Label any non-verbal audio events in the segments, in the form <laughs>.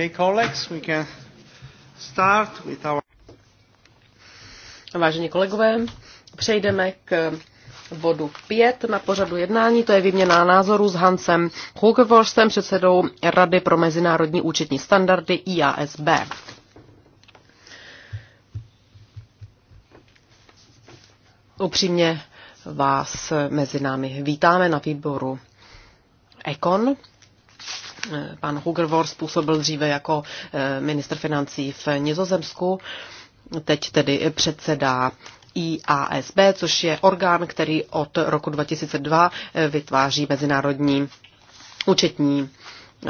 Okay, colleagues, we can start with our... Vážení kolegové, přejdeme k bodu 5 na pořadu jednání, to je výměna názoru s Hansem Hugevorstem, předsedou Rady pro mezinárodní účetní standardy IASB. Upřímně vás mezi námi vítáme na výboru Econ pan Hugervor působil dříve jako eh, minister financí v Nizozemsku, teď tedy předsedá IASB, což je orgán, který od roku 2002 eh, vytváří mezinárodní účetní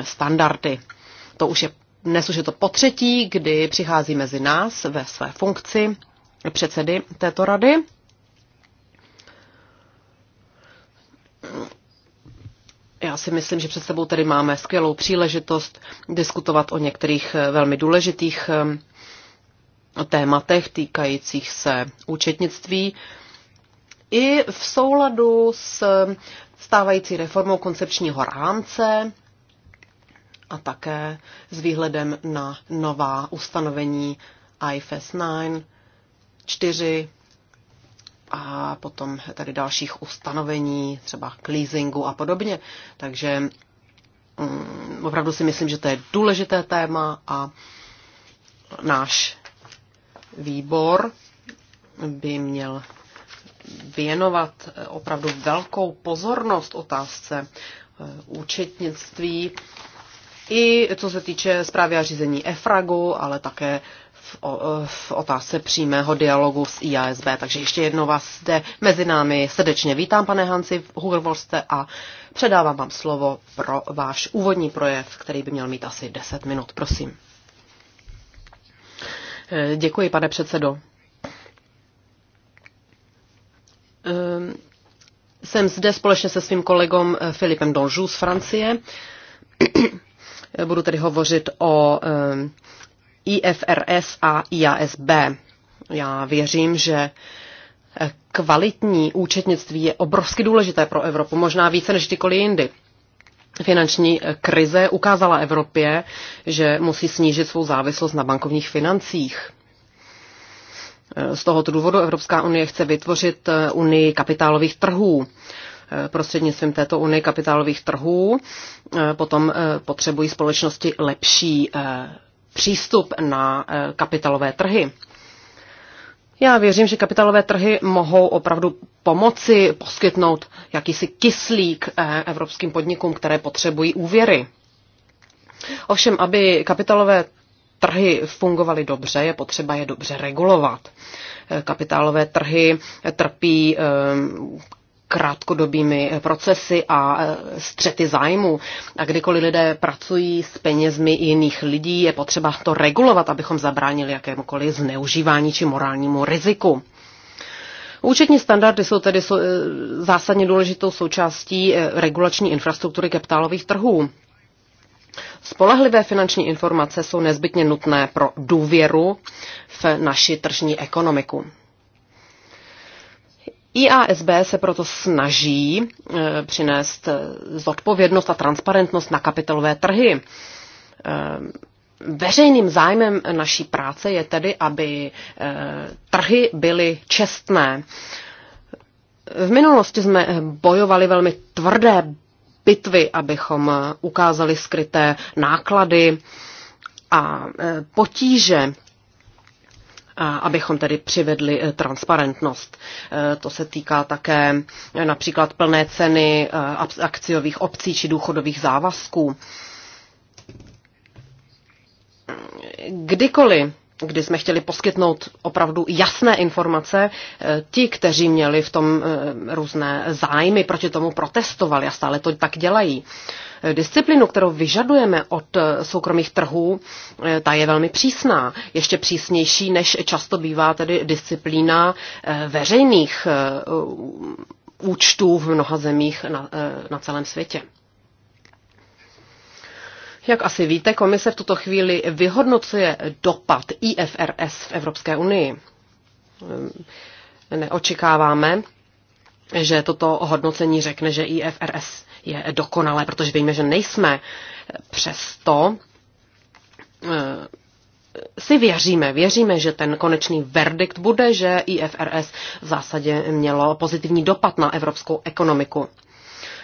standardy. To už je, dnes už je to po třetí, kdy přichází mezi nás ve své funkci předsedy této rady já si myslím, že před sebou tady máme skvělou příležitost diskutovat o některých eh, velmi důležitých eh, tématech týkajících se účetnictví i v souladu s eh, stávající reformou koncepčního rámce a také s výhledem na nová ustanovení IFS 9, 4 a potom tady dalších ustanovení, třeba k leasingu a podobně. Takže um, opravdu si myslím, že to je důležité téma a náš výbor by měl věnovat eh, opravdu velkou pozornost otázce eh, účetnictví i co se týče zprávy a řízení EFRAGu, ale také v, v otázce přímého dialogu s IASB. Takže ještě jednou vás zde mezi námi srdečně vítám, pane Hanci, Hugervolste, a předávám vám slovo pro váš úvodní projev, který by měl mít asi 10 minut. Prosím. Děkuji, pane předsedo. Ehm, jsem zde společně se svým kolegom Filipem Donžů z Francie. <clears throat> Budu tedy hovořit o ehm, IFRS a IASB. Já věřím, že kvalitní účetnictví je obrovsky důležité pro Evropu, možná více než kdykoliv jindy. Finanční krize ukázala Evropě, že musí snížit svou závislost na bankovních financích. Z tohoto důvodu Evropská unie chce vytvořit unii kapitálových trhů. Prostřednictvím této unie kapitálových trhů potom potřebují společnosti lepší přístup na eh, kapitalové trhy. Já věřím, že kapitalové trhy mohou opravdu pomoci poskytnout jakýsi kyslík eh, evropským podnikům, které potřebují úvěry. Ovšem, aby kapitalové trhy fungovaly dobře, je potřeba je dobře regulovat. Eh, kapitálové trhy trpí krátkodobými eh, procesy a eh, střety zájmu. A kdykoliv lidé pracují s penězmi jiných lidí, je potřeba to regulovat, abychom zabránili jakémukoliv zneužívání či morálnímu riziku. Účetní standardy jsou tedy eh, zásadně důležitou součástí regulační infrastruktury kapitálových trhů. Spolehlivé finanční informace jsou nezbytně nutné pro důvěru v naši tržní ekonomiku. IASB se proto snaží eh, přinést eh, zodpovědnost a transparentnost na kapitalové trhy. Eh, veřejným zájmem naší práce je tedy, aby trhy byly čestné. V minulosti jsme bojovali velmi tvrdé bitvy, abychom ukázali skryté náklady a potíže a abychom tedy přivedli eh, transparentnost. Eh, to se týká také eh, například plné ceny akciových obcí či důchodových závazků. Kdykoliv kdy jsme chtěli poskytnout opravdu jasné informace. Eh, ti, kteří měli v tom eh, různé zájmy, proti tomu protestovali a stále to tak dělají. Eh, Disciplinu, kterou vyžadujeme od soukromých trhů, ta je velmi přísná, ještě přísnější, než často bývá tedy disciplína veřejných účtů v mnoha zemích na, na celém světě. Jak asi víte, komise v tuto chvíli vyhodnocuje dopad IFRS v Evropské unii. Ehm, neočekáváme, že toto hodnocení řekne, že IFRS je dokonalé, protože víme, že nejsme. Přesto ehm, si věříme, věříme, že ten konečný verdikt bude, že IFRS v zásadě mělo pozitivní dopad na evropskou ekonomiku.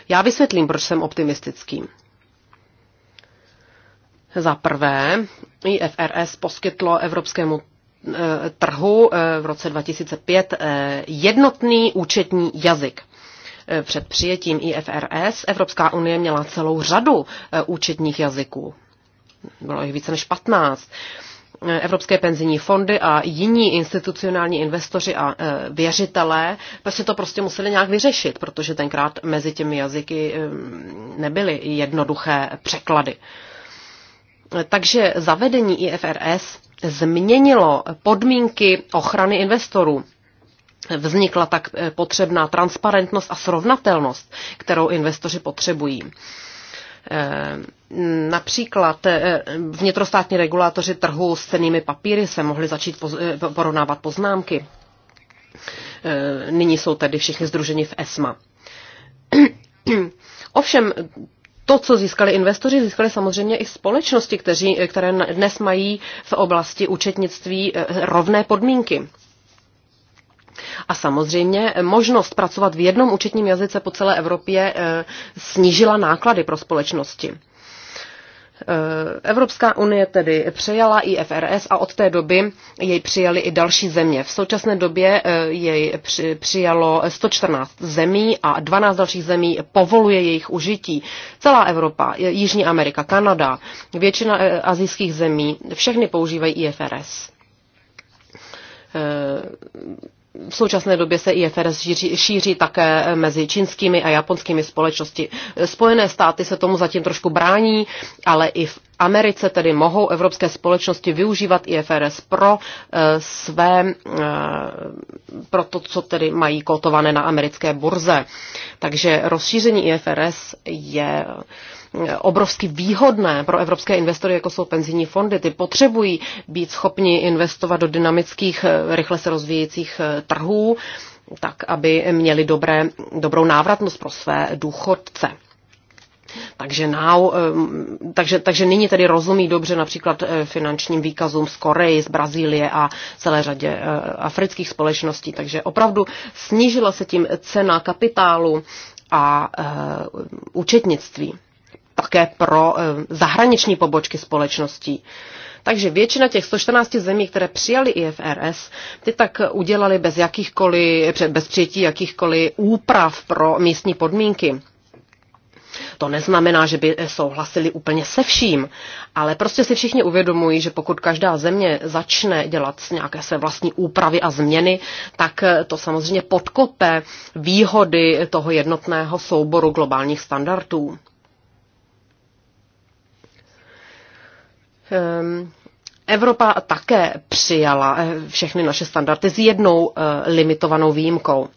Já vysvětlím, proč jsem optimistický. Za prvé, IFRS poskytlo evropskému eh, trhu eh, v roce 2005 eh, jednotný účetní jazyk. Před přijetím IFRS Evropská unie měla celou řadu účetních jazyků. Bylo jich více než 15. Evropské penzijní fondy a jiní institucionální investoři a věřitelé prostě to prostě museli nějak vyřešit, protože tenkrát mezi těmi jazyky nebyly jednoduché překlady. Takže zavedení IFRS změnilo podmínky ochrany investorů. Vznikla tak eh, potřebná transparentnost a srovnatelnost, kterou investoři potřebují. Eh, například eh, vnitrostátní regulátoři trhu s cenými papíry se mohli začít porovnávat poznámky. Nyní jsou tedy všichni združeni v ESMA. <clears throat> Ovšem, to, co získali investoři, získali samozřejmě i společnosti, kteří, které dnes mají v oblasti účetnictví eh, rovné podmínky. A samozřejmě možnost pracovat v jednom účetním jazyce po celé Evropě eh, snížila náklady pro společnosti. Eh, Evropská unie tedy přejala IFRS a od té doby jej přijali i další země. V současné době eh, jej přijalo 114 zemí a 12 dalších zemí povoluje jejich užití. Celá Evropa, Jižní Amerika, Kanada, většina eh, azijských zemí, všechny používají IFRS v současné době se IFRS šíří, šíří také mezi čínskými a japonskými společnosti. Spojené státy se tomu zatím trošku brání, ale i v Americe tedy mohou evropské společnosti využívat IFRS pro eh, své, eh, pro to, co tedy mají kotované na americké burze. Takže rozšíření IFRS je obrovsky výhodné pro evropské investory, jako jsou penzijní fondy. Ty potřebují být schopni investovat do dynamických, eh, rychle se rozvíjejících eh, trhů, tak aby měli dobré, dobrou návratnost pro své důchodce. Takže, now, ehm, takže, takže nyní tedy rozumí dobře například eh, finančním výkazům z Koreji, z Brazílie a celé řadě afrických společností. Takže opravdu snížila se tím cena kapitálu a účetnictví také pro eh, zahraniční pobočky společností. Takže většina těch 114 zemí, které přijali IFRS, ty tak udělali bez, jakýchkoliv, bez přijetí jakýchkoliv úprav pro místní podmínky. To neznamená, že by souhlasili úplně se vším, ale prostě si všichni uvědomují, že pokud každá země začne dělat nějaké své vlastní úpravy a změny, tak to samozřejmě podkope výhody toho jednotného souboru globálních standardů. Ehm, Evropa také přijala eh, všechny naše standardy s jednou eh, limitovanou výjimkou.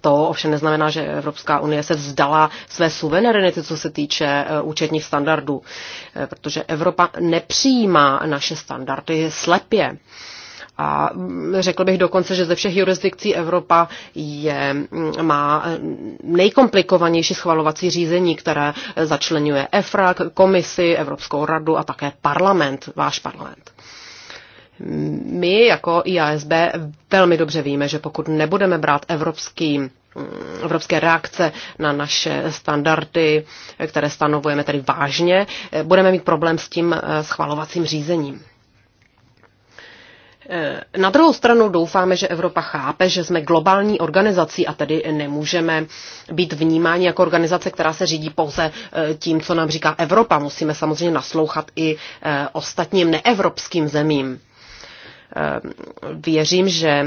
To ovšem neznamená, že Evropská unie se vzdala své suverenity, co se týče eh, účetních standardů, protože Evropa nepřijímá naše standardy slepě a řekl bych dokonce, že ze všech jurisdikcí Evropa je, má nejkomplikovanější schvalovací řízení, které začlenuje EFRA, komisi, Evropskou radu a také parlament, váš parlament. My jako IASB velmi dobře víme, že pokud nebudeme brát evropský evropské reakce na naše standardy, které stanovujeme tedy vážně, budeme mít problém s tím schvalovacím řízením. Eh, na druhou stranu doufáme, že Evropa chápe, že jsme globální organizací a tedy nemůžeme být vnímáni jako organizace, která se řídí pouze eh, tím, co nám říká Evropa. Musíme samozřejmě naslouchat i eh, ostatním neevropským zemím. Věřím, že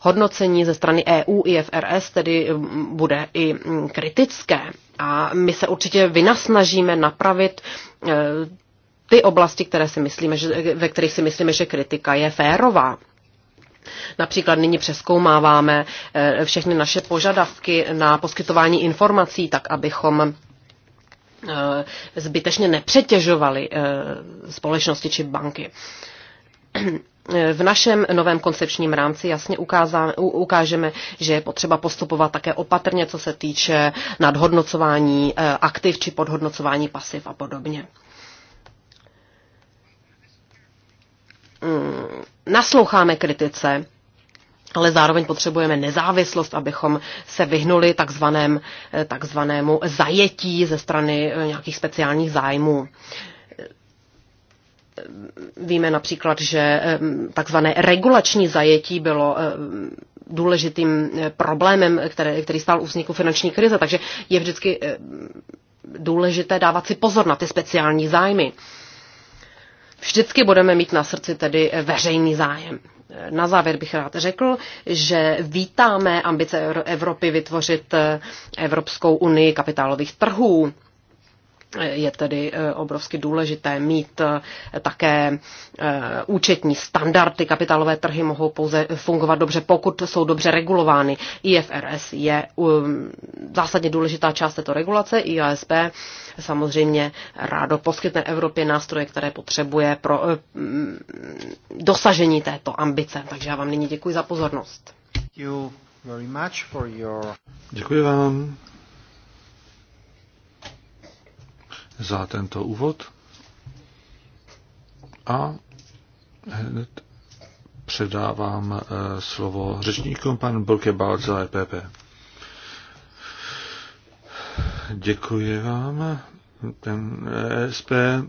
hodnocení ze strany EU i FRS tedy bude i kritické. A my se určitě vynasnažíme napravit ty oblasti, které si myslíme, že, ve kterých si myslíme, že kritika je férová. Například nyní přeskoumáváme eh, všechny naše požadavky na poskytování informací, tak abychom eh, zbytečně nepřetěžovali eh, společnosti či banky. V našem novém koncepčním rámci jasně ukážeme, že je potřeba postupovat také opatrně, co se týče nadhodnocování aktiv či podhodnocování pasiv a podobně. Mm, nasloucháme kritice, ale zároveň potřebujeme nezávislost, abychom se vyhnuli takzvaném, eh, takzvanému zajetí ze strany eh, nějakých speciálních zájmů. Víme například, že eh, takzvané regulační zajetí bylo důležitým problémem, který, který stál u vzniku finanční krize, takže je vždycky důležité dávat si pozor na ty speciální zájmy vždycky budeme mít na srdci tedy veřejný zájem. Na závěr bych rád řekl, že vítáme ambice Evropy vytvořit eh, Evropskou unii kapitálových trhů je tedy eh, obrovsky důležité mít eh, také eh, účetní standardy. Kapitálové trhy mohou pouze fungovat dobře, pokud jsou dobře regulovány. IFRS je um, zásadně důležitá část této regulace. IASB samozřejmě rádo poskytne Evropě nástroje, které potřebuje pro mm, dosažení této ambice. Takže já vám nyní děkuji za pozornost. Děkuji vám za tento úvod a hned předávám eh, slovo řečníkům pan Bolke Balca, EPP. Děkuji vám. Ten ESP eh,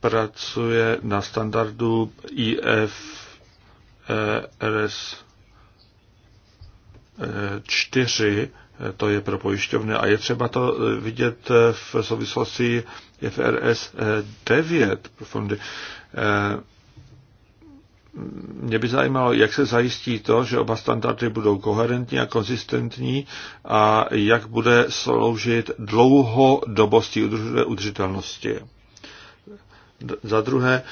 pracuje na standardu IF RS 4 to je pro pojišťovny a je třeba to eh, vidět eh, v souvislosti FRS 9 fondy. Eh, mě by zajímalo, jak se zajistí to, že oba standardy budou koherentní a konzistentní a jak bude sloužit dlouhodobosti udržitelnosti. Za druhé,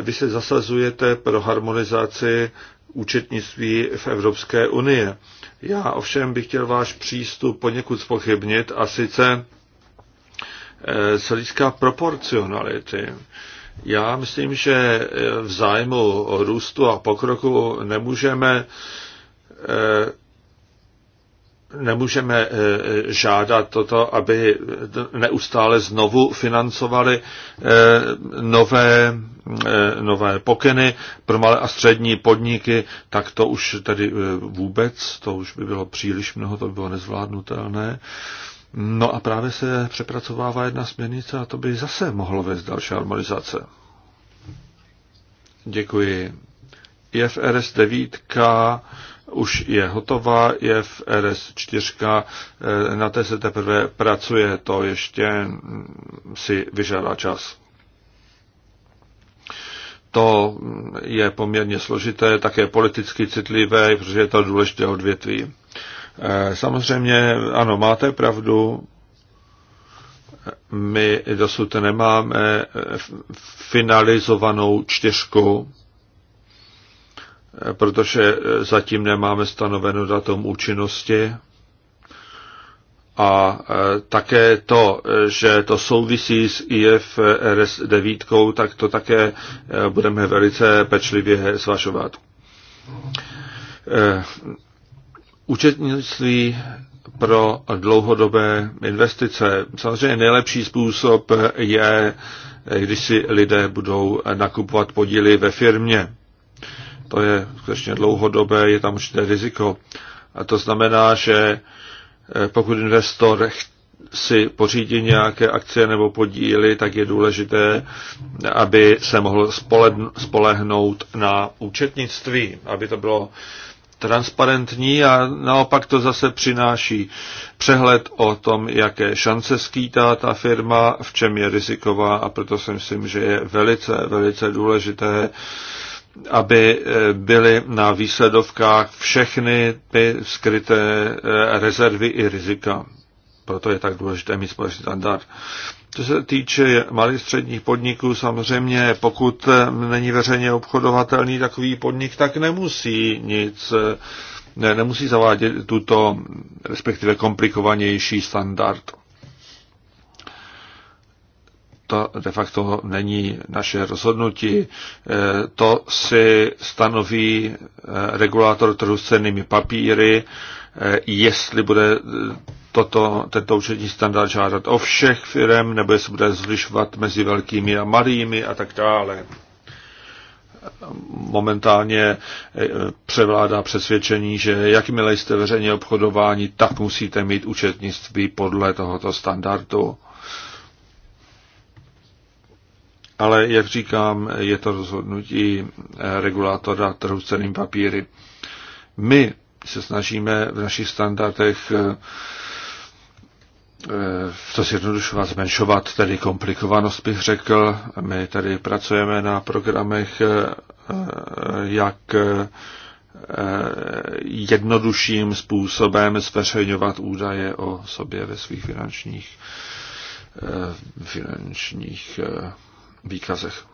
vy se zasazujete pro harmonizaci účetnictví v Evropské unii. Já ovšem bych chtěl váš přístup poněkud spochybnit a sice eh, z proporcionality. Já myslím, že eh, v zájmu růstu a pokroku nemůžeme eh, nemůžeme eh, žádat toto, aby neustále znovu financovali eh, nové, eh, nové pokyny pro malé a střední podniky, tak to už tedy vůbec, to už by bylo příliš mnoho, to by bylo nezvládnutelné. No a právě se přepracovává jedna směrnice a to by zase mohlo vést další harmonizace. Děkuji. IFRS 9 už je hotová, je v RS4, eh, na té se teprve pracuje, to ještě mm, si vyžádá čas. To je poměrně složité, také politicky citlivé, protože je to důležité odvětví. Eh, samozřejmě, ano, máte pravdu, my dosud nemáme eh, finalizovanou čtyřku, protože zatím nemáme stanoveno datum účinnosti. A e, také to, že to souvisí s IFRS 9, tak to také e, budeme velice pečlivě zvažovat. E, účetnictví pro dlouhodobé investice. Samozřejmě nejlepší způsob je, když si lidé budou nakupovat podíly ve firmě to je skutečně dlouhodobé, je tam určité riziko. A to znamená, že eh, pokud investor si pořídí nějaké akcie nebo podíly, tak je důležité, aby se mohl spolehnout na účetnictví, aby to bylo transparentní a naopak to zase přináší přehled o tom, jaké šance skýtá ta firma, v čem je riziková a proto si myslím, že je velice, velice důležité aby eh, byly na výsledovkách všechny ty skryté eh, rezervy i rizika. Proto je tak důležité mít společný standard. Co se týče malých středních podniků, samozřejmě pokud eh, není veřejně obchodovatelný takový podnik, tak nemusí nic, ne, nemusí zavádět tuto respektive komplikovanější standard to de facto není naše rozhodnutí. E, to si stanoví e, regulátor trhu s cennými papíry, e, jestli bude toto, tento účetní standard žádat o všech firm, nebo jestli bude zlišovat mezi velkými a malými a tak dále. Momentálně převládá přesvědčení, že jakmile jste veřejně obchodování, tak musíte mít účetnictví podle tohoto standardu. Ale, jak říkám, je to rozhodnutí eh, regulátora trhu s cenými papíry. My se snažíme v našich standardech eh, eh, to zjednodušovat, zmenšovat tedy komplikovanost, bych řekl. My tady pracujeme na programech, jak jednodušším způsobem zveřejňovat údaje o sobě ve svých finančních finančních výkazech.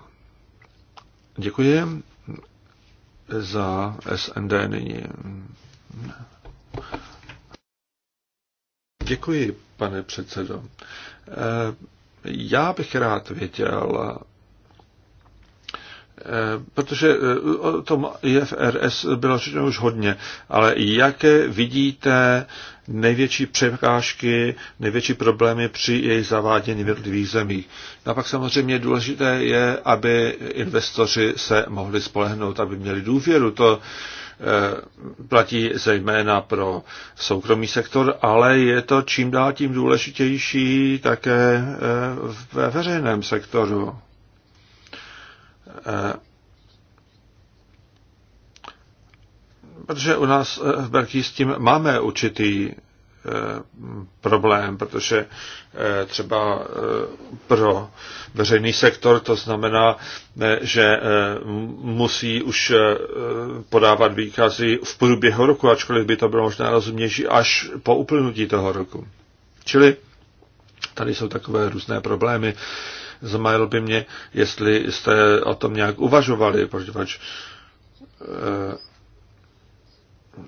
Děkuji za SND nyní. Děkuji, pane předsedo. Eh, já bych rád věděl, eh, protože eh, o tom IFRS bylo řečeno už hodně, ale jaké vidíte největší překážky, největší problémy při jejich zavádění v jednotlivých zemích. A pak samozřejmě důležité je, aby investoři se mohli spolehnout, aby měli důvěru. To eh, platí zejména pro soukromý sektor, ale je to čím dál tím důležitější také eh, ve veřejném sektoru eh, Protože u nás eh, v Belgii s tím máme určitý eh, problém, protože eh, třeba pro veřejný sektor to znamená, že musí už podávat výkazy v průběhu roku, ačkoliv by to bylo možná rozumnější až po uplynutí toho roku. Čili tady jsou takové různé problémy. Zmajl by mě, jestli jste o tom nějak uvažovali, protože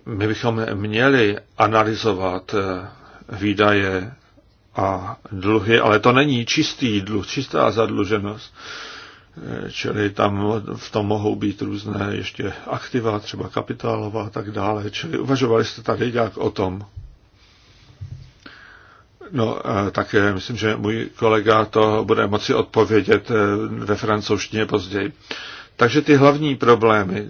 my bychom měli analyzovat eh, výdaje a dluhy, ale to není čistý dluh, čistá zadluženost. Eh, čili tam v tom mohou být různé ještě aktiva, třeba kapitálová a tak dále. Čili uvažovali jste tady nějak o tom? No, eh, tak myslím, že můj kolega to bude moci odpovědět ve francouzštině později. Takže ty hlavní problémy,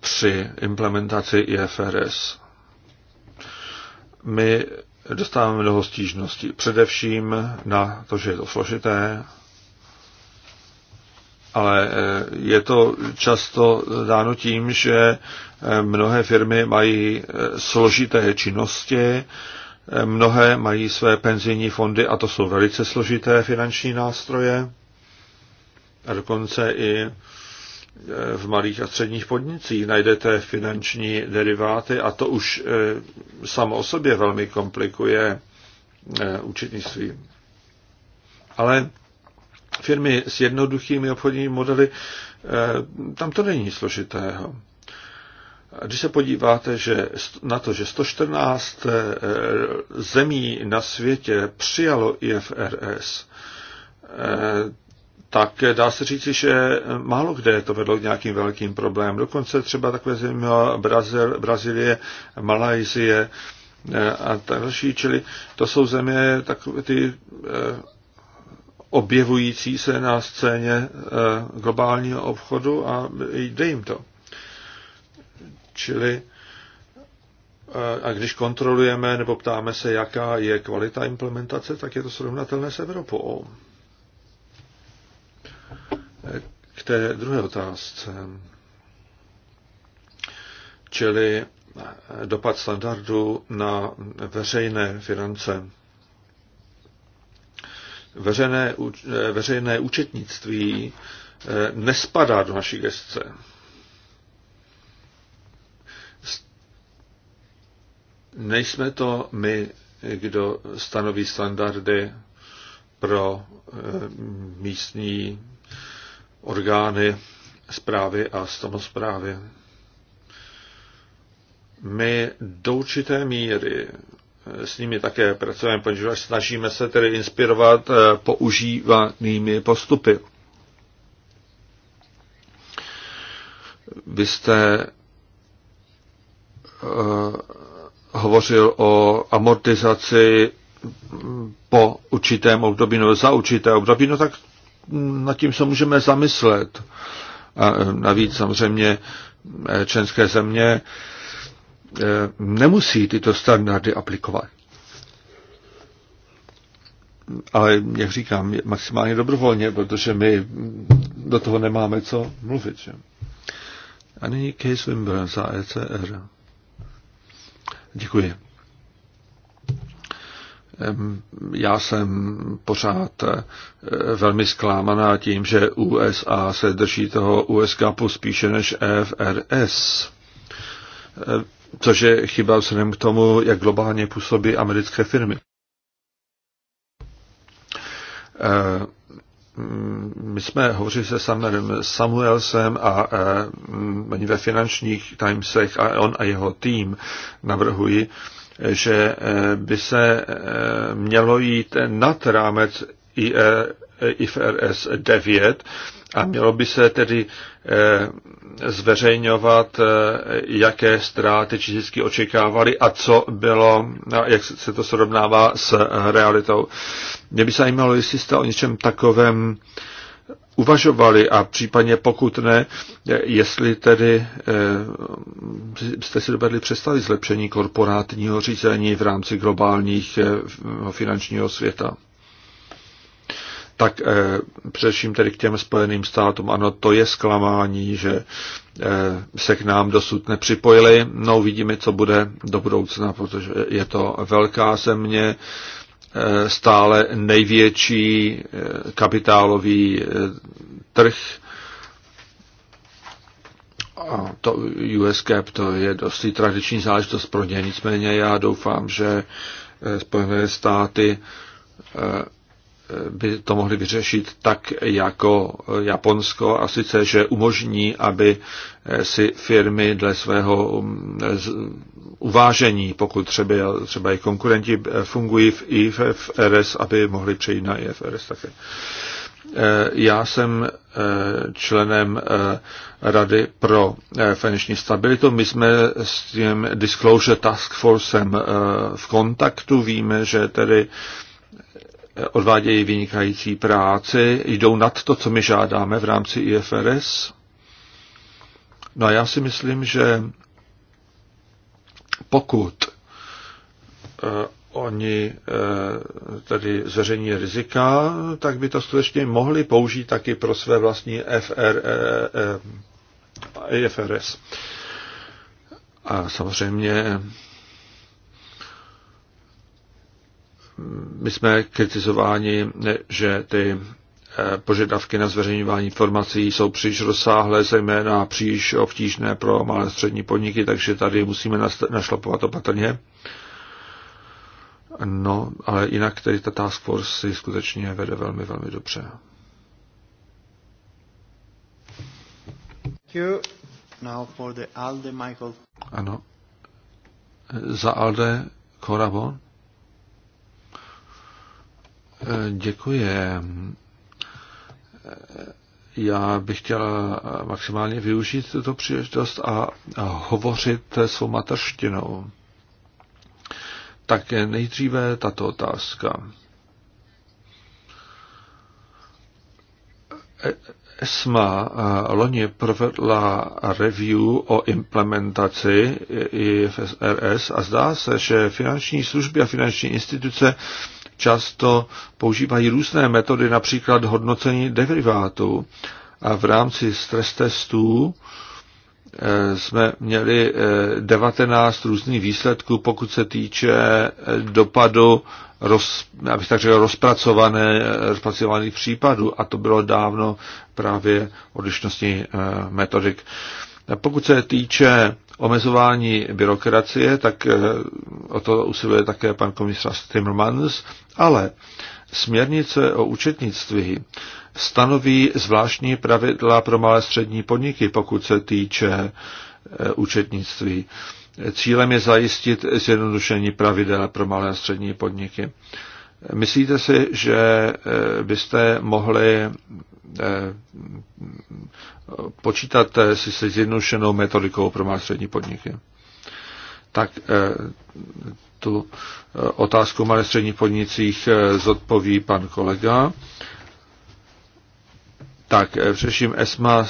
při implementaci IFRS. My dostáváme mnoho stížností, především na to, že je to složité, ale eh, je to často dáno tím, že eh, mnohé firmy mají eh, složité činnosti, mnohé mají své penzijní fondy a to jsou velice složité finanční nástroje a dokonce i v malých a středních podnicích. Najdete finanční deriváty a to už eh, samo o sobě velmi komplikuje eh, účetnictví. Ale firmy s jednoduchými obchodními modely, eh, tam to není složitého. Když se podíváte že na to, že 114 zemí na světě přijalo IFRS, tak dá se říci, že málo kde to vedlo k nějakým velkým problémům. Dokonce třeba takové země jako Brazil, Brazílie, Malajzie eh, a další, čili to jsou země takové ty eh, objevující se na scéně eh, globálního obchodu a jde jim to. Čili a když kontrolujeme nebo ptáme se, jaká je kvalita implementace, tak je to srovnatelné s Evropou. K té druhé otázce. Čili dopad standardu na veřejné finance. Veřejné, veřejné účetnictví eh, nespadá do naší gestce. Nejsme to my, kdo stanoví standardy pro eh, místní orgány zprávy a samozprávy. My do určité míry eh, s nimi také pracujeme, protože snažíme se tedy inspirovat eh, používanými postupy. Vy jste eh, hovořil o amortizaci po určitém období, nebo za určité období, no tak nad tím se můžeme zamyslet. A eh, navíc samozřejmě eh, členské země eh, nemusí tyto standardy aplikovat. Ale, jak říkám, maximálně dobrovolně, protože my do toho nemáme co mluvit. Že? A nyní Case Wimber za ECR. Děkuji já jsem pořád eh, velmi zklámaná tím, že USA se drží toho USK spíše než FRS, což je chyba vzhledem k tomu, jak globálně působí americké firmy. My jsme hovořili se Samerem Samuelsem a oni ve finančních timesech a on a jeho tým navrhují, že eh, by se eh, mělo jít nad rámec IFRS e, eh, 9 a mělo by se tedy zveřejňovat, jaké ztráty čistě očekávali a co bylo, a jak se to srovnává s realitou. Mě by zajímalo, jestli jste o něčem takovém uvažovali a případně pokud ne, jestli tedy eh, jste si dovedli představit zlepšení korporátního řízení v rámci globálních eh, finančního světa. Tak eh, především tedy k těm Spojeným státům. Ano, to je zklamání, že se k nám dosud nepřipojili. No, uvidíme, co bude do budoucna, protože je to velká země, Eh, stále největší eh, kapitálový eh, trh. A to US Cap to je dosti tradiční záležitost pro ně. Nicméně já doufám, že Spojené státy by to mohli vyřešit tak jako Japonsko a sice, že umožní, aby si firmy dle svého mm, uvážení, pokud třeba, třeba i konkurenti eh, fungují v IFRS, aby mohli přejít na IFRS také. Eh, já jsem eh, členem Rady pro finanční stabilitu. My jsme s tím Disclosure Task Forcem v kontaktu. Víme, že tedy odvádějí vynikající práci, jdou nad to, co my žádáme v rámci IFRS. No a já si myslím, že pokud eh, oni eh, tedy zveřejní rizika, tak by to skutečně mohli použít taky pro své vlastní FR, IFRS. E, e, A samozřejmě my jsme kritizováni, že ty požadavky na zveřejňování informací jsou příliš rozsáhlé, zejména příliš obtížné pro malé střední podniky, takže tady musíme našlapovat opatrně. No, ale jinak tedy ta task force si skutečně vede velmi, velmi dobře. Now for the Alde, Michael. Ano. Za Alde Korabon. E, děkuji já bych chtěla maximálně využít tuto příležitost a, a hovořit svou mateřštinou. Tak nejdříve tato otázka. ESMA loni provedla review o implementaci IFSRS a zdá se, že finanční služby a finanční instituce často používají různé metody, například hodnocení derivátů. A v rámci stres testů eh, jsme měli 19 eh, různých výsledků, pokud se týče eh, dopadu roz, abych tak řekl, rozpracované, rozpracovaných případů a to bylo dávno právě odlišnosti metodik. Pokud se týče omezování byrokracie, tak eh, o to usiluje také pan komisař Timmermans, ale směrnice o účetnictví stanoví zvláštní pravidla pro malé střední podniky, pokud se týče eh, účetnictví. Cílem je zajistit zjednodušení pravidel pro malé a střední podniky. Myslíte si, že eh, byste mohli eh, počítat eh, si se zjednodušenou metodikou pro malé střední podniky? Tak tu otázku o malé středních podnicích zodpoví pan kolega. Tak, především ESMA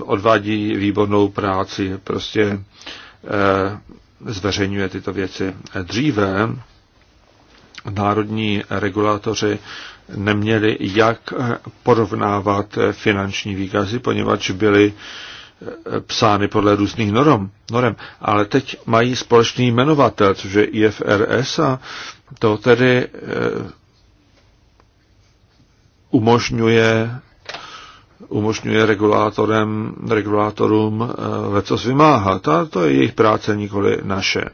odvádí výbornou práci, prostě zveřejňuje tyto věci. Dříve národní regulátoři neměli jak porovnávat finanční výkazy, poněvadž byly eh, psány podle různých norm, norm. Ale teď mají společný jmenovatel, což je IFRS a to tedy eh, umožňuje umožňuje regulátorem, regulátorům eh, lecos vymáhat. A to je jejich práce, nikoli naše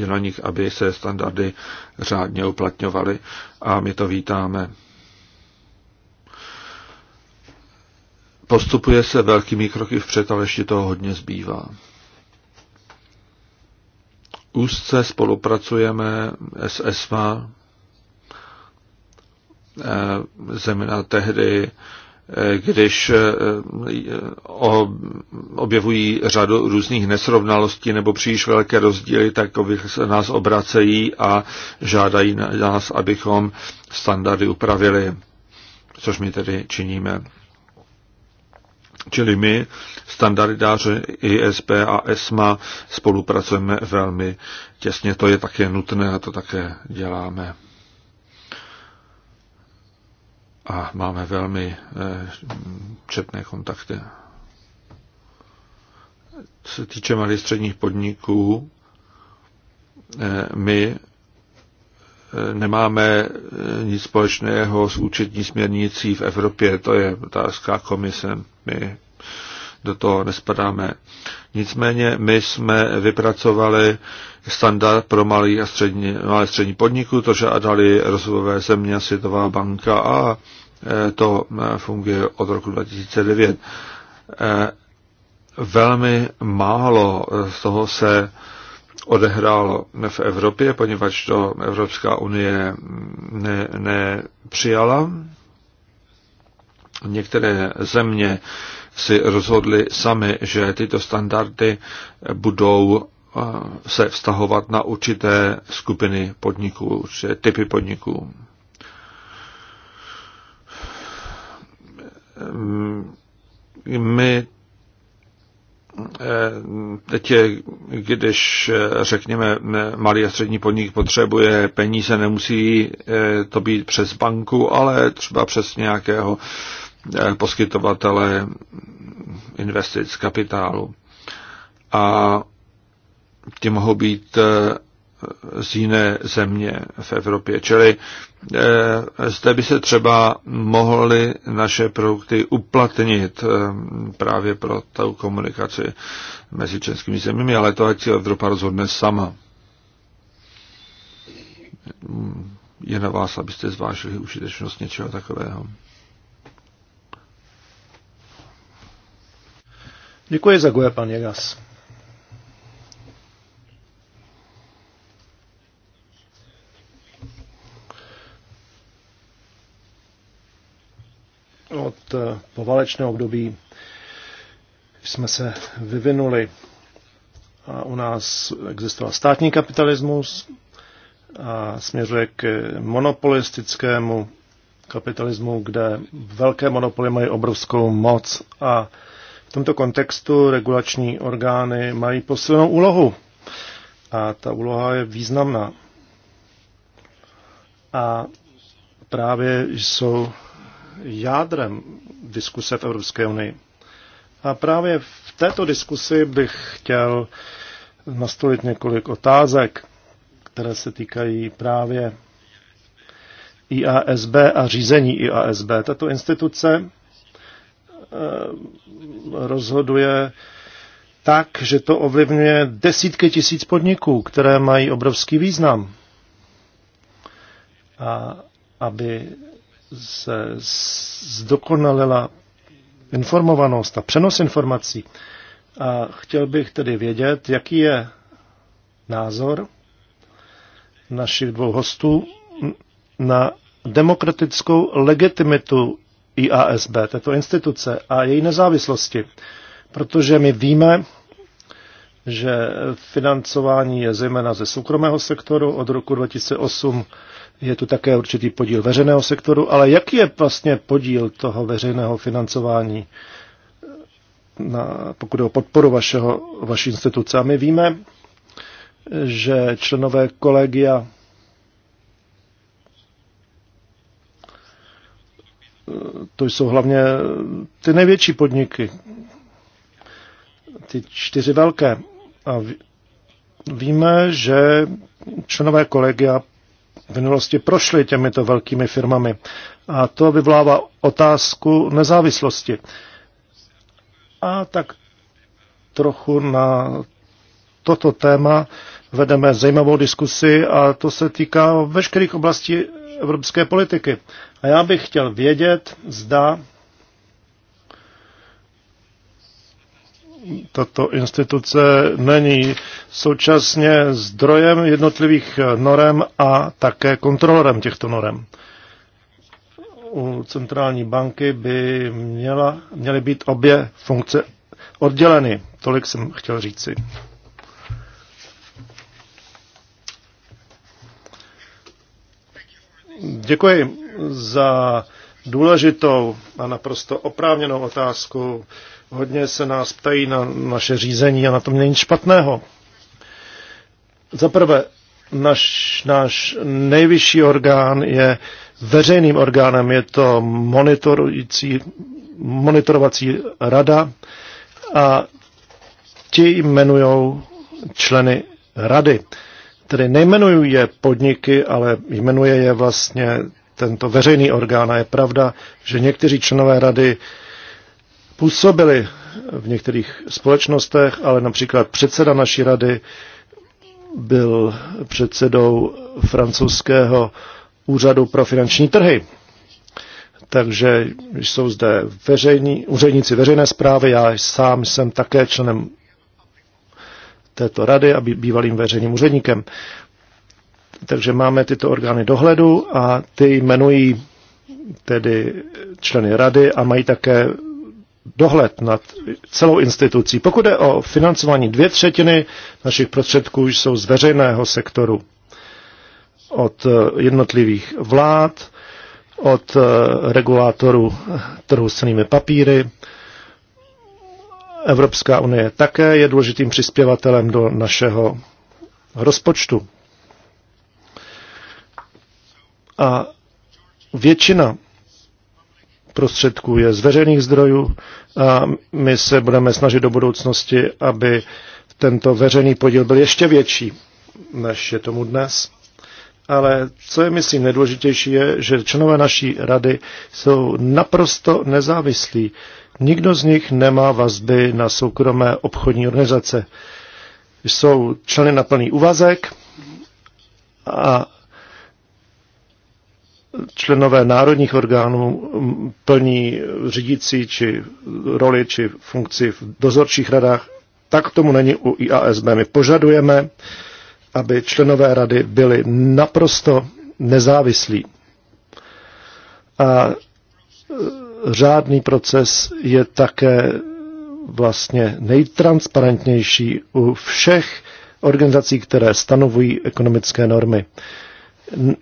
je na nich, aby se standardy řádně uplatňovaly a my to vítáme. Postupuje se velkými kroky vpřed, ale ještě toho hodně zbývá. Úzce spolupracujeme s ESMA, eh, zejména tehdy, když eh, objevují řadu různých nesrovnalostí nebo příliš velké rozdíly, tak se nás obracejí a žádají nás, abychom standardy upravili, což my tedy činíme. Čili my, standardáři ISP a ESMA, spolupracujeme velmi těsně. To je také nutné a to také děláme a máme velmi eh, četné kontakty. Co se týče malých středních podniků, eh, my eh, nemáme nic společného s účetní směrnicí v Evropě, to je otázka komise, my do toho nespadáme. Nicméně my jsme vypracovali standard pro malé a střední, malé střední podniku, to dali rozvojové země, Světová banka a e, to e, funguje od roku 2009. E, velmi málo z toho se odehrálo v Evropě, poněvadž to Evropská unie nepřijala. Ne, Některé země si rozhodly sami, že tyto standardy budou se vztahovat na určité skupiny podniků, určité typy podniků. My eh, teď, je, když eh, řekněme, malý a střední podnik potřebuje peníze, nemusí eh, to být přes banku, ale třeba přes nějakého poskytovatele investic kapitálu. A ti mohou být eh, z jiné země v Evropě. Čili eh, zde by se třeba mohly naše produkty uplatnit eh, právě pro tu komunikaci mezi českými zeměmi, ale to ať Evropa rozhodne sama. Je na vás, abyste zvážili užitečnost něčeho takového. Děkuji za goje, pan Jegas. náročného období jsme se vyvinuli. A u nás existoval státní kapitalismus a směřuje k monopolistickému kapitalismu, kde velké monopoly mají obrovskou moc a v tomto kontextu regulační orgány mají posilnou úlohu. A ta úloha je významná. A právě jsou jádrem diskuse v Evropské unii. A právě v této diskusi bych chtěl nastolit několik otázek, které se týkají právě IASB a řízení IASB. Tato instituce eh, rozhoduje tak, že to ovlivňuje desítky tisíc podniků, které mají obrovský význam. A aby se zdokonalela informovanost a přenos informací. A chtěl bych tedy vědět, jaký je názor našich dvou hostů na demokratickou legitimitu IASB, této instituce a její nezávislosti. Protože my víme, že financování je zejména ze soukromého sektoru. Od roku 2008 je tu také určitý podíl veřejného sektoru, ale jaký je vlastně podíl toho veřejného financování, eh, na, pokud o podporu vašeho, vaší instituce? A my víme, že členové kolegia eh, to jsou hlavně eh, ty největší podniky, ty čtyři velké. A víme, že členové kolegia v minulosti prošly těmito velkými firmami. A to vyvolává otázku nezávislosti. A tak trochu na toto téma vedeme zajímavou diskusi a to se týká veškerých oblastí evropské politiky. A já bych chtěl vědět, zda tato instituce není současně zdrojem jednotlivých norem a také kontrolorem těchto norem. U centrální banky by měla, měly být obě funkce odděleny. Tolik jsem chtěl říci. Děkuji za důležitou a naprosto oprávněnou otázku Hodně se nás ptají na naše řízení a na tom není špatného. Za prvé, naš, náš nejvyšší orgán je veřejným orgánem, je to monitorující, monitorovací rada a ti jmenují členy rady. Tedy nejmenují je podniky, ale jmenuje je vlastně tento veřejný orgán. A je pravda, že někteří členové rady působili v některých společnostech, ale například předseda naší rady byl předsedou francouzského úřadu pro finanční trhy. Takže jsou zde veřejní, úředníci veřejné zprávy, já sám jsem také členem této rady a bývalým veřejným úředníkem. Takže máme tyto orgány dohledu a ty jmenují tedy členy rady a mají také dohled nad celou institucí. Pokud je o financování, dvě třetiny našich prostředků jsou z veřejného sektoru. Od eh, jednotlivých vlád, od eh, regulátorů trhu s cenými papíry. Evropská unie také je důležitým přispěvatelem do našeho rozpočtu. A většina prostředků je z veřejných zdrojů a my se budeme snažit do budoucnosti, aby tento veřejný podíl byl ještě větší, než je tomu dnes. Ale co je, myslím, nejdůležitější, je, že členové naší rady jsou naprosto nezávislí. Nikdo z nich nemá vazby na soukromé obchodní organizace. Jsou členy na plný úvazek a členové národních orgánů plní řídící či roli či funkci v dozorčích radách, tak tomu není u IASB. My požadujeme, aby členové rady byli naprosto nezávislí. A e, řádný proces je také vlastně nejtransparentnější u všech organizací, které stanovují ekonomické normy.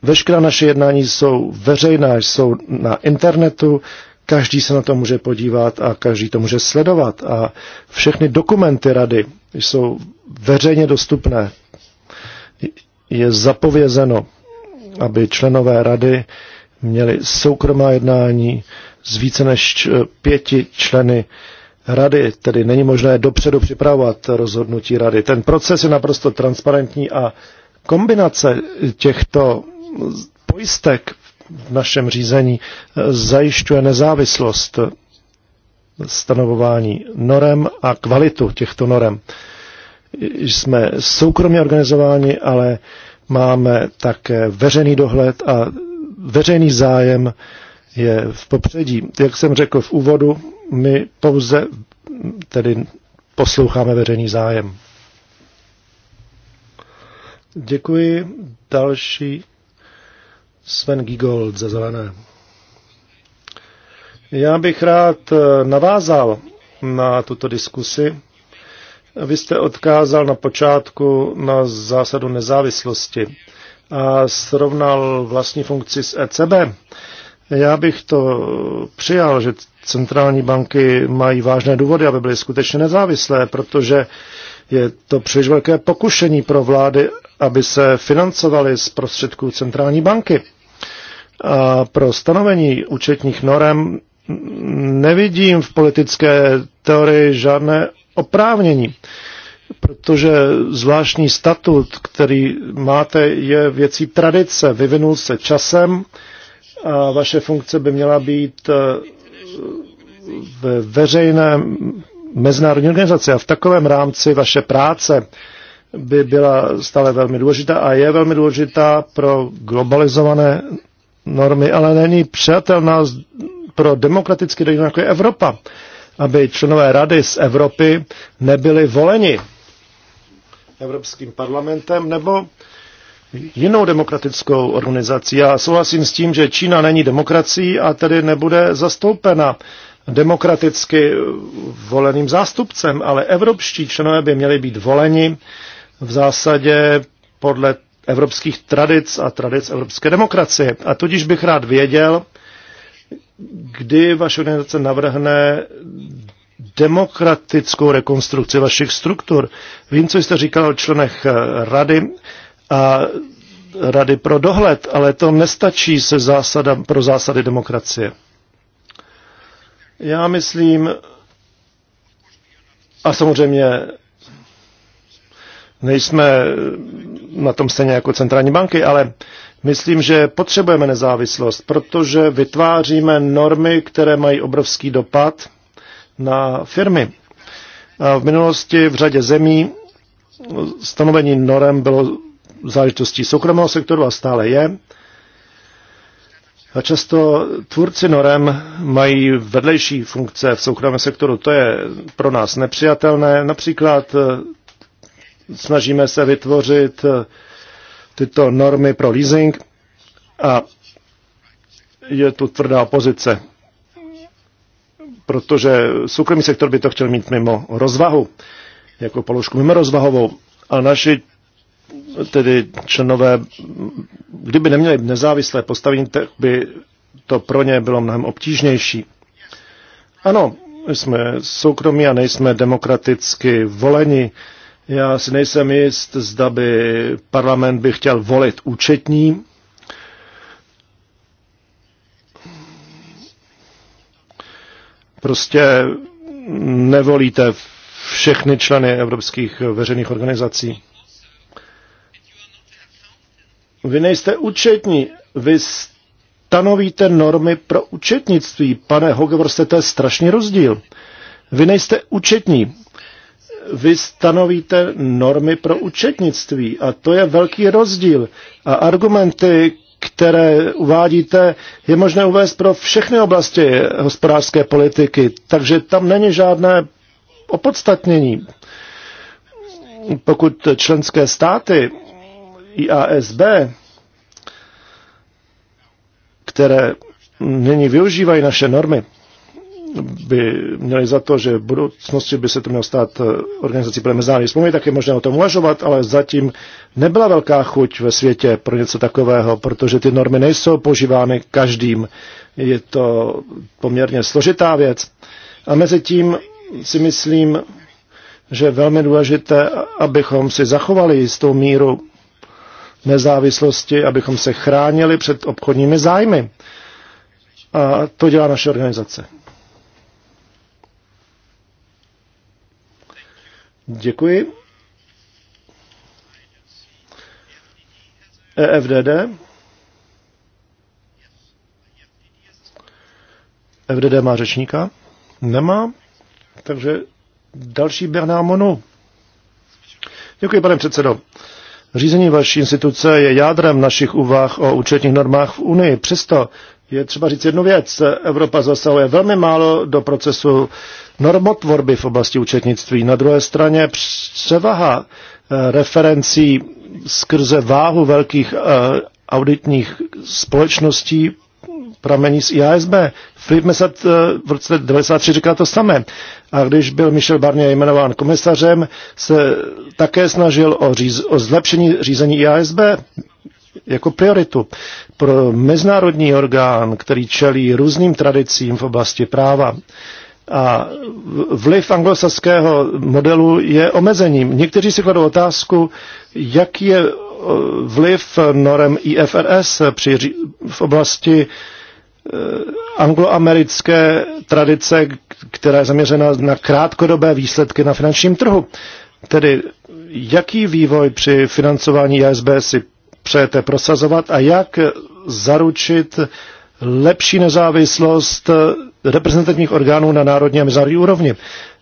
Veškerá naše jednání jsou veřejná, jsou na internetu, každý se na to může podívat a každý to může sledovat. A všechny dokumenty rady jsou veřejně dostupné. Je zapovězeno, aby členové rady měli soukromá jednání s více než eh, pěti členy rady, tedy není možné dopředu připravovat rozhodnutí rady. Ten proces je naprosto transparentní a Kombinace těchto pojistek v našem řízení eh, zajišťuje nezávislost stanovování norem a kvalitu těchto norem. Jsme soukromě organizováni, ale máme také veřejný dohled a veřejný zájem je v popředí. Jak jsem řekl v úvodu, my pouze tedy posloucháme veřejný zájem. Děkuji. Další Sven Gigold za zelené. Já bych rád eh, navázal na tuto diskusi. Vy jste odkázal na počátku na zásadu nezávislosti a srovnal vlastní funkci s ECB. Já bych to přijal, že centrální banky mají vážné důvody, aby byly skutečně nezávislé, protože je to příliš velké pokušení pro vlády, aby se financovaly z prostředků centrální banky. A pro stanovení účetních norem nevidím v politické teorii žádné oprávnění, protože zvláštní statut, který máte, je věcí tradice, vyvinul se časem a vaše funkce by měla být eh, ve veřejném mezinárodní organizace a v takovém rámci vaše práce by byla stále velmi důležitá a je velmi důležitá pro globalizované normy, ale není přijatelná pro demokratický region, jako je Evropa, aby členové rady z Evropy nebyli voleni Evropským parlamentem nebo jinou demokratickou organizací. Já souhlasím s tím, že Čína není demokracií a tedy nebude zastoupena demokraticky voleným zástupcem, ale evropští členové by měli být voleni v zásadě podle evropských tradic a tradic evropské demokracie. A tudíž bych rád věděl, kdy vaše organizace navrhne demokratickou rekonstrukci vašich struktur. Vím, co jste říkal o členech rady a rady pro dohled, ale to nestačí se zásada, pro zásady demokracie. Já myslím, a samozřejmě nejsme na tom stejně jako centrální banky, ale myslím, že potřebujeme nezávislost, protože vytváříme normy, které mají obrovský dopad na firmy. A v minulosti v řadě zemí stanovení norem bylo záležitostí soukromého sektoru a stále je. A často tvůrci norem mají vedlejší funkce v soukromém sektoru. To je pro nás nepřijatelné. Například eh, snažíme se vytvořit eh, tyto normy pro leasing a je tu tvrdá opozice, protože soukromý sektor by to chtěl mít mimo rozvahu, jako položku mimo rozvahovou. A naši tedy členové, kdyby neměli nezávislé postavení, tak by to pro ně bylo mnohem obtížnější. Ano, jsme soukromí a nejsme demokraticky voleni. Já si nejsem jist, zda by parlament by chtěl volit účetní. Prostě nevolíte všechny členy evropských veřejných organizací. Vy nejste účetní, vy stanovíte normy pro účetnictví. Pane Hogevorste, to je strašný rozdíl. Vy nejste účetní, vy stanovíte normy pro účetnictví a to je velký rozdíl. A argumenty, které uvádíte, je možné uvést pro všechny oblasti hospodářské politiky, takže tam není žádné opodstatnění. Pokud členské státy IASB, které nyní využívají naše normy, by měli za to, že v budoucnosti by se to mělo stát eh, organizací pro mezinárodní smlouvy, tak je možné o tom uvažovat, ale zatím nebyla velká chuť ve světě pro něco takového, protože ty normy nejsou požívány každým. Je to poměrně složitá věc. A mezi tím si myslím, že je velmi důležité, abychom si zachovali jistou míru nezávislosti, abychom se chránili před obchodními zájmy. A to dělá naše organizace. Děkuji. EFDD. FDD e má řečníka? Nemá. Takže další Bernard Monu. Děkuji, pane předsedo. Řízení vaší instituce je jádrem našich úvah o účetních normách v Unii. Přesto je třeba říct jednu věc. Evropa zasahuje velmi málo do procesu normotvorby v oblasti účetnictví. Na druhé straně převaha eh, referencí skrze váhu velkých eh, auditních společností pramení z IASB. Filip Mesat eh, v roce 1993 říká to samé. A když byl Michel Barnier jmenován komisařem, se také snažil o, říz, o zlepšení řízení IASB jako prioritu pro mezinárodní orgán, který čelí různým tradicím v oblasti práva. A vliv anglosaského modelu je omezením. Někteří si kladou otázku, jaký je eh, vliv norem IFRS při, v oblasti Eh, angloamerické tradice, která je zaměřena na krátkodobé výsledky na finančním trhu. Tedy jaký vývoj při financování ASB si přejete prosazovat a jak zaručit lepší nezávislost reprezentativních orgánů na národní a mezinárodní úrovni.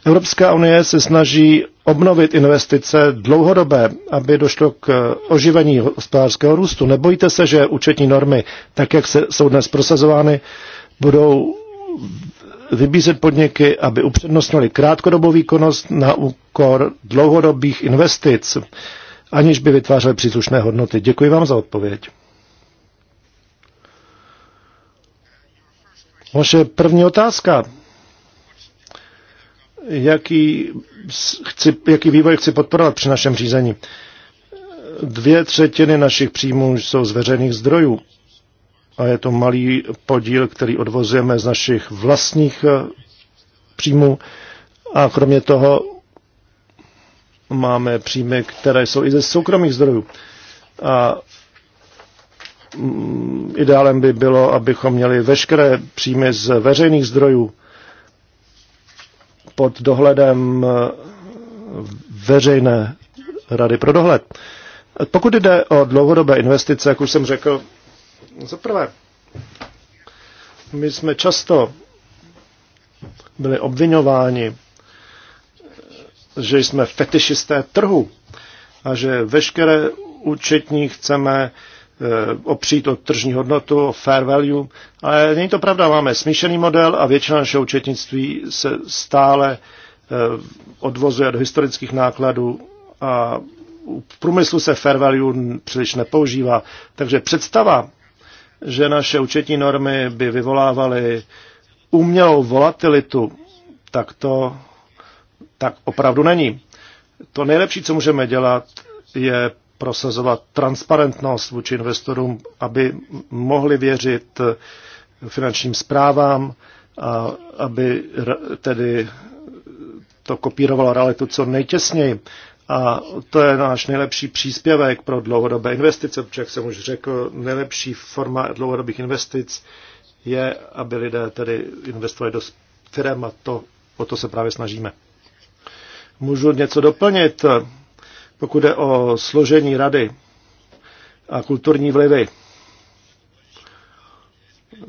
Evropská unie se snaží obnovit investice dlouhodobé, aby došlo k eh, oživení hospodářského růstu. Nebojte se, že účetní normy, tak jak se, jsou dnes prosazovány, budou vybízet podniky, aby upřednostnili krátkodobou výkonnost na úkor dlouhodobých investic, aniž by vytvářely příslušné hodnoty. Děkuji vám za odpověď. Vaše první otázka jaký, chci, jaký vývoj chci podporovat při našem řízení. Dvě třetiny našich příjmů jsou z veřejných zdrojů a je to malý podíl, který odvozujeme z našich vlastních eh, příjmů a kromě toho máme příjmy, které jsou i ze soukromých zdrojů. A mm, ideálem by bylo, abychom měli veškeré příjmy z veřejných zdrojů, pod dohledem eh, veřejné rady pro dohled. Pokud jde o dlouhodobé investice, jak už jsem řekl, za prvé, my jsme často byli obvinováni, že jsme fetišisté trhu a že veškeré účetní chceme Eh, opřít o tržní hodnotu, o fair value, ale není to pravda, máme smíšený model a většina našeho účetnictví se stále eh, odvozuje do historických nákladů a v průmyslu se fair value příliš nepoužívá. Takže představa, že naše účetní normy by vyvolávaly umělou volatilitu, tak to tak opravdu není. To nejlepší, co můžeme dělat, je prosazovat transparentnost vůči investorům, aby mohli věřit finančním zprávám, a aby tedy to kopírovalo realitu co nejtěsněji. A to je náš nejlepší příspěvek pro dlouhodobé investice, protože, jak jsem už řekl, nejlepší forma dlouhodobých investic je, aby lidé tedy investovali do firm a to, o to se právě snažíme. Můžu něco doplnit? Pokud jde o složení rady a kulturní vlivy,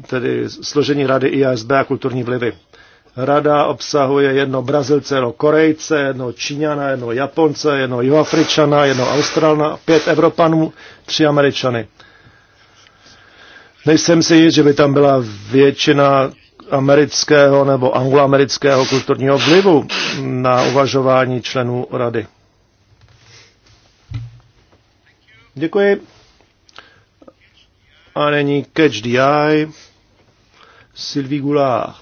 tedy složení rady IASB a kulturní vlivy. Rada obsahuje jedno Brazilce, jedno Korejce, jedno Číňana, jedno Japonce, jedno Joafričana, jedno Australna, pět Evropanů, tři Američany. Nejsem si jist, že by tam byla většina amerického nebo angloamerického kulturního vlivu na uvažování členů rady. Děkuji. A není Catch the Eye, Sylvie Goulart.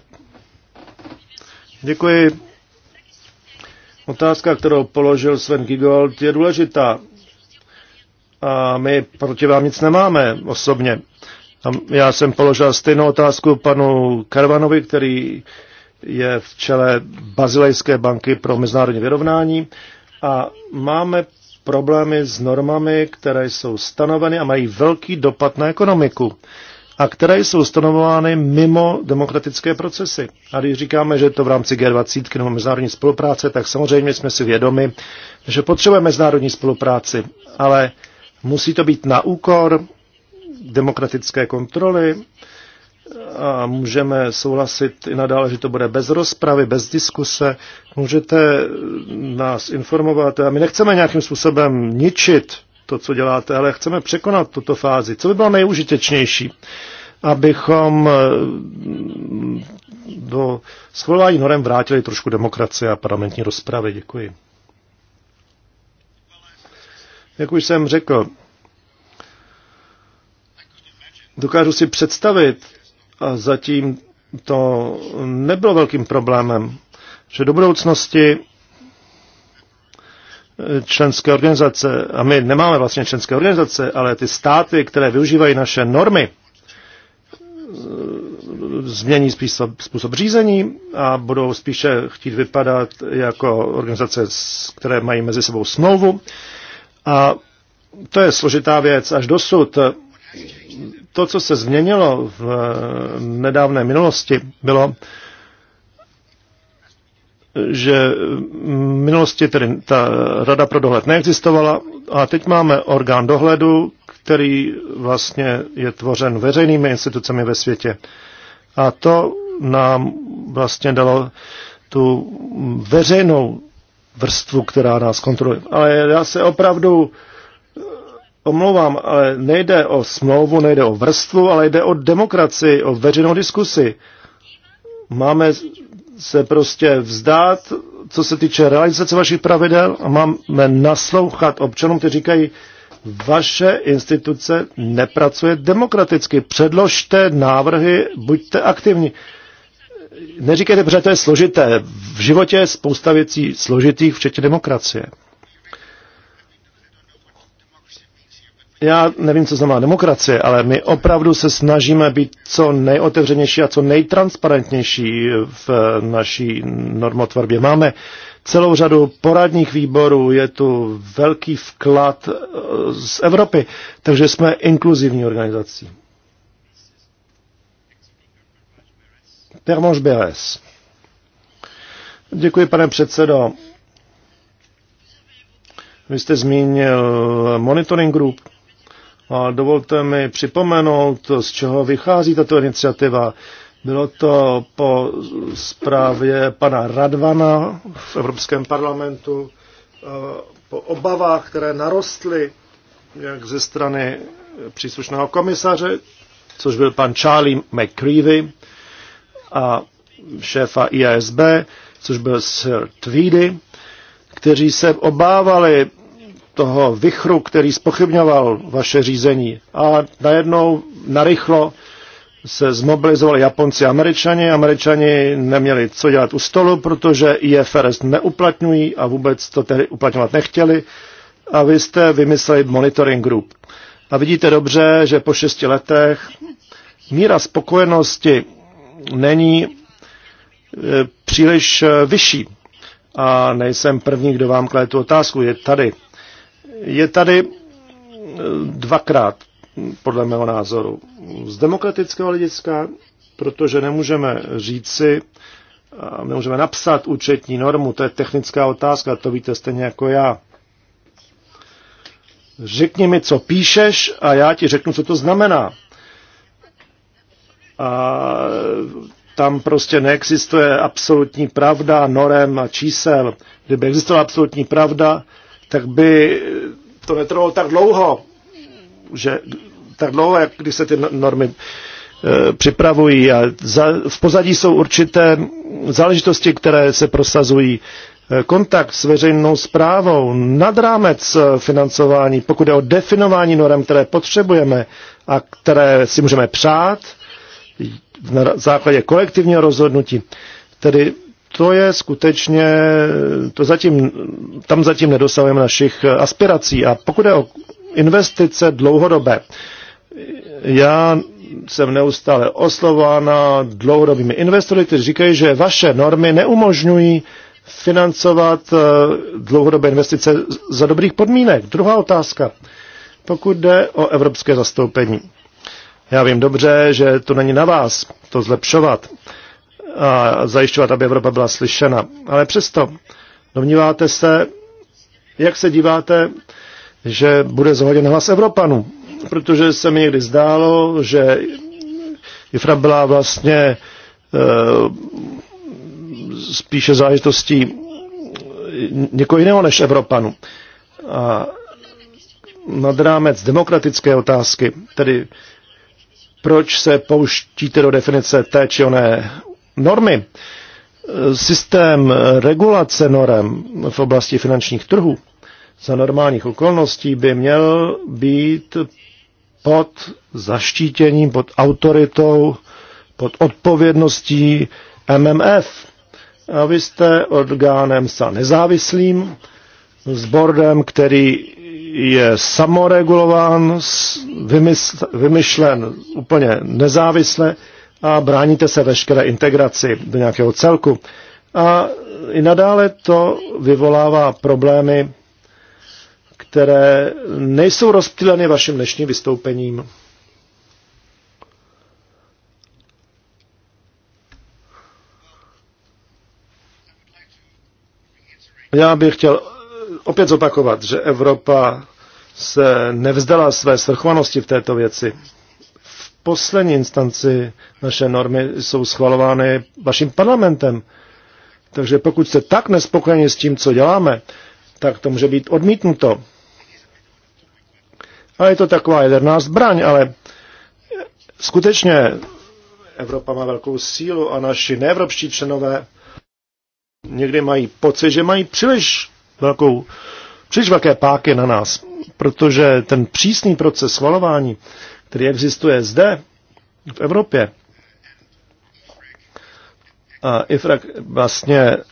Děkuji. Otázka, kterou položil Sven Gigold, je důležitá. A my proti vám nic nemáme osobně. Já jsem položil stejnou otázku panu Karvanovi, který je v čele Bazilejské banky pro mezinárodní vyrovnání. A máme problémy s normami, které jsou stanoveny a mají velký dopad na ekonomiku a které jsou stanovovány mimo demokratické procesy. A když říkáme, že to v rámci G20 nebo mezinárodní spolupráce, tak samozřejmě jsme si vědomi, že potřebujeme mezinárodní spolupráci, ale musí to být na úkor demokratické kontroly a můžeme souhlasit i nadále, že to bude bez rozpravy, bez diskuse. Můžete nás informovat a my nechceme nějakým způsobem ničit to, co děláte, ale chceme překonat tuto fázi. Co by bylo nejužitečnější, abychom eh, do schvalování norem vrátili trošku demokracie a parlamentní rozpravy. Děkuji. Jak už jsem řekl, dokážu si představit, a zatím to nebylo velkým problémem, že do budoucnosti eh, členské organizace, a my nemáme vlastně členské organizace, ale ty státy, které využívají naše normy, eh, změní způsob, způsob řízení a budou spíše chtít vypadat jako organizace, které mají mezi sebou smlouvu. A to je složitá věc. Až dosud to, co se změnilo v eh, nedávné minulosti, bylo, že v minulosti tedy ta rada pro dohled neexistovala a teď máme orgán dohledu, který vlastně je tvořen veřejnými institucemi ve světě. A to nám vlastně dalo tu veřejnou vrstvu, která nás kontroluje. Ale já se opravdu omlouvám, ale nejde o smlouvu, nejde o vrstvu, ale jde o demokracii, o veřejnou diskusi. Máme se prostě vzdát, co se týče realizace vašich pravidel a máme naslouchat občanům, kteří říkají, vaše instituce nepracuje demokraticky. Předložte návrhy, buďte aktivní. Neříkejte, protože to je složité. V životě je spousta věcí složitých, včetně demokracie. já nevím, co znamená demokracie, ale my opravdu se snažíme být co nejotevřenější a co nejtransparentnější v naší normotvorbě. Máme celou řadu poradních výborů, je tu velký vklad eh, z Evropy, takže jsme inkluzivní organizací. Permož Beres. Děkuji, pane předsedo. Vy jste zmínil monitoring group. A dovolte mi připomenout, z čeho vychází tato iniciativa. Bylo to po zprávě pana Radvana v Evropském parlamentu, po obavách, které narostly jak ze strany příslušného komisaře, což byl pan Charlie McCreevy a šéfa IASB, což byl Sir Tweedy, kteří se obávali toho vychru, který spochybňoval vaše řízení. A najednou narychlo se zmobilizovali Japonci a Američani. Američani neměli co dělat u stolu, protože IFRS neuplatňují a vůbec to tehdy uplatňovat nechtěli. A vy jste vymysleli monitoring group. A vidíte dobře, že po šesti letech míra spokojenosti není e, příliš e, vyšší. A nejsem první, kdo vám klade tu otázku, je tady je tady eh, dvakrát, podle mého názoru. Z demokratického hlediska, protože nemůžeme říci, nemůžeme napsat účetní normu, to je technická otázka, to víte stejně jako já. Řekni mi, co píšeš a já ti řeknu, co to znamená. A tam prostě neexistuje absolutní pravda norem a čísel. Kdyby existovala absolutní pravda, tak by to netrvalo tak dlouho, že tak dlouho, jak když se ty no- normy e, připravují a za, v pozadí jsou určité záležitosti, které se prosazují. E, kontakt s veřejnou zprávou nad rámec e, financování, pokud je o definování norm, které potřebujeme a které si můžeme přát na základě kolektivního rozhodnutí. Tedy to je skutečně, to zatím, tam zatím nedosahujeme našich eh, aspirací. A pokud je o investice dlouhodobé, já jsem neustále oslována dlouhodobými investory, kteří říkají, že vaše normy neumožňují financovat eh, dlouhodobé investice za dobrých podmínek. Druhá otázka, pokud jde o evropské zastoupení. Já vím dobře, že to není na vás to zlepšovat, a zajišťovat, aby Evropa byla slyšena. Ale přesto, domníváte se, jak se díváte, že bude zohledněn hlas Evropanů? Protože se mi někdy zdálo, že Jifra byla vlastně e, spíše zážitostí někoho jiného než Evropanů. A nad rámec demokratické otázky, tedy proč se pouštíte do definice té či oné normy, systém regulace norem v oblasti finančních trhů za normálních okolností by měl být pod zaštítěním, pod autoritou, pod odpovědností MMF. A vy jste orgánem sa nezávislým, s bordem, který je samoregulován, vymysl, vymyšlen úplně nezávisle, a bráníte se veškeré integraci do nějakého celku. A i nadále to vyvolává problémy, které nejsou rozptýleny vaším dnešním vystoupením. Já bych chtěl opět zopakovat, že Evropa se nevzdala své svrchovanosti v této věci poslední instanci naše normy jsou schvalovány vaším parlamentem. Takže pokud jste tak nespokojeni s tím, co děláme, tak to může být odmítnuto. A je to taková jaderná zbraň, ale skutečně Evropa má velkou sílu a naši neevropští členové někdy mají pocit, že mají příliš velkou, příliš velké páky na nás, protože ten přísný proces schvalování který existuje zde, v Evropě. A IFRAK vlastně eh,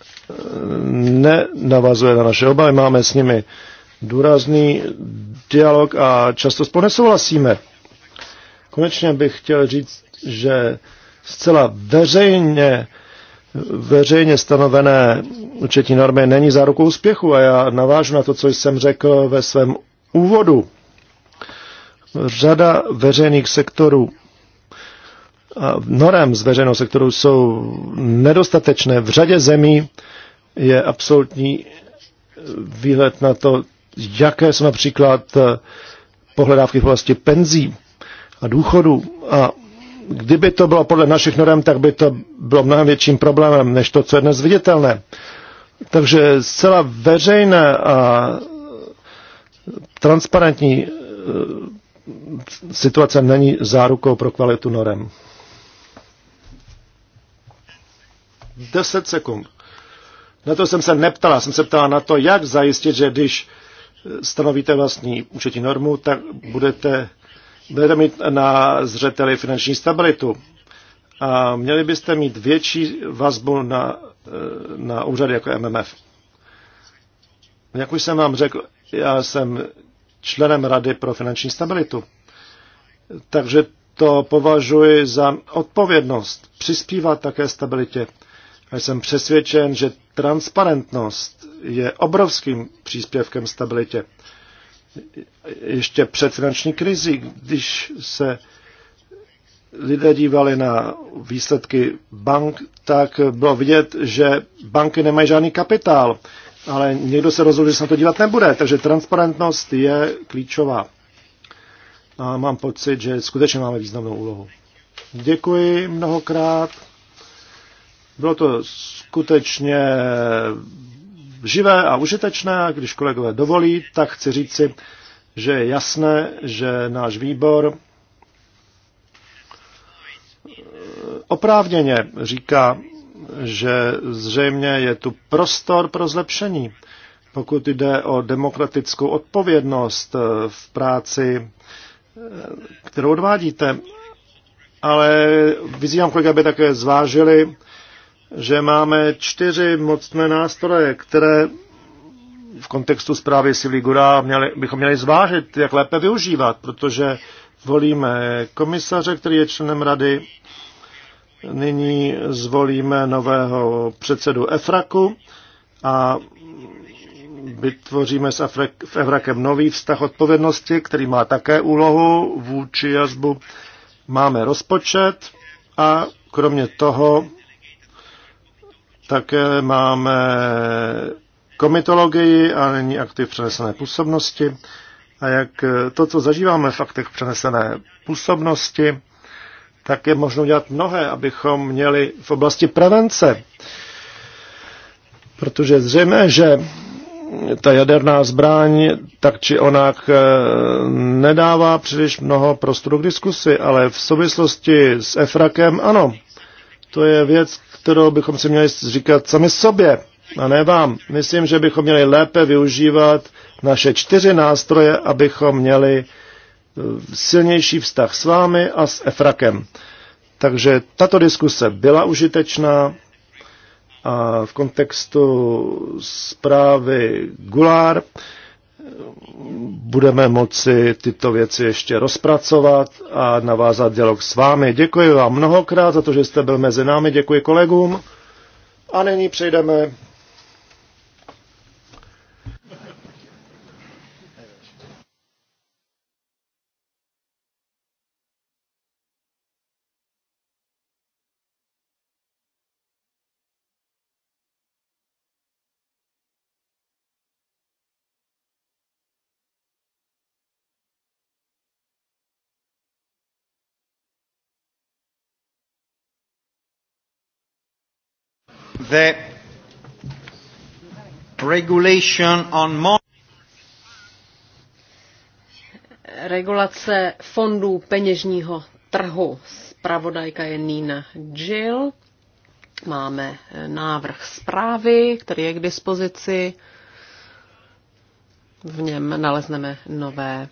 nenavazuje na naše obavy, máme s nimi důrazný dialog a často spolu nesouhlasíme. Konečně bych chtěl říct, že zcela veřejně, veřejně stanovené účetní normy není zárukou úspěchu a já navážu na to, co jsem řekl ve svém úvodu. Řada veřejných sektorů a norem z veřejného sektoru jsou nedostatečné. V řadě zemí je absolutní výhled na to, jaké jsou například eh, pohledávky v oblasti penzí a důchodů. A kdyby to bylo podle našich norm, tak by to bylo mnohem větším problémem, než to, co je dnes viditelné. Takže zcela veřejné a transparentní eh, situace není zárukou pro kvalitu norem. 10 sekund. Na to jsem se neptala, jsem se ptala na to, jak zajistit, že když stanovíte vlastní účetní normu, tak budete, budete mít na zřeteli finanční stabilitu. A měli byste mít větší vazbu na, na úřady jako MMF. Jak už jsem vám řekl, já jsem členem Rady pro finanční stabilitu. Takže to považuji za odpovědnost přispívat také stabilitě. A jsem přesvědčen, že transparentnost je obrovským příspěvkem stabilitě. Ještě před finanční krizi, když se lidé dívali na výsledky bank, tak bylo vidět, že banky nemají žádný kapitál ale někdo se rozhodl, že se na to dívat nebude. Takže transparentnost je klíčová. A mám pocit, že skutečně máme významnou úlohu. Děkuji mnohokrát. Bylo to skutečně živé a užitečné. A když kolegové dovolí, tak chci říci, že je jasné, že náš výbor oprávněně říká, že zřejmě je tu prostor pro zlepšení, pokud jde o demokratickou odpovědnost eh, v práci, eh, kterou odvádíte. Ale vyzývám kolega, aby také zvážili, že máme čtyři mocné nástroje, které v kontextu zprávy Silí Gura měli, bychom měli zvážit, jak lépe využívat, protože volíme komisaře, který je členem rady, Nyní zvolíme nového předsedu EFRAKu a vytvoříme s EFRAKEM nový vztah odpovědnosti, který má také úlohu vůči jazbu. Máme rozpočet a kromě toho také máme komitologii a není aktiv přenesené působnosti. A jak to, co zažíváme v aktech přenesené působnosti, tak je možno dělat mnohé, abychom měli v oblasti prevence. Protože zřejmé, že ta jaderná zbraň tak či onak eh, nedává příliš mnoho prostoru k diskusi, ale v souvislosti s Efrakem ano. To je věc, kterou bychom si měli říkat sami sobě a ne vám. Myslím, že bychom měli lépe využívat naše čtyři nástroje, abychom měli silnější vztah s vámi a s Efrakem. Takže tato diskuse byla užitečná a v kontextu zprávy Gulár eh, budeme moci tyto věci ještě rozpracovat a navázat dialog s vámi. Děkuji vám mnohokrát za to, že jste byl mezi námi, děkuji kolegům a nyní přejdeme the regulation on regulace fondů peněžního trhu. Spravodajka je Nina Jill. Máme návrh zprávy, který je k dispozici. V něm nalezneme nové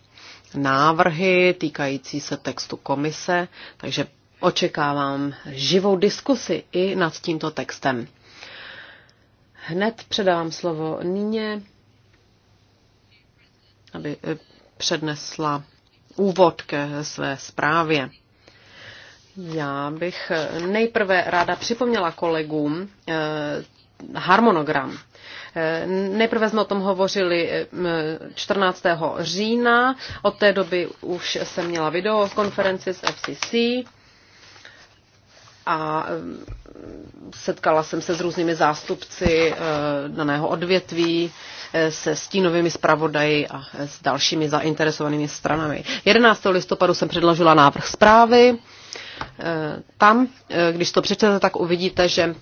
návrhy týkající se textu komise, takže očekávám živou diskusi i nad tímto textem. Hned předávám slovo nyně, aby eh, přednesla úvod ke své zprávě. Já bych eh, nejprve ráda připomněla kolegům eh, harmonogram. Nejprve jsme o tom hovořili 14. října, od té doby už jsem měla videokonferenci s FCC a e, setkala jsem se s různými zástupci e, daného odvětví, e, se stínovými zpravodaji a s dalšími zainteresovanými stranami. 11. listopadu jsem předložila návrh zprávy. Tam, když to přečtete, tak uvidíte, že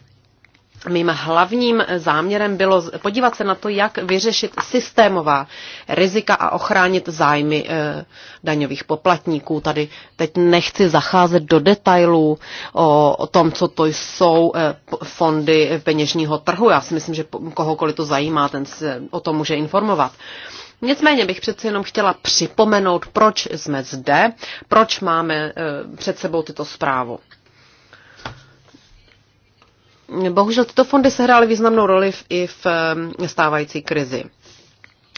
Mým hlavním záměrem bylo podívat se na to, jak vyřešit systémová rizika a ochránit zájmy eh, daňových poplatníků. Tady teď nechci zacházet do detailů o, o tom, co to jsou eh, fondy peněžního trhu. Já si myslím, že kohokoliv to zajímá, ten se o tom může informovat. Nicméně bych přeci jenom chtěla připomenout, proč jsme zde, proč máme eh, před sebou tyto zprávu. Bohužel tyto fondy sehrály významnou roli v, i v stávající krizi.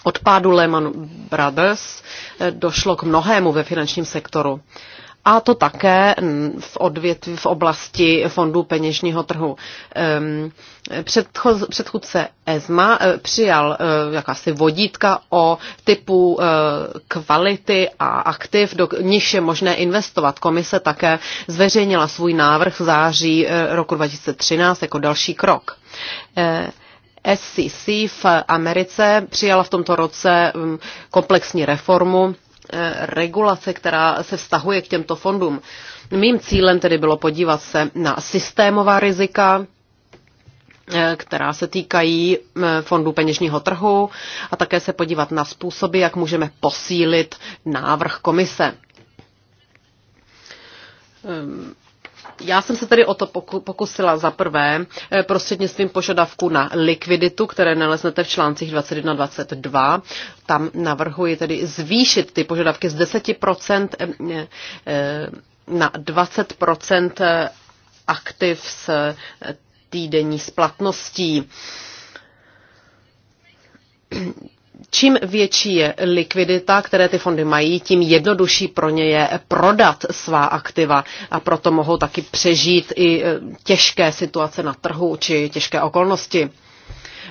Od pádu Lehman Brothers eh, došlo k mnohému ve finančním sektoru a to také v odvětví v oblasti fondů peněžního trhu. Ehm, Předcho, předchůdce ESMA eh, přijal eh, jakási vodítka o typu eh, kvality a aktiv, do nich je možné investovat. Komise také zveřejnila svůj návrh v září roku 2013 jako další krok. SCC v Americe přijala v tomto roce hm, komplexní reformu Eh, regulace, která se vztahuje k těmto fondům. Mým cílem tedy bylo podívat se na systémová rizika, eh, která se týkají eh, fondů peněžního trhu a také se podívat na způsoby, jak můžeme posílit návrh komise ehm, já jsem se tedy o to pokusila za prvé eh, prostřednictvím požadavku na likviditu, které naleznete v článcích 21 22. Tam navrhuji tedy zvýšit ty požadavky z 10% eh, eh, na 20% aktiv s týdenní splatností čím větší je likvidita, které ty fondy mají, tím jednodušší pro ně je prodat svá aktiva a proto mohou taky přežít i e, těžké situace na trhu či těžké okolnosti.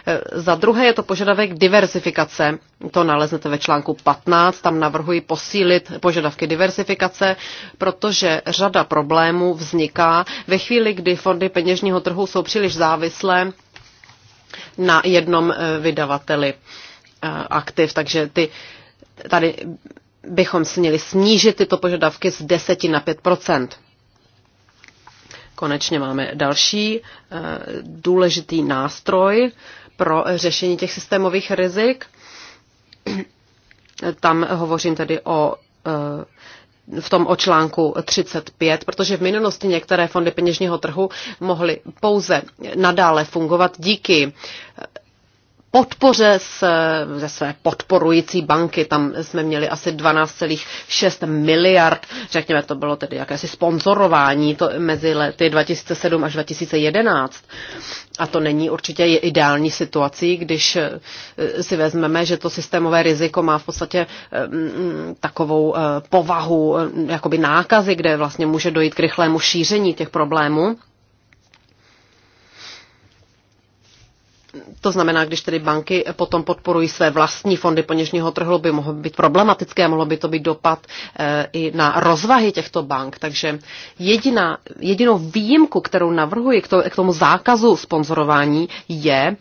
E, za druhé je to požadavek diversifikace. To naleznete ve článku 15. Tam navrhuji posílit požadavky diversifikace, protože řada problémů vzniká ve chvíli, kdy fondy peněžního trhu jsou příliš závislé na jednom e, vydavateli. Eh, aktiv, takže ty, tady bychom si měli snížit tyto požadavky z 10 na 5 Konečně máme další eh, důležitý nástroj pro řešení těch systémových rizik. <clears throat> Tam hovořím tedy o eh, v tom o článku 35, protože v minulosti některé fondy peněžního trhu mohly pouze nadále fungovat díky podpoře z, ze své podporující banky. Tam jsme měli asi 12,6 miliard, řekněme, to bylo tedy jakési sponzorování to mezi lety 2007 až 2011. A to není určitě ideální situací, když eh, si vezmeme, že to systémové riziko má v podstatě eh, mm, takovou eh, povahu jakoby nákazy, kde vlastně může dojít k rychlému šíření těch problémů. to znamená, když tedy banky potom podporují své vlastní fondy poněžního trhu, by mohlo být problematické mohlo by to být dopad eh, i na rozvahy těchto bank. Takže jediná, jedinou výjimku, kterou navrhuji k tomu zákazu sponzorování, je,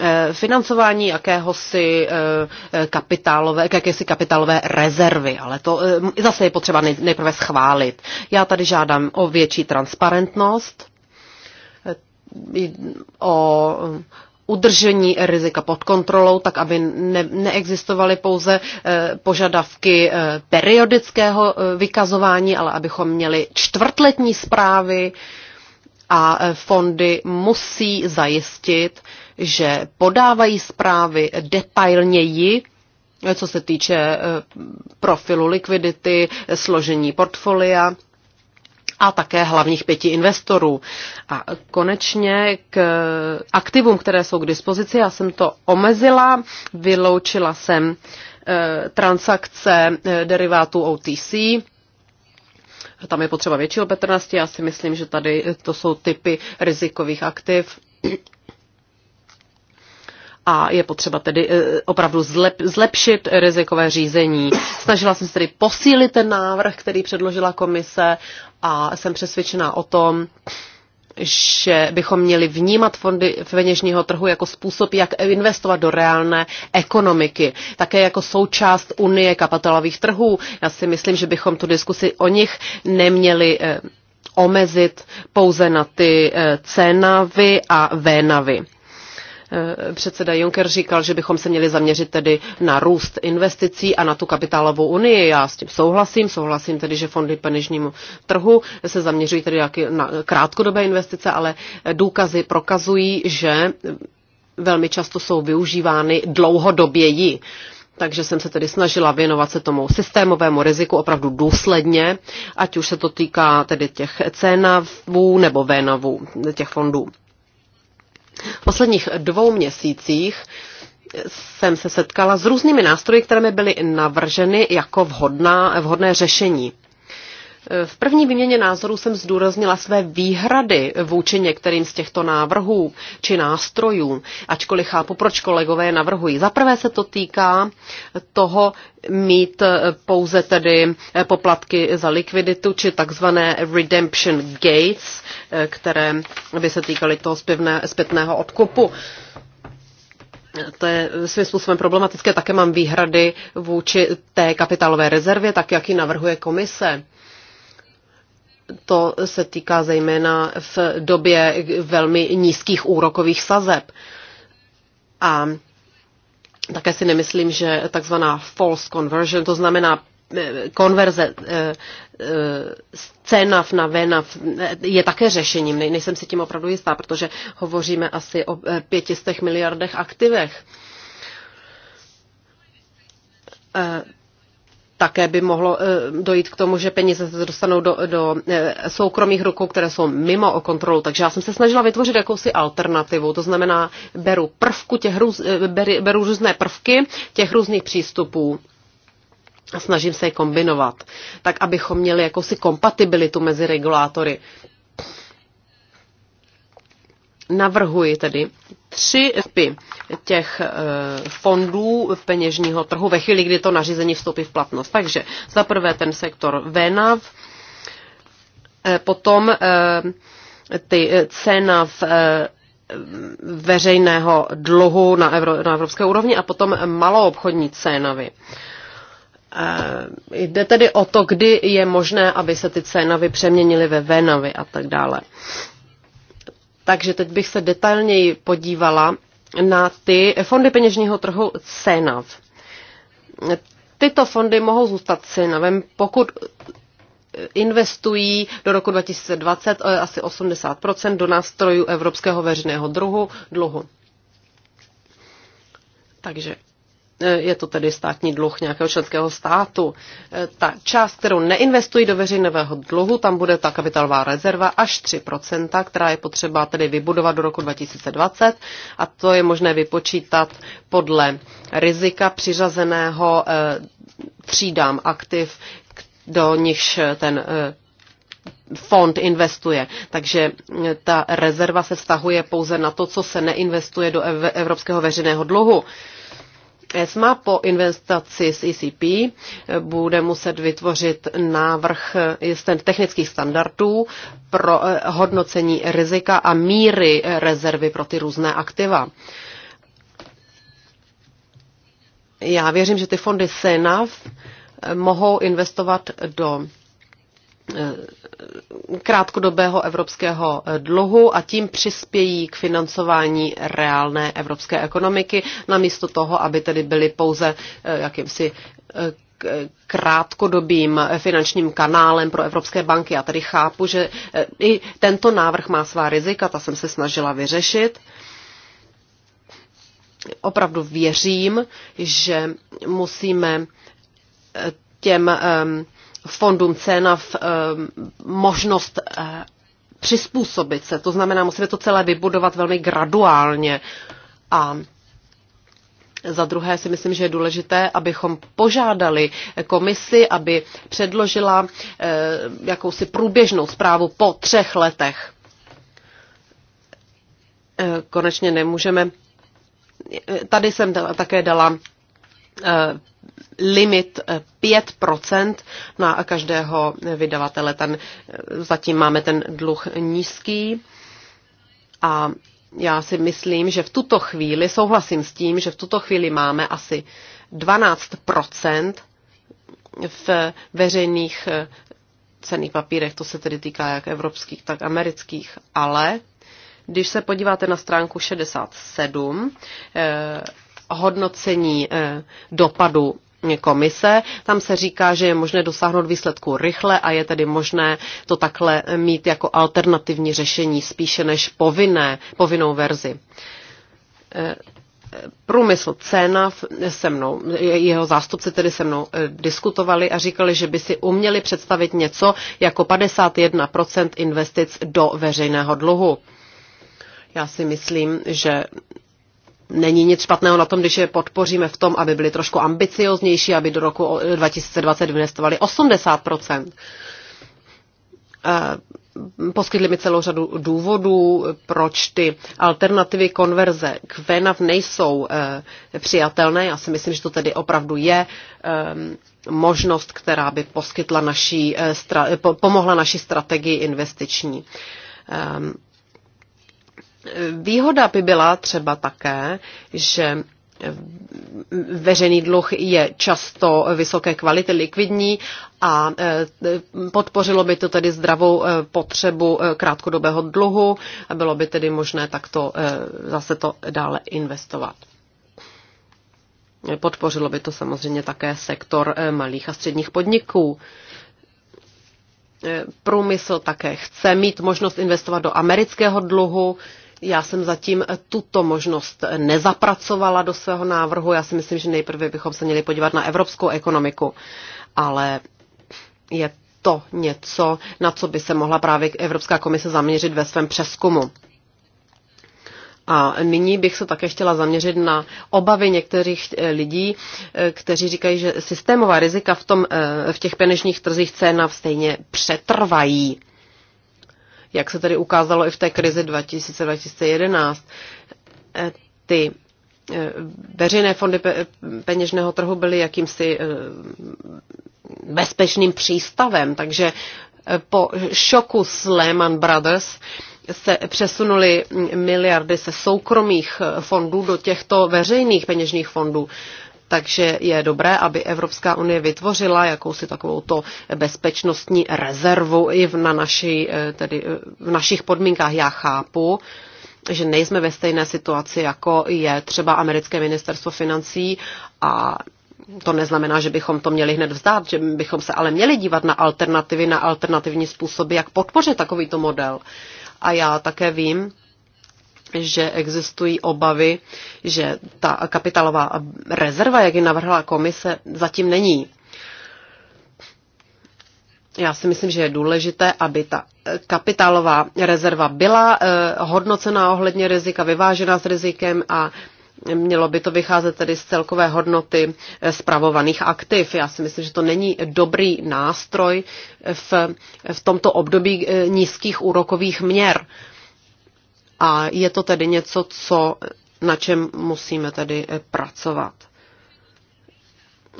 eh, financování jakéhosi eh, kapitálové, jakési kapitálové rezervy, ale to zase je potřeba nejprve schválit. Já tady žádám o větší transparentnost o udržení rizika pod kontrolou, tak aby ne, neexistovaly pouze e, požadavky e, periodického e, vykazování, ale abychom měli čtvrtletní zprávy a e, fondy musí zajistit, že podávají zprávy detailněji, co se týče e, profilu likvidity, složení portfolia a také hlavních pěti investorů. A konečně k aktivům, které jsou k dispozici, já jsem to omezila, vyloučila jsem eh, transakce eh, derivátů OTC, tam je potřeba větší obetrnosti, já si myslím, že tady to jsou typy rizikových aktiv, a je potřeba tedy eh, opravdu zlep, zlepšit rizikové řízení. Snažila jsem se tedy posílit ten návrh, který předložila komise a jsem přesvědčená o tom, že bychom měli vnímat fondy peněžního trhu jako způsob, jak investovat do reálné ekonomiky, také jako součást Unie kapitalových trhů. Já si myslím, že bychom tu diskusi o nich neměli eh, omezit pouze na ty eh, cenavy a vénavy. Eh, předseda Juncker říkal, že bychom se měli zaměřit tedy na růst investicí a na tu kapitálovou unii. Já s tím souhlasím, souhlasím tedy, že fondy peněžnímu trhu se zaměřují tedy na krátkodobé investice, ale důkazy prokazují, že velmi často jsou využívány dlouhodoběji. Takže jsem se tedy snažila věnovat se tomu systémovému riziku opravdu důsledně, ať už se to týká tedy těch cenavů nebo vénavů těch fondů. V posledních dvou měsících jsem se setkala s různými nástroji, které mi byly navrženy jako vhodná, vhodné řešení. Eh, v první výměně názorů jsem zdůraznila své výhrady vůči některým z těchto návrhů či nástrojů, ačkoliv chápu, proč kolegové navrhují. Za prvé se to týká toho mít eh, pouze tedy eh, poplatky za likviditu či takzvané redemption gates, které by se týkaly toho zpěvné, zpětného odkupu. To je svým způsobem problematické. Také mám výhrady vůči té kapitálové rezervě, tak jak ji navrhuje komise to se týká zejména v době velmi nízkých úrokových sazeb. A také si nemyslím, že takzvaná false conversion, to znamená eh, konverze z eh, eh, CENAV na vena, je také řešením. nejsem si tím opravdu jistá, protože hovoříme asi o 500 miliardech aktivech také by mohlo eh, dojít k tomu, že peníze se dostanou do, do eh, soukromých rukou, které jsou mimo o kontrolu. Takže já jsem se snažila vytvořit jakousi alternativu. To znamená, beru, prvku těch růz, eh, beru, beru různé prvky těch různých přístupů a snažím se je kombinovat, tak abychom měli jakousi kompatibilitu mezi regulátory navrhuji tedy tři typy těch e, fondů peněžního trhu ve chvíli, kdy to nařízení vstoupí v platnost. Takže za prvé ten sektor VNAV, e, potom e, ty cena v veřejného dluhu na, evro, na evropské úrovni a potom maloobchodní cénavy. Jde tedy o to, kdy je možné, aby se ty cénavy přeměnily ve venavy a tak dále. Takže teď bych se detailněji podívala na ty fondy peněžního trhu CENAV. Tyto fondy mohou zůstat CENAVem, pokud investují do roku 2020 asi 80 do nástrojů evropského veřejného druhu, dluhu. Takže E, je to tedy státní dluh nějakého členského státu. E, ta část, kterou neinvestují do veřejného dluhu, tam bude ta kapitalová rezerva až 3%, která je potřeba tedy vybudovat do roku 2020 a to je možné vypočítat podle rizika přiřazeného e, třídám aktiv, do nichž ten fond investuje. Takže ta rezerva se vztahuje pouze na to, co se neinvestuje do evropského veřejného dluhu. ESMA po investaci s ECP bude muset vytvořit návrh technických standardů pro eh, hodnocení rizika a míry eh, rezervy pro ty různé aktiva. Já věřím, že ty fondy SENAV eh, mohou investovat do Eh, krátkodobého evropského eh, dluhu a tím přispějí k financování reálné evropské ekonomiky, namísto toho, aby tedy byly pouze eh, jakýmsi krátkodobým finančním kanálem pro evropské banky. Já tedy chápu, že i tento návrh má svá rizika, ta jsem se snažila vyřešit. Opravdu věřím, že musíme těm um, fondům CENAV eh, možnost eh, přizpůsobit se. To znamená, musíme to celé vybudovat velmi graduálně. A za druhé si myslím, že je důležité, abychom požádali komisi, aby předložila eh, jakousi průběžnou zprávu po třech letech. Konečně nemůžeme. Tady jsem také dala limit 5% eh, na každého vydavatele. Ten, eh, zatím máme ten dluh nízký a já si myslím, že v tuto chvíli, souhlasím s tím, že v tuto chvíli máme asi 12% v veřejných eh, cených papírech, to se tedy týká jak evropských, tak amerických, ale když se podíváte na stránku 67, eh, hodnocení eh, dopadu komise. Tam se říká, že je možné dosáhnout výsledku rychle a je tedy možné to takhle mít jako alternativní řešení spíše než povinné, povinnou verzi. Eh, průmysl cena se mnou, jeho zástupci tedy se mnou eh, diskutovali a říkali, že by si uměli představit něco jako 51% investic do veřejného dluhu. Já si myslím, že není nic špatného na tom, když je podpoříme v tom, aby byli trošku ambicioznější, aby do roku 2020 investovali 80 Poskytli mi celou řadu důvodů, proč ty alternativy konverze k VENAV nejsou eh, přijatelné. Já si myslím, že to tedy opravdu je eh, možnost, která by poskytla naší, eh, pomohla naší strategii investiční. Výhoda by byla třeba také, že veřejný dluh je často vysoké kvality likvidní a e, podpořilo by to tedy zdravou e, potřebu e, krátkodobého dluhu a bylo by tedy možné takto zase to dále investovat. Podpořilo by to samozřejmě také sektor malých a středních podniků. Průmysl také chce mít možnost investovat do amerického dluhu, já jsem zatím tuto možnost nezapracovala do svého návrhu. Já si myslím, že nejprve bychom se měli podívat na evropskou ekonomiku, ale je to něco, na co by se mohla právě Evropská komise zaměřit ve svém přeskumu. A nyní bych se také chtěla zaměřit na obavy některých lidí, kteří říkají, že systémová rizika v, tom, v těch peněžních trzích cena stejně přetrvají jak se tady ukázalo i v té krizi 2011 eh, Ty eh, veřejné fondy peněžného trhu byly jakýmsi eh, bezpečným přístavem, takže po šoku s Lehman Brothers se přesunuly miliardy se soukromých fondů do těchto veřejných peněžních fondů. Takže je dobré, aby Evropská unie vytvořila jakousi takovou to bezpečnostní rezervu i v, na naši, eh, tedy eh, v našich podmínkách. Já chápu, že nejsme ve stejné situaci, jako je třeba americké ministerstvo financí a to neznamená, že bychom to měli hned vzdát, že bychom se ale měli dívat na alternativy, na alternativní způsoby, jak podpořit takovýto model. A já také vím, že existují obavy, že ta kapitalová rezerva, jak ji navrhla komise, zatím není. Já si myslím, že je důležité, aby ta kapitálová rezerva byla eh, hodnocená ohledně rizika, vyvážena s rizikem a mělo by to vycházet tedy z celkové hodnoty zpravovaných eh, aktiv. Já si myslím, že to není dobrý nástroj v, v tomto období eh, nízkých úrokových měr. A je to tedy něco, co, na čem musíme tedy eh, pracovat.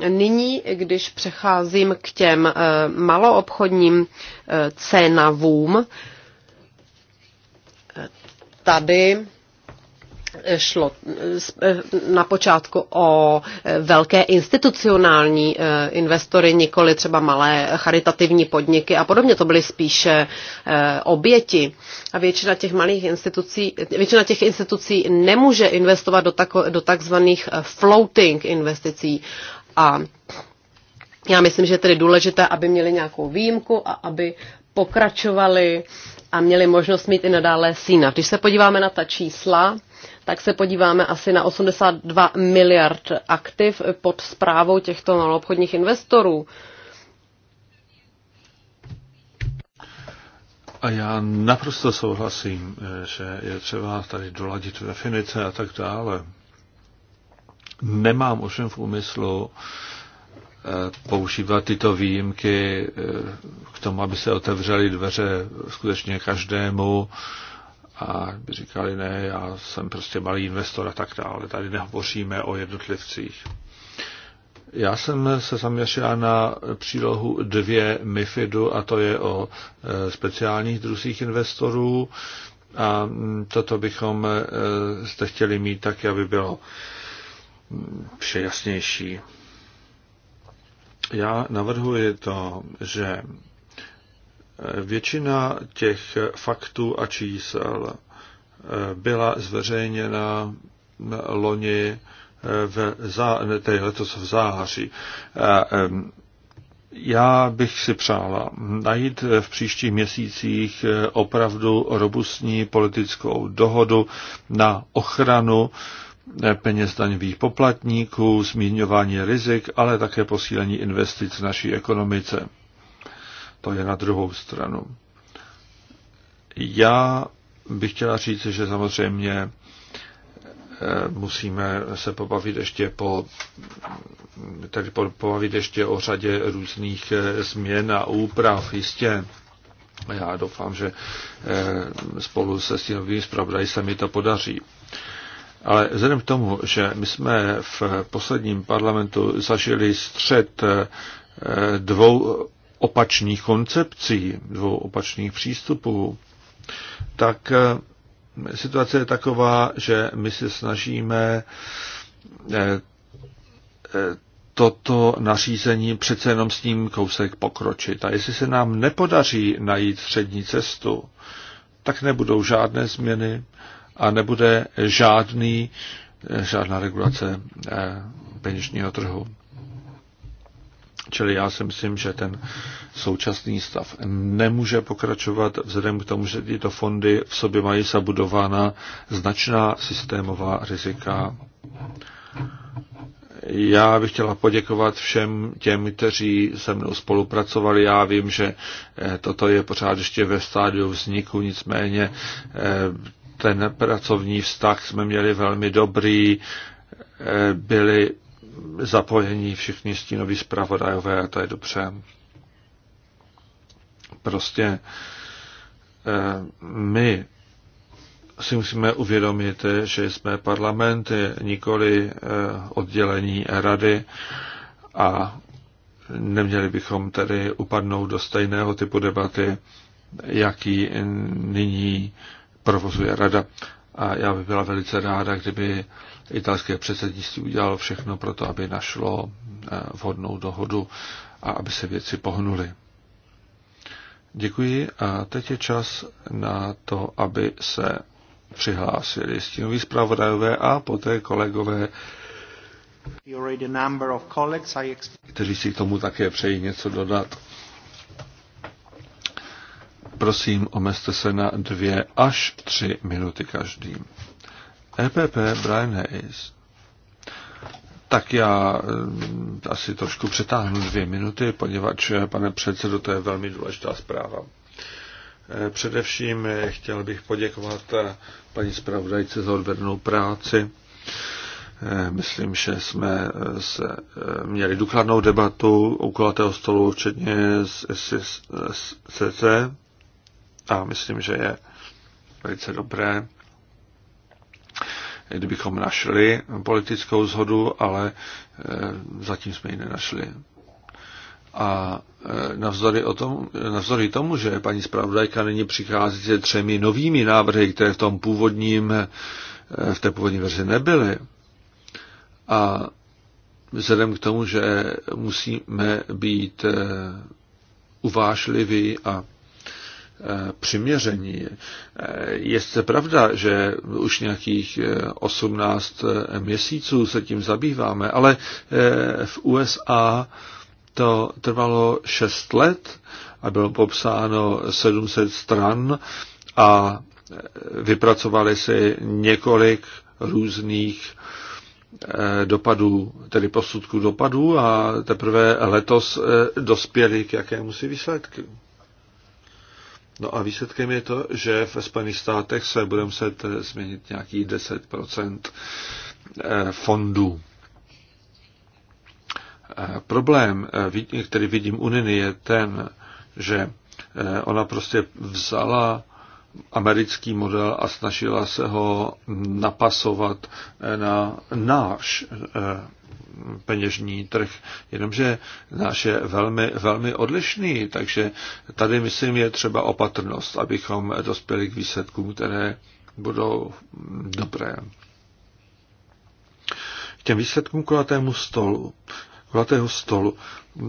Nyní, když přecházím k těm eh, maloobchodním eh, cenavům, tady šlo eh, na počátku o eh, velké institucionální eh, investory, nikoli třeba malé charitativní podniky a podobně. To byly spíše oběti. A většina těch malých institucí, většina těch institucí nemůže investovat do, tako, do takzvaných floating investicí. A já myslím, že je tedy důležité, aby měli nějakou výjimku a aby pokračovali a měli možnost mít i nadále sína. Když se podíváme na ta čísla, tak se podíváme asi na 82 miliard aktiv pod zprávou těchto malobchodních investorů. A já naprosto souhlasím, že je třeba tady doladit definice a tak dále. Nemám ovšem v úmyslu eh, používat tyto výjimky eh, k tomu, aby se otevřely dveře skutečně každému, a by říkali, ne, já jsem prostě malý investor a tak dále. Tady nehovoříme o jednotlivcích. Já jsem se zaměřila na přílohu dvě MIFIDu a to je o e, speciálních druzích investorů a mm, toto bychom jste chtěli mít tak, aby bylo mm, vše jasnější. Já navrhuji to, že Většina těch faktů a čísel eh, byla zveřejněna loni eh, v, zá, tedy letos v září. Eh, já bych si přála najít v příštích měsících opravdu robustní politickou dohodu na ochranu peněz daňových poplatníků, zmírňování rizik, ale také posílení investic v naší ekonomice. To je na druhou stranu. Já bych chtěla říct, že samozřejmě eh, musíme se pobavit ještě po, tedy pobavit ještě o řadě různých eh, změn a úprav, jistě. Já doufám, že eh, spolu se tím zpravodají se mi to podaří. Ale vzhledem k tomu, že my jsme v posledním parlamentu zažili střed dvou opačných koncepcí, dvou opačných přístupů, tak eh, situace je taková, že my se snažíme eh, eh, toto nařízení přece jenom s ním kousek pokročit. A jestli se nám nepodaří najít střední cestu, tak nebudou žádné změny a nebude žádný, žádná regulace peněžního trhu. Čili já si myslím, že ten současný stav nemůže pokračovat vzhledem k tomu, že tyto fondy v sobě mají zabudována značná systémová rizika. Já bych chtěla poděkovat všem těm, kteří se mnou spolupracovali. Já vím, že eh, toto je pořád ještě ve stádiu vzniku, nicméně eh, ten pracovní vztah jsme měli velmi dobrý, eh, byly zapojení všichni stínoví zpravodajové a to je dobře. Prostě eh, my si musíme uvědomit, že jsme parlament, nikoli eh, oddělení rady a neměli bychom tedy upadnout do stejného typu debaty, jaký nyní provozuje rada. A já bych byla velice ráda, kdyby italské předsednictví udělalo všechno pro to, aby našlo eh, vhodnou dohodu a aby se věci pohnuly. Děkuji a teď je čas na to, aby se přihlásili stínoví zpravodajové a poté kolegové, kteří si k tomu také přejí něco dodat. Prosím, omezte se na dvě až tři minuty každým. EPP Brian Hayes. Tak já eh, asi trošku přetáhnu dvě minuty, poněvadž, eh, pane předsedo, to je velmi důležitá zpráva. Eh, především chtěl bych poděkovat paní zpravodajce za odvednou práci. Myslím, že jsme se měli důkladnou debatu u kulatého stolu, včetně s SCC a myslím, že je velice dobré, kdybychom našli politickou zhodu, ale e, zatím jsme ji nenašli. A e, navzdory, o tom, navzdory tomu, že paní zpravodajka nyní přichází se třemi novými návrhy, které v tom původním, e, v té původní verzi nebyly, a vzhledem k tomu, že musíme být uvážliví a Eh, přiměření. Eh, je pravda, že už nějakých 18 eh, měsíců se tím zabýváme, ale v USA to trvalo 6 let a bylo popsáno 700 stran a vypracovali si několik různých dopadů, tedy posudků dopadů a teprve letos dospěli k jakému si výsledku. No a výsledkem je to, že v Spojených státech se bude muset eh, změnit nějaký 10% eh, fondů. Eh, problém, který vidím u Niny, je ten, že ona prostě vzala americký model a snažila se ho napasovat eh, na náš eh, peněžní trh, jenomže náš je velmi, velmi odlišný, takže tady myslím je třeba opatrnost, abychom dospěli k výsledkům, které budou dobré. K těm výsledkům kulatému stolu, kulatého stolu.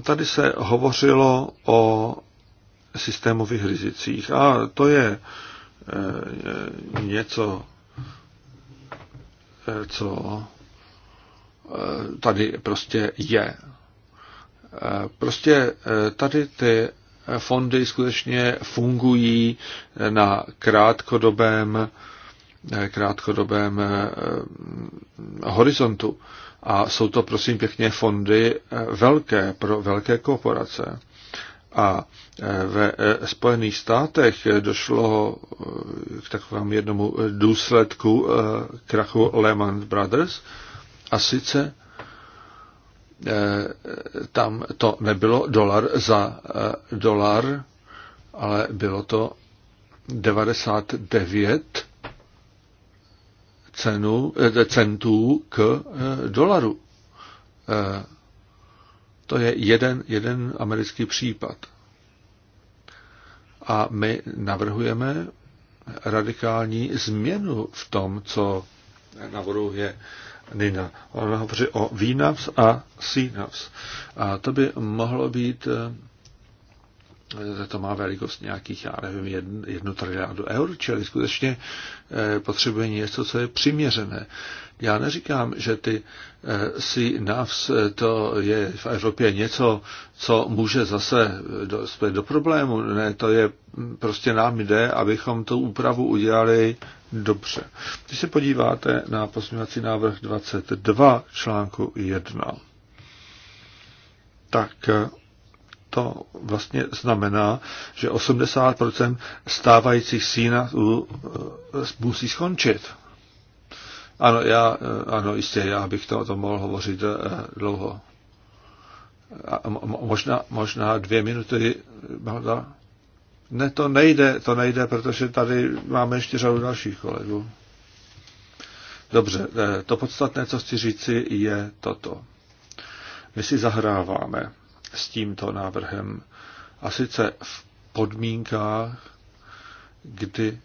Tady se hovořilo o systémových rizicích a to je uh, Eh, něco, eh, co eh, tady prostě je. Prostě tady ty fondy skutečně fungují na krátkodobém, krátkodobém horizontu. A jsou to, prosím pěkně, fondy velké pro velké korporace. A e, ve e, Spojených státech došlo e, k takovému jednomu důsledku krachu Lehman Brothers. A sice tam to nebylo dolar za dolar, ale bylo to 99 cenu, centů k dolaru. To je jeden, jeden americký případ. A my navrhujeme radikální změnu v tom, co navrhuje Nina. Ona hovoří o výnaps a sínaps. A to by mohlo být eh, to má velikost nějakých, já nevím, jednu triliardu eur, čili skutečně eh, potřebuje něco, co je přiměřené. Já neříkám, že ty eh, si navs eh, to je v Evropě něco, co může zase dospět do problému. Ne, to je hm, prostě nám jde, abychom tu úpravu udělali dobře. Když se podíváte na posměvací návrh 22 článku 1, tak to vlastně znamená, že 80% stávajících sína eh, musí skončit. Ano, já, eh, ano, jistě, já bych to o tom mohl hovořit eh, dlouho. A možná, možná dvě minuty, Ne, to nejde, to nejde, protože tady máme ještě řadu dalších kolegů. Dobře, to podstatné, co chci říci, je toto. My si zahráváme s tímto návrhem. A sice v podmínkách, kdy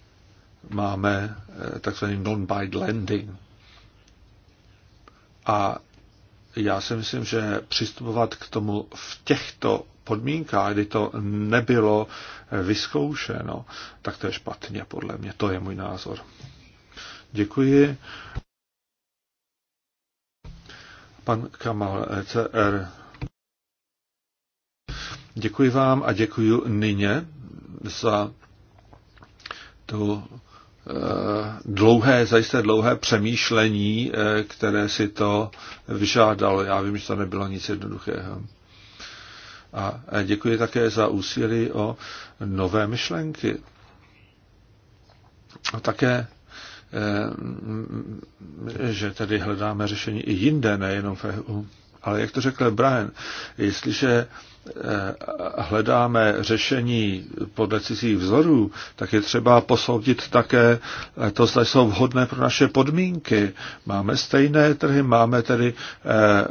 máme eh, takzvaný non-bite landing. A já si myslím, že přistupovat k tomu v těchto podmínkách, kdy to nebylo eh, vyzkoušeno, tak to je špatně, podle mě. To je můj názor. Děkuji. Pan Kamal eh, CR. Děkuji vám a děkuji Nyně za to eh, dlouhé, zajisté dlouhé přemýšlení, eh, které si to vyžádalo. Já vím, že to nebylo nic jednoduchého. A děkuji také za úsilí o nové myšlenky. A také, eh, že tedy hledáme řešení i jinde, nejenom v EU. Ale jak to řekl Brian, jestliže eh, hledáme řešení podle cizích vzorů, tak je třeba posoudit také eh, to, zda jsou vhodné pro naše podmínky. Máme stejné trhy, máme tedy eh,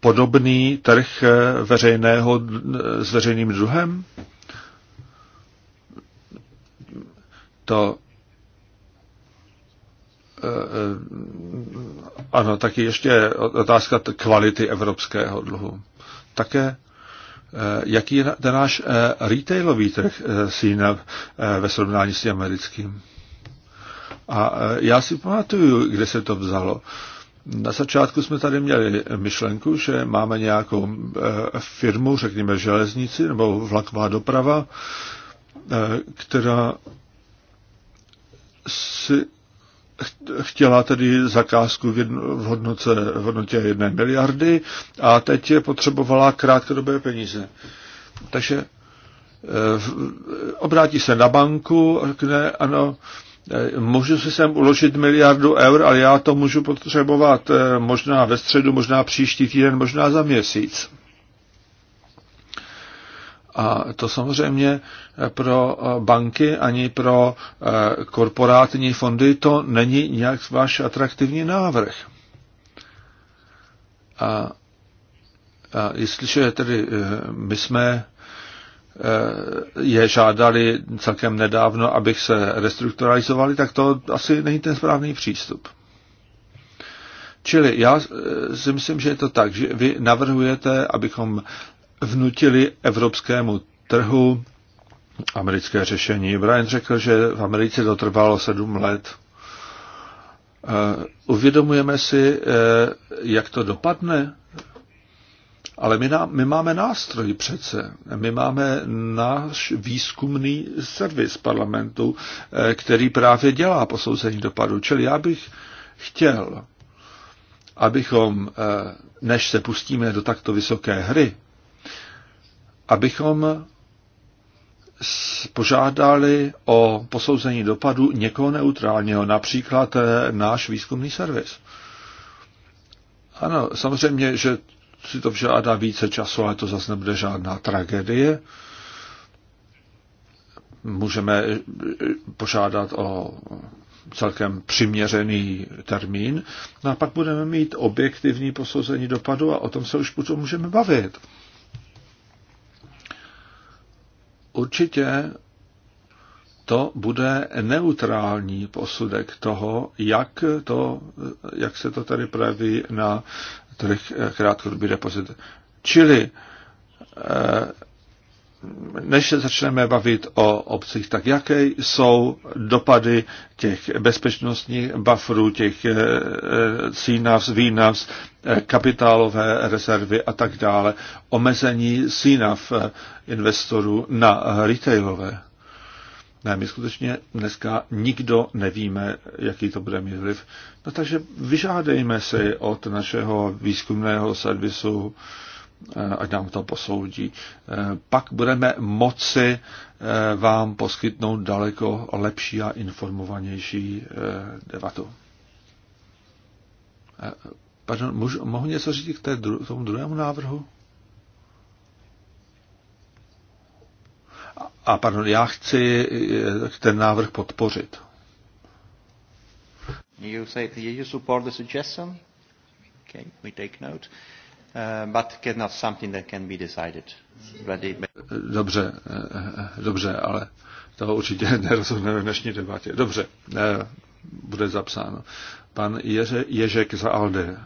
podobný trh veřejného s veřejným druhem? To Eh, eh, ano, taky ještě otázka kvality evropského dluhu. Také eh, jaký je ten náš retailový trh sína ve srovnání s tím americkým. A já si pamatuju, kde se to vzalo. Na začátku jsme tady měli myšlenku, že máme nějakou firmu, řekněme železnici nebo vlaková doprava, která si chtěla tedy zakázku v, jedno, v, hodnoce, v hodnotě jedné miliardy a teď je potřebovala krátkodobé peníze. Takže e, obrátí se na banku, řekne, ano, e, můžu si sem uložit miliardu eur, ale já to můžu potřebovat e, možná ve středu, možná příští týden, možná za měsíc. A to samozřejmě pro banky ani pro eh, korporátní fondy to není nějak váš atraktivní návrh. A, a jestliže tedy eh, my jsme eh, je žádali celkem nedávno, abych se restrukturalizovali, tak to asi není ten správný přístup. Čili já si myslím, že je to tak, že vy navrhujete, abychom vnutili evropskému trhu americké řešení. Brian řekl, že v Americe to trvalo sedm let. Eh, uvědomujeme si, eh, jak to dopadne, ale my, nám, my máme nástroj přece. My máme náš výzkumný servis parlamentu, eh, který právě dělá posouzení dopadu. Čili já bych chtěl, abychom, než se pustíme do takto vysoké hry, abychom požádali o posouzení dopadu někoho neutrálního, například eh, náš výzkumný servis. Ano, samozřejmě, že si to vžádá více času, ale to zase nebude žádná tragédie. Můžeme eh, požádat o celkem přiměřený termín. No a pak budeme mít objektivní posouzení dopadu a o tom se už potom můžeme bavit. Určitě to bude neutrální posudek toho, jak, to, jak se to tady projeví na trh krátkodobý depozit. Čili eh, než se začneme bavit o obcích, tak jaké jsou dopady těch bezpečnostních bufferů, těch eh, CNAVs, VNAVs, eh, kapitálové rezervy a tak dále, omezení CNAV eh, investorů na retailové. Ne, my skutečně dneska nikdo nevíme, jaký to bude mít vliv. No takže vyžádejme si od našeho výzkumného servisu Eh, ať nám to posoudí. Eh, pak budeme moci eh, vám poskytnout daleko lepší a informovanější debatu. Pardon, můžu, mohu něco říct k té, tomu druhému návrhu? A, a pardon, já chci ten návrh podpořit. You say you support the suggestion? Okay, we take note. Eh, but something that can be decided. Dobře, eh, dobře, ale toho určitě <laughs> nerozhodneme v dnešní debatě. Dobře, eh, bude zapsáno. Pan Ježe, Ježek za Alde.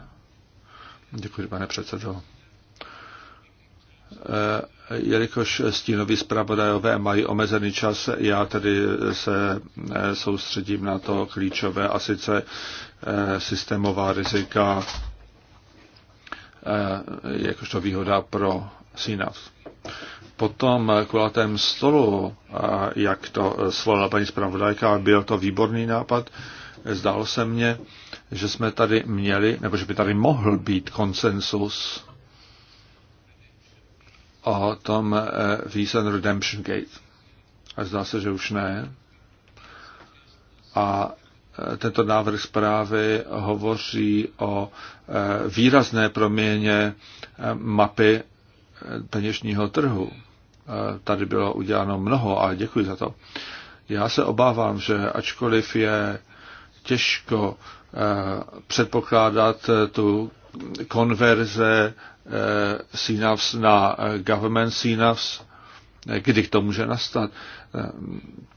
Děkuji, pane předsedo. Jelikož stínoví zpravodajové mají omezený čas, já tedy se soustředím na to klíčové, a sice systémová rizika Eh, jakožto výhoda pro Sinat. Potom eh, kulatém stolu, eh, jak to svolila paní zpravodajka, byl to výborný nápad. Zdálo se mně, že jsme tady měli, nebo že by tady mohl být konsensus o tom Wiesen Redemption Gate. A zdá se, že už ne. A tento návrh zprávy hovoří o e, výrazné proměně e, mapy e, peněžního trhu. Tady bylo uděláno mnoho a děkuji za to. Já se obávám, že ačkoliv je těžko předpokládat tu konverze CNAVs na government CNAVs, kdy to může nastat,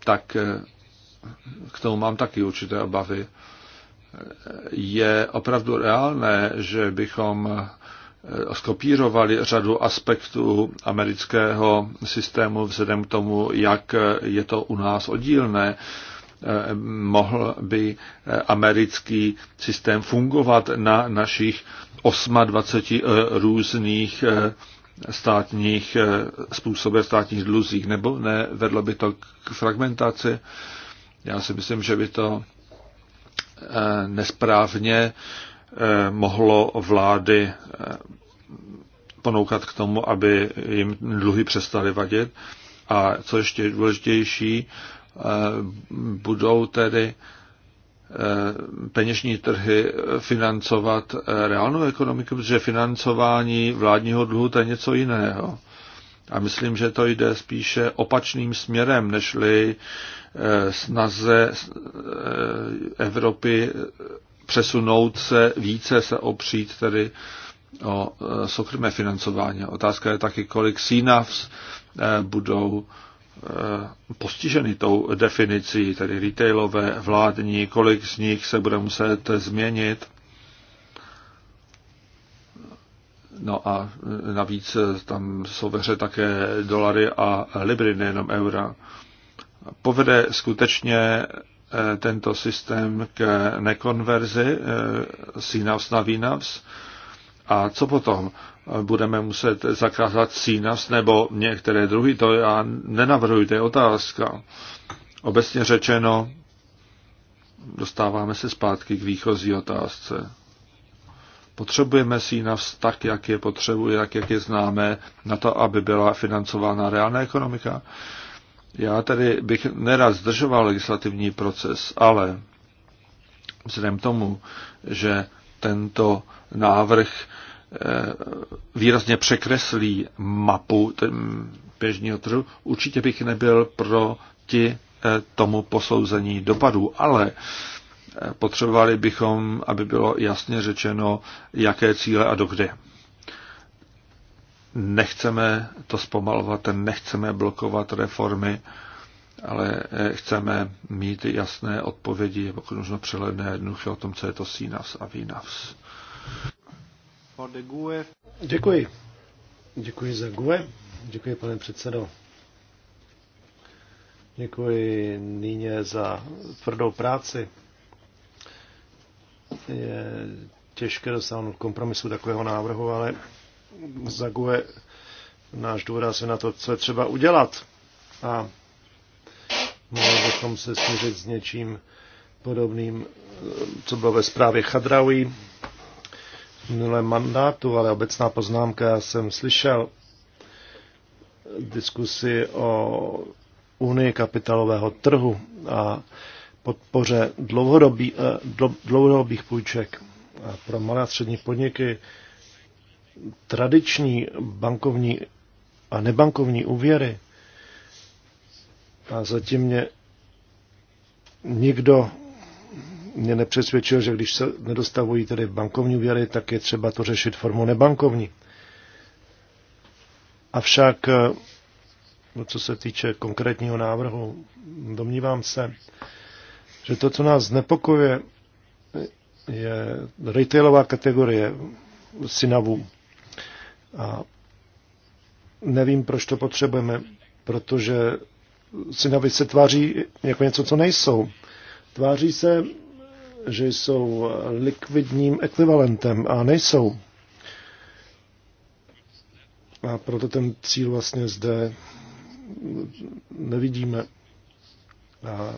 tak k tomu mám taky určité obavy. Je opravdu reálné, že bychom eh, skopírovali řadu aspektů amerického systému vzhledem k tomu, jak eh, je to u nás oddílné. Eh, mohl by americký systém fungovat na našich 28 různých státních způsobech, státních dluzích, nebo ne, vedlo by to k fragmentaci. Já si myslím, že by to eh, nesprávně eh, mohlo vlády eh, ponoukat k tomu, aby jim dluhy přestaly vadit. A co ještě důležitější, budou tedy peněžní trhy financovat reálnou ekonomiku, protože financování vládního dluhu to je něco jiného. A myslím, že to jde spíše opačným směrem, nežli eh, snaze eh, Evropy eh, přesunout se více, se opřít tedy o soukromé financování. Otázka je taky, kolik CNAFs budou postiženy tou definicí, tedy retailové, vládní, kolik z nich se bude muset změnit. No a e, navíc e, tam jsou ve hře také dolary a libry, nejenom eura. Povede skutečně e, tento systém k nekonverzi sínaus na výnavs? A co potom? Budeme muset zakázat sínaus nebo některé druhy? To já nenavrhuji, to je otázka. Obecně řečeno, dostáváme se zpátky k výchozí otázce Potřebujeme si na vztah, jak je potřebuje, jak, jak je známe, na to, aby byla financována reálná ekonomika. Já tady bych nerad zdržoval legislativní proces, ale vzhledem tomu, že tento návrh eh, výrazně překreslí mapu běžního trhu, určitě bych nebyl proti eh, tomu posouzení dopadů, ale potřebovali bychom, aby bylo jasně řečeno, jaké cíle a dokdy. Nechceme to zpomalovat, nechceme blokovat reformy, ale eh, chceme mít jasné odpovědi, pokud možno přehledné jednoduché o tom, co je to sínav a výnav. Děkuji. Děkuji za GUE. Děkuji, pane předsedo. Děkuji nyně za tvrdou práci je těžké dosáhnout kompromisu takového návrhu, ale zaguje náš důraz je na to, co je třeba udělat. A mohli bychom se smířit s něčím podobným, co bylo ve zprávě Chadraují v minulém mandátu, ale obecná poznámka, já jsem slyšel diskusi o unii kapitálového trhu a podpoře dlouhodobí, eh, dlouhodobých půjček eh, pro malé a střední podniky tradiční bankovní a nebankovní úvěry. A zatím mě nikdo mě nepřesvědčil, že když se nedostavují tedy bankovní úvěry, tak je třeba to řešit formou nebankovní. Avšak, eh, co se týče konkrétního návrhu, domnívám se, že to, co nás znepokuje, je retailová kategorie synavů. A nevím, proč to potřebujeme, protože synavy se tváří jako něco, co nejsou. Tváří se, že jsou likvidním ekvivalentem a nejsou. A proto ten cíl vlastně zde nevidíme. A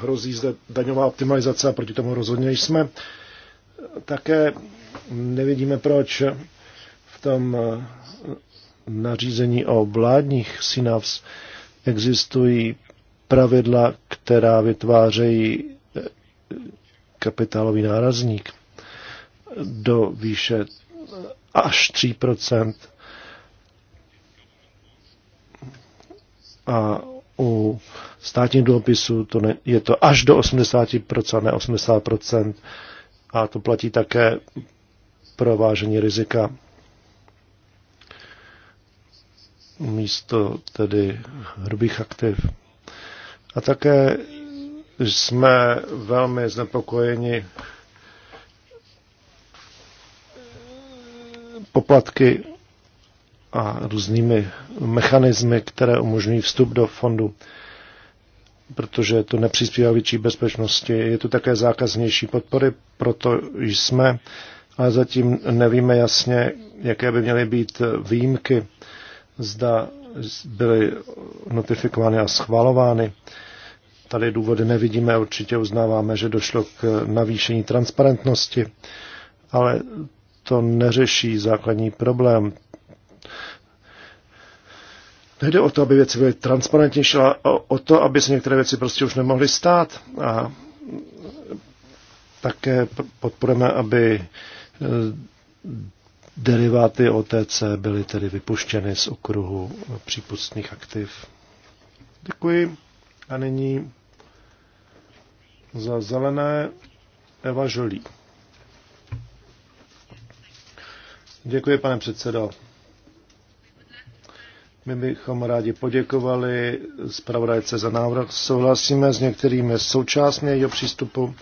hrozí zde daňová optimalizace a proti tomu rozhodně jsme. Také nevidíme, proč v tom eh, nařízení o vládních synavs existují pravidla, která vytvářejí eh, kapitálový nárazník do výše až 3 a u státních dluhopisů to ne, je to až do 80%, ne 80%. A to platí také pro vážení rizika. Místo tedy hrubých aktiv. A také jsme velmi znepokojeni poplatky a různými mechanismy, které umožňují vstup do fondu protože to nepřispívá větší bezpečnosti. Je to také zákaznější podpory, proto jsme, ale zatím nevíme jasně, jaké by měly být výjimky, zda byly notifikovány a schvalovány. Tady důvody nevidíme, určitě uznáváme, že došlo k navýšení transparentnosti, ale to neřeší základní problém, Nejde o to, aby věci byly transparentnější, ale o to, aby se některé věci prostě už nemohly stát. A také podporujeme, aby e, deriváty OTC byly tedy vypuštěny z okruhu přípustných aktiv. Děkuji. A nyní za zelené Eva Žolí. Děkuji, pane předsedo. My bychom rádi poděkovali zpravodajce za návrh. Souhlasíme s některými součástmi jeho přístupu,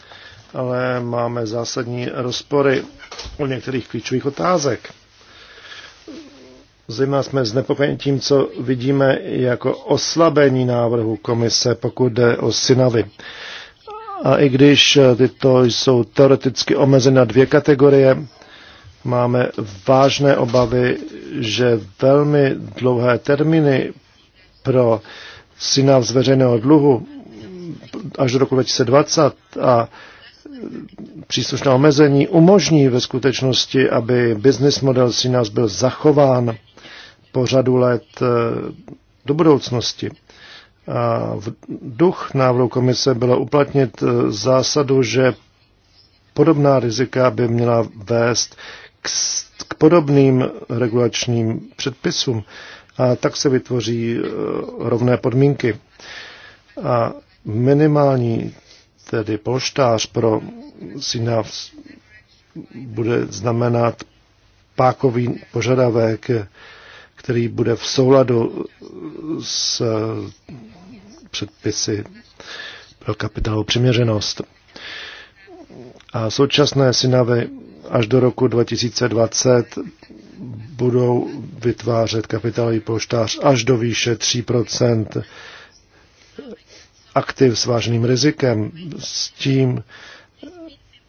ale máme zásadní rozpory u některých klíčových otázek. Zajímá jsme znepokojeni tím, co vidíme jako oslabení návrhu komise, pokud jde o synavy. A i když tyto jsou teoreticky omezeny na dvě kategorie, máme vážné obavy, že velmi dlouhé termíny pro syna z veřejného dluhu až do roku 2020 a příslušná omezení umožní ve skutečnosti, aby business model Sinas byl zachován po řadu let eh, do budoucnosti. A v duch návrhu komise bylo uplatnit eh, zásadu, že podobná rizika by měla vést k, k podobným regulačním předpisům a tak se vytvoří e, rovné podmínky. A minimální tedy polštář pro syna bude znamenat pákový požadavek, který bude v souladu s e, předpisy pro kapitálovou přiměřenost. A současné synavy až do roku 2020 budou vytvářet kapitálový poštář až do výše 3 aktiv s vážným rizikem, s tím,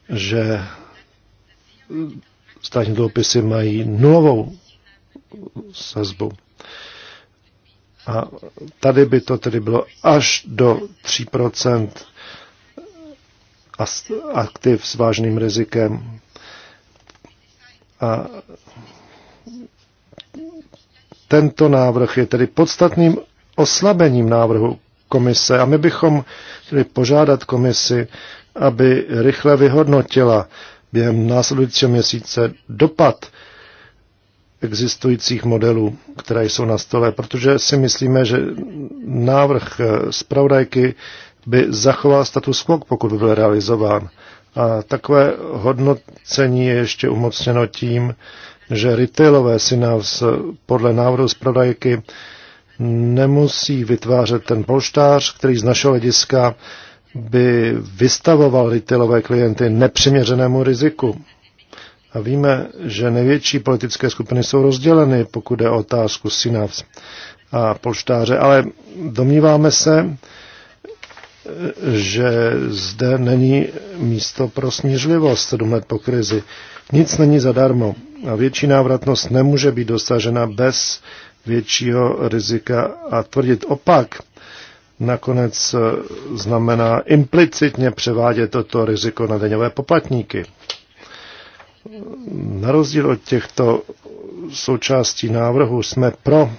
že státní dluhopisy mají nulovou sazbu. A tady by to tedy bylo až do 3 aktiv s vážným rizikem a tento návrh je tedy podstatným oslabením návrhu komise a my bychom chtěli požádat komisi, aby rychle vyhodnotila během následujícího měsíce dopad existujících modelů, které jsou na stole, protože si myslíme, že návrh zpravodajky by zachoval status quo, pokud by byl realizován. A takové hodnocení je ještě umocněno tím, že retailové si nás podle návrhu zpravodajky nemusí vytvářet ten polštář, který z našeho hlediska by vystavoval retailové klienty nepřiměřenému riziku. A víme, že největší politické skupiny jsou rozděleny, pokud je o otázku SINAVS a polštáře, ale domníváme se, že zde není místo pro smířlivost sedm let po krizi. Nic není zadarmo a větší návratnost nemůže být dosažena bez většího rizika a tvrdit opak nakonec znamená implicitně převádět toto riziko na daňové poplatníky. Na rozdíl od těchto součástí návrhu jsme pro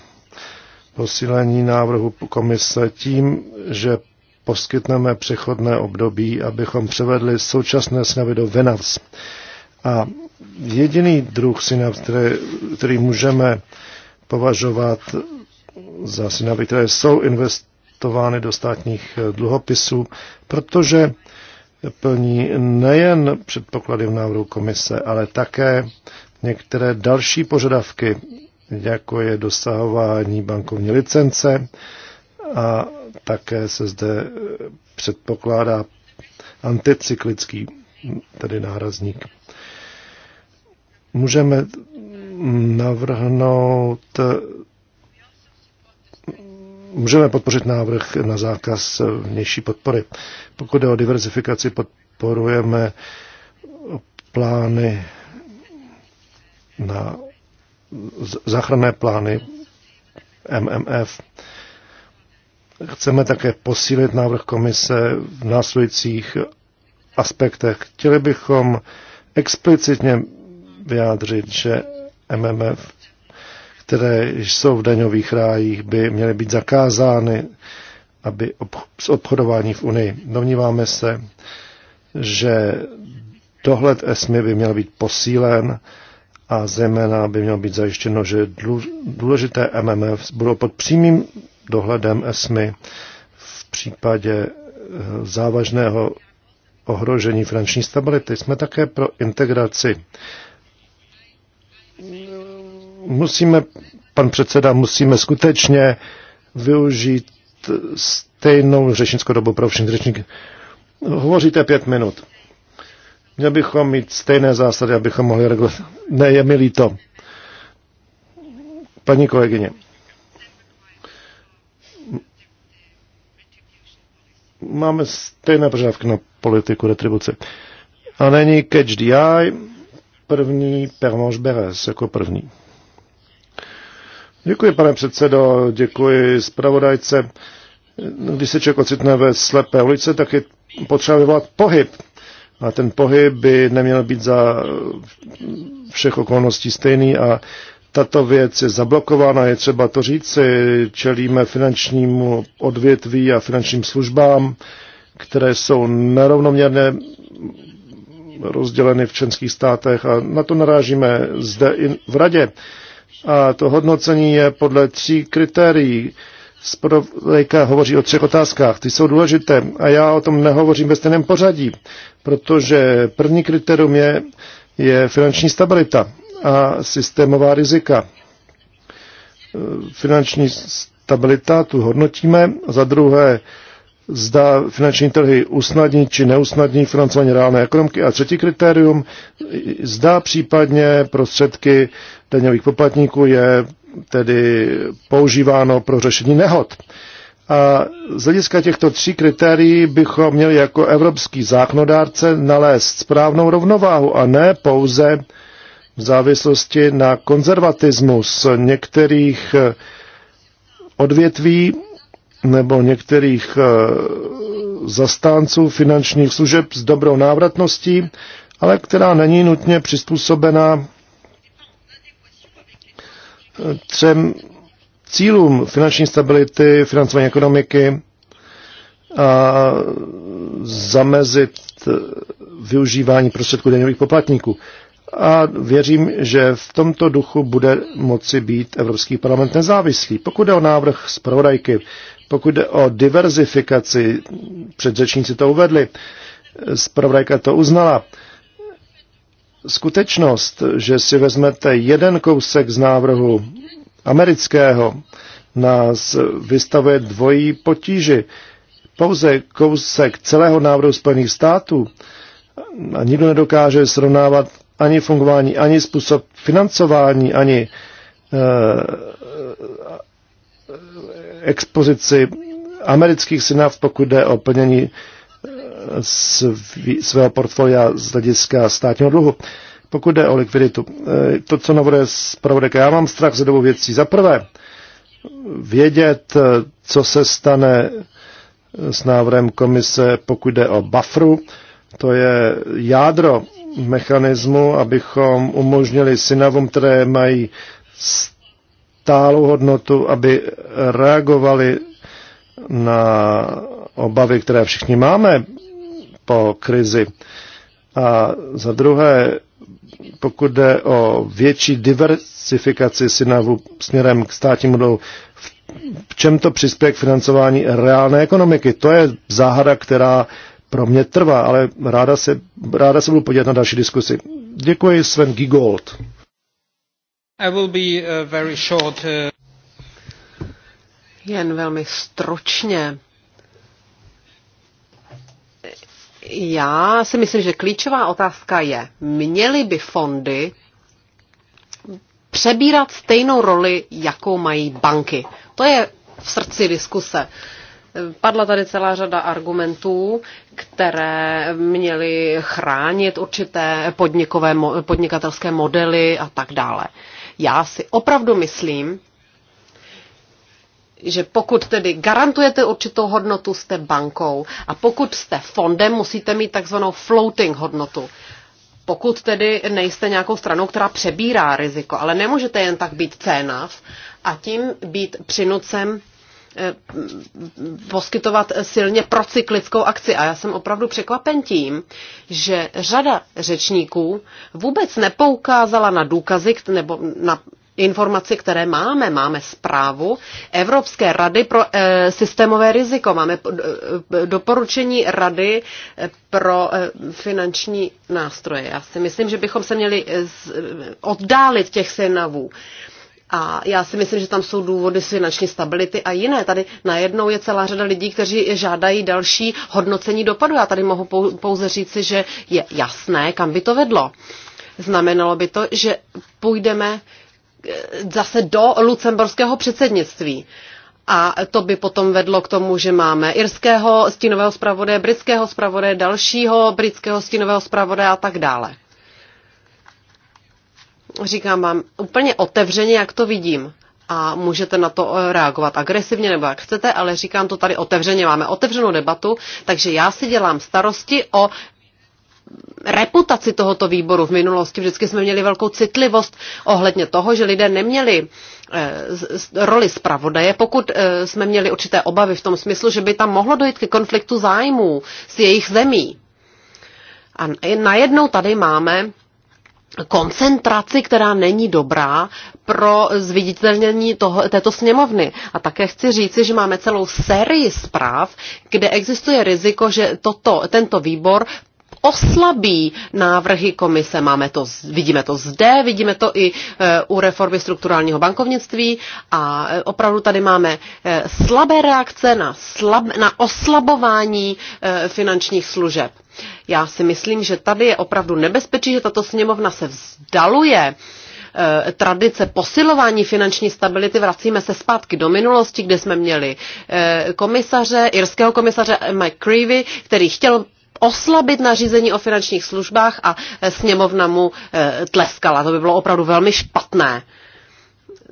posílení návrhu komise tím, že poskytneme přechodné období, abychom převedli současné snavy do Venac. A jediný druh synav, který, který můžeme považovat za synavy, které jsou investovány do státních eh, dluhopisů, protože plní nejen předpoklady v návrhu komise, ale také některé další požadavky, jako je dosahování bankovní licence a také se zde eh, předpokládá anticyklický, hm, tedy nárazník. Můžeme navrhnout, eh, můžeme podpořit návrh na zákaz eh, vnější podpory. Pokud jde o diverzifikaci, podporujeme plány na záchranné plány MMF Chceme také posílit návrh komise v následujících aspektech. Chtěli bychom explicitně vyjádřit, že MMF, které jsou v daňových rájích, by měly být zakázány aby ob- z obchodování v Unii. Domníváme se, že dohled ESMI by měl být posílen a zejména by mělo být zajištěno, že důležité MMF budou pod přímým dohledem ESMY v případě eh, závažného ohrožení finanční stability. Jsme také pro integraci. Musíme, pan předseda, musíme skutečně využít stejnou řečnickou dobu pro všechny řečníky. Hovoříte pět minut. Měl bychom mít stejné zásady, abychom mohli regulovat. Ne, je mi líto. Paní kolegyně. máme stejné požadavky na politiku retribuce. A není catch the eye, první Permož Beres jako první. Děkuji, pane předsedo, děkuji zpravodajce. Když se člověk ocitne ve slepé ulici, tak je potřeba vyvolat pohyb. A ten pohyb by neměl být za všech okolností stejný a tato věc je zablokována, je třeba to říci, čelíme finančnímu odvětví a finančním službám, které jsou nerovnoměrně rozděleny v členských státech a na to narážíme zde i v radě. A to hodnocení je podle tří kritérií. Spodovejka hovoří o třech otázkách, ty jsou důležité a já o tom nehovořím ve stejném pořadí, protože první kritérium je, je finanční stabilita a systémová rizika. E, finanční stabilita, tu hodnotíme. Za druhé, zda finanční trhy usnadní či neusnadní financování reálné ekonomiky. A třetí kritérium, zda případně prostředky daňových poplatníků je tedy používáno pro řešení nehod. A z hlediska těchto tří kritérií bychom měli jako evropský zákonodárce nalézt správnou rovnováhu a ne pouze v závislosti na konzervatismus některých eh, odvětví nebo některých eh, zastánců finančních služeb s dobrou návratností, ale která není nutně přizpůsobena eh, třem cílům finanční stability, financování ekonomiky a zamezit využívání prostředků daňových poplatníků a věřím, že v tomto duchu bude moci být Evropský parlament nezávislý. Pokud jde o návrh zpravodajky, pokud jde o diverzifikaci, předřečníci to uvedli, zpravodajka to uznala, skutečnost, že si vezmete jeden kousek z návrhu amerického, nás vystavuje dvojí potíži. Pouze kousek celého návrhu Spojených států a nikdo nedokáže srovnávat ani fungování, ani způsob financování, ani eh, eh, expozici amerických synav, pokud jde o plnění eh, svého portfolia z hlediska státního dluhu. Pokud jde o likviditu, to, co navrhuje zpravodajka, já mám strach ze dvou věcí. Za prvé, vědět, co se stane s návrhem komise, pokud jde o Bafru. to je jádro mechanismu, abychom umožnili synavům, které mají stálou hodnotu, aby reagovali na obavy, které všichni máme po krizi. A za druhé, pokud jde o větší diversifikaci synavu směrem k státním dolu, v čem to přispěje k financování reálné ekonomiky? To je záhada, která pro mě trvá, ale ráda se, ráda se budu podívat na další diskusi. Děkuji Sven Gigold. I will be uh, very short. Uh, Jen velmi stručně. Já si myslím, že klíčová otázka je, měly by fondy přebírat stejnou roli, jakou mají banky. To je v srdci diskuse. Uh, Padla tady celá řada argumentů, které měly chránit určité podnikové, podnikatelské modely a tak dále. Já si opravdu myslím, že pokud tedy garantujete určitou hodnotu, jste bankou a pokud jste fondem, musíte mít takzvanou floating hodnotu. Pokud tedy nejste nějakou stranou, která přebírá riziko, ale nemůžete jen tak být cénav a tím být přinucen Eh, poskytovat silně procyklickou akci. A já jsem opravdu překvapen tím, že řada řečníků vůbec nepoukázala na důkazy nebo na informaci, které máme. Máme zprávu Evropské rady pro e, systémové riziko, máme e, doporučení rady pro e, finanční nástroje. Já si myslím, že bychom se měli z, oddálit těch synavů. E, a já si myslím, že tam jsou důvody z finanční stability a jiné. Tady najednou je celá řada lidí, kteří žádají další hodnocení dopadu. Já tady mohu pouze říci, že je jasné, kam by to vedlo. Znamenalo by to, že půjdeme eh, zase do lucemburského předsednictví. A to by potom vedlo k tomu, že máme irského stínového zpravodaje, britského zpravodaje, dalšího britského stínového zpravodaje a tak dále říkám vám úplně otevřeně, jak to vidím. A můžete na to eh, reagovat agresivně nebo jak chcete, ale říkám to tady otevřeně. Máme otevřenou debatu, takže já si dělám starosti o reputaci tohoto výboru v minulosti. Vždycky jsme měli velkou citlivost ohledně toho, že lidé neměli eh, roli zpravodaje, pokud eh, jsme měli určité obavy v tom smyslu, že by tam mohlo dojít ke konfliktu zájmů s jejich zemí. A najednou tady máme koncentraci, která není dobrá pro zviditelnění toho, této sněmovny. A také chci říci, že máme celou sérii zpráv, kde existuje riziko, že toto, tento výbor oslabí návrhy komise. Máme to, vidíme to zde, vidíme to i e, u reformy strukturálního bankovnictví a e, opravdu tady máme e, slabé reakce na, slab, na oslabování finančních služeb. Já si myslím, že tady je opravdu nebezpečí, že tato sněmovna se vzdaluje tradice posilování finanční stability, vracíme se zpátky do minulosti, kde jsme měli komisaře, irského komisaře McCreevy, který chtěl oslabit nařízení o finančních službách a eh, sněmovna mu eh, tleskala. To by bylo opravdu velmi špatné.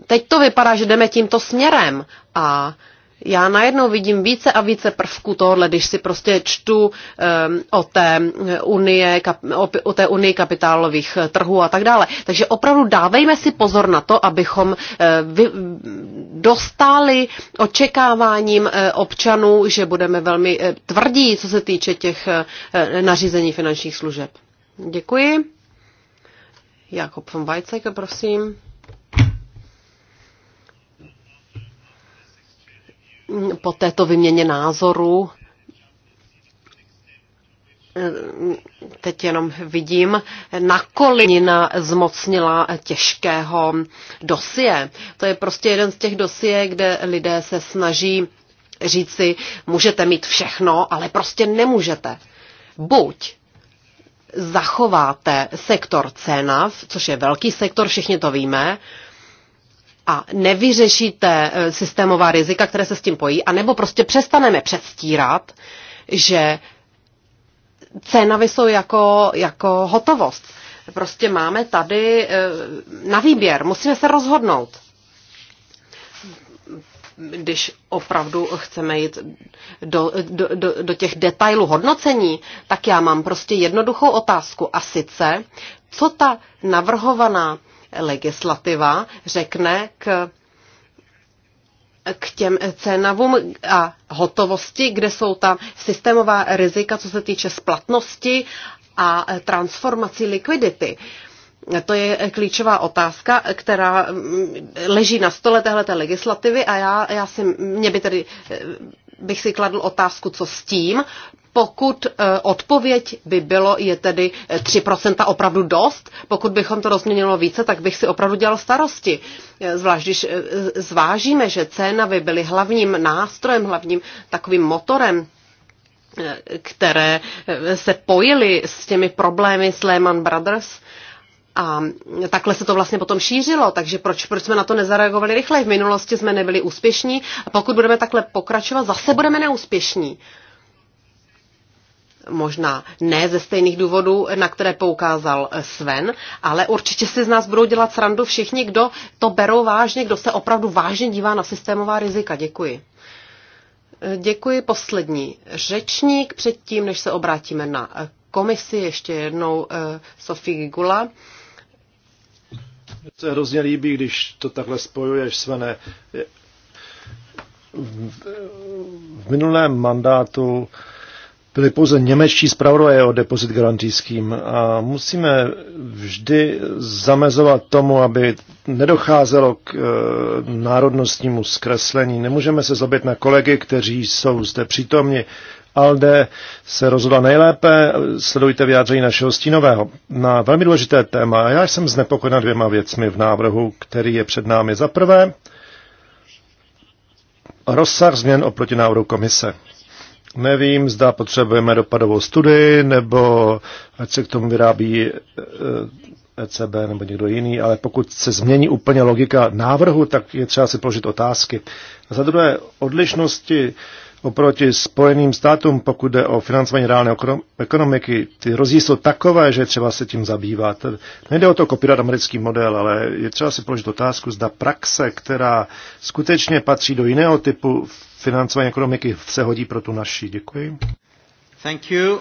Teď to vypadá, že jdeme tímto směrem a já najednou vidím více a více prvků tohle, když si prostě čtu um, o, té eh, unie, kap, o, o té unii kapitálových eh, trhů a tak dále. Takže opravdu dávejme si pozor na to, abychom uh, vy, dostali očekáváním uh, občanů, že budeme velmi uh, tvrdí, co se týče těch uh, nařízení finančních služeb. Děkuji. Jakob von Weizsäcker, prosím. po této vyměně názoru. teď jenom vidím, nakolinina zmocnila těžkého dosie. To je prostě jeden z těch dosie, kde lidé se snaží říci, můžete mít všechno, ale prostě nemůžete. Buď zachováte sektor cena, což je velký sektor, všichni to víme, a nevyřešíte eh, systémová rizika, které se s tím pojí, anebo prostě přestaneme předstírat, že cenavy jsou jako, jako hotovost. Prostě máme tady eh, na výběr, musíme se rozhodnout. Když opravdu chceme jít do, do, do, do těch detailů hodnocení, tak já mám prostě jednoduchou otázku. A sice, co ta navrhovaná legislativa řekne k k těm cenavům a hotovosti, kde jsou tam systémová rizika, co se týče splatnosti a transformací likvidity. To je klíčová otázka, která leží na stole téhleté legislativy a já, já si, mě by tedy bych si kladl otázku, co s tím, pokud eh, odpověď by bylo, je tedy 3% eh, opravdu dost, pokud bychom to rozměnilo více, tak bych si opravdu dělal starosti. Eh, zvlášť když zvážíme, že by byly hlavním nástrojem, hlavním takovým motorem které se pojily s těmi problémy s Lehman Brothers, a takhle se to vlastně potom šířilo, takže proč, proč jsme na to nezareagovali rychle? V minulosti jsme nebyli úspěšní a pokud budeme takhle pokračovat, zase budeme neúspěšní. Možná ne ze stejných důvodů, na které poukázal Sven, ale určitě si z nás budou dělat srandu všichni, kdo to berou vážně, kdo se opravdu vážně dívá na systémová rizika. Děkuji. Děkuji poslední řečník předtím, než se obrátíme na komisi. Ještě jednou eh, Sofie Gula se hrozně líbí, když to takhle spojuješ, svene. V minulém mandátu byly pouze němečtí zpravodaje o depozit garantijským a musíme vždy zamezovat tomu, aby nedocházelo k e, národnostnímu zkreslení. Nemůžeme se zlobit na kolegy, kteří jsou zde přítomni ALDE se rozhodla nejlépe, sledujte vyjádření našeho stínového. Na velmi důležité téma, já jsem znepokojen dvěma věcmi v návrhu, který je před námi. Za prvé, rozsah změn oproti návrhu komise. Nevím, zda potřebujeme dopadovou studii, nebo ať se k tomu vyrábí ECB e nebo někdo jiný, ale pokud se změní úplně logika návrhu, tak je třeba si položit otázky. A za druhé, odlišnosti oproti Spojeným státům, pokud jde o financování reálné ekonomiky, ty rozdíly jsou takové, že je třeba se tím zabývat. Nejde o to kopírat americký model, ale je třeba si položit otázku, zda praxe, která skutečně patří do jiného typu financování ekonomiky, se hodí pro tu naši. Děkuji. Thank you.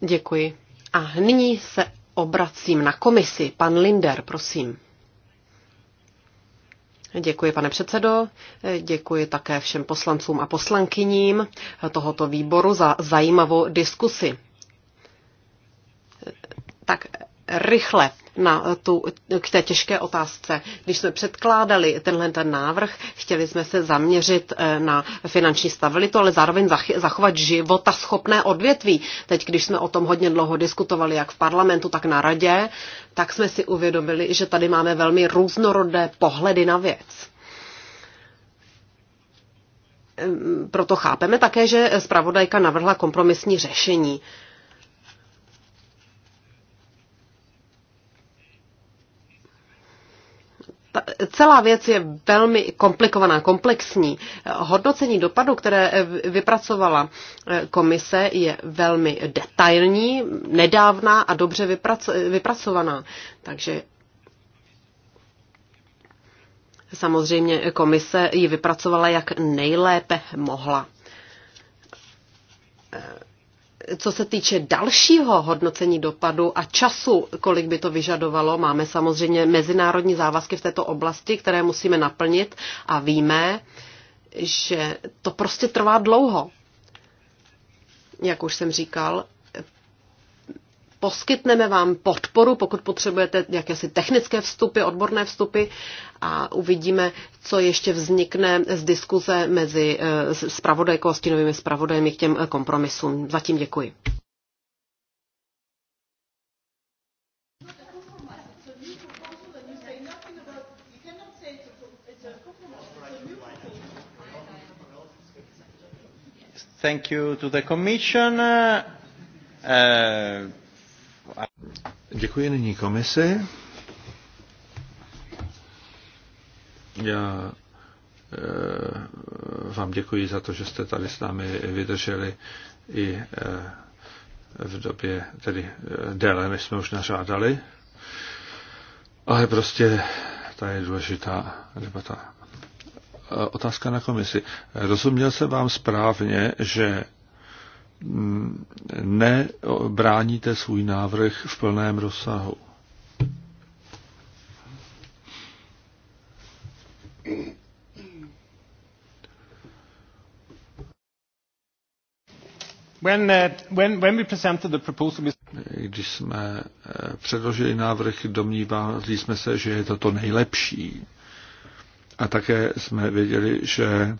Děkuji. A nyní se obracím na komisi. Pan Linder, prosím. Děkuji, pane předsedo. Děkuji také všem poslancům a poslankyním tohoto výboru za zajímavou diskusi. Tak rychle na tu, k té těžké otázce. Když jsme předkládali tenhle ten návrh, chtěli jsme se zaměřit eh, na finanční stabilitu, ale zároveň zachovat života schopné odvětví. Teď, když jsme o tom hodně dlouho diskutovali, jak v parlamentu, tak na radě, tak jsme si uvědomili, že tady máme velmi různorodé pohledy na věc ehm, proto chápeme také, že zpravodajka navrhla kompromisní řešení. ta, celá věc je velmi komplikovaná, komplexní. Hodnocení dopadu, které eh, vypracovala eh, komise, je velmi detailní, nedávná a dobře vypracovaná. Takže samozřejmě komise ji vypracovala, jak nejlépe mohla eh, co se týče dalšího hodnocení dopadu a času, kolik by to vyžadovalo, máme samozřejmě mezinárodní závazky v této oblasti, které musíme naplnit a víme, že to prostě trvá dlouho. Jak už jsem říkal, poskytneme vám podporu, pokud potřebujete jakési technické vstupy, odborné vstupy a uvidíme, co ještě vznikne z diskuze mezi eh, spravodajkou a stínovými spravodajmi k těm eh, kompromisům. Zatím děkuji. Thank you to the Commission. Uh, Děkuji nyní komisi. Já eh, vám děkuji za to, že jste tady s námi vydrželi i eh, v době tedy eh, déle, než jsme už nařádali. Ale prostě ta je důležitá debata. Otázka na komisi. Rozuměl jsem vám správně, že nebráníte svůj návrh v plném rozsahu. Uh, Když jsme eh, předložili návrh, domnívali jsme se, že je to to nejlepší. A také jsme věděli, že,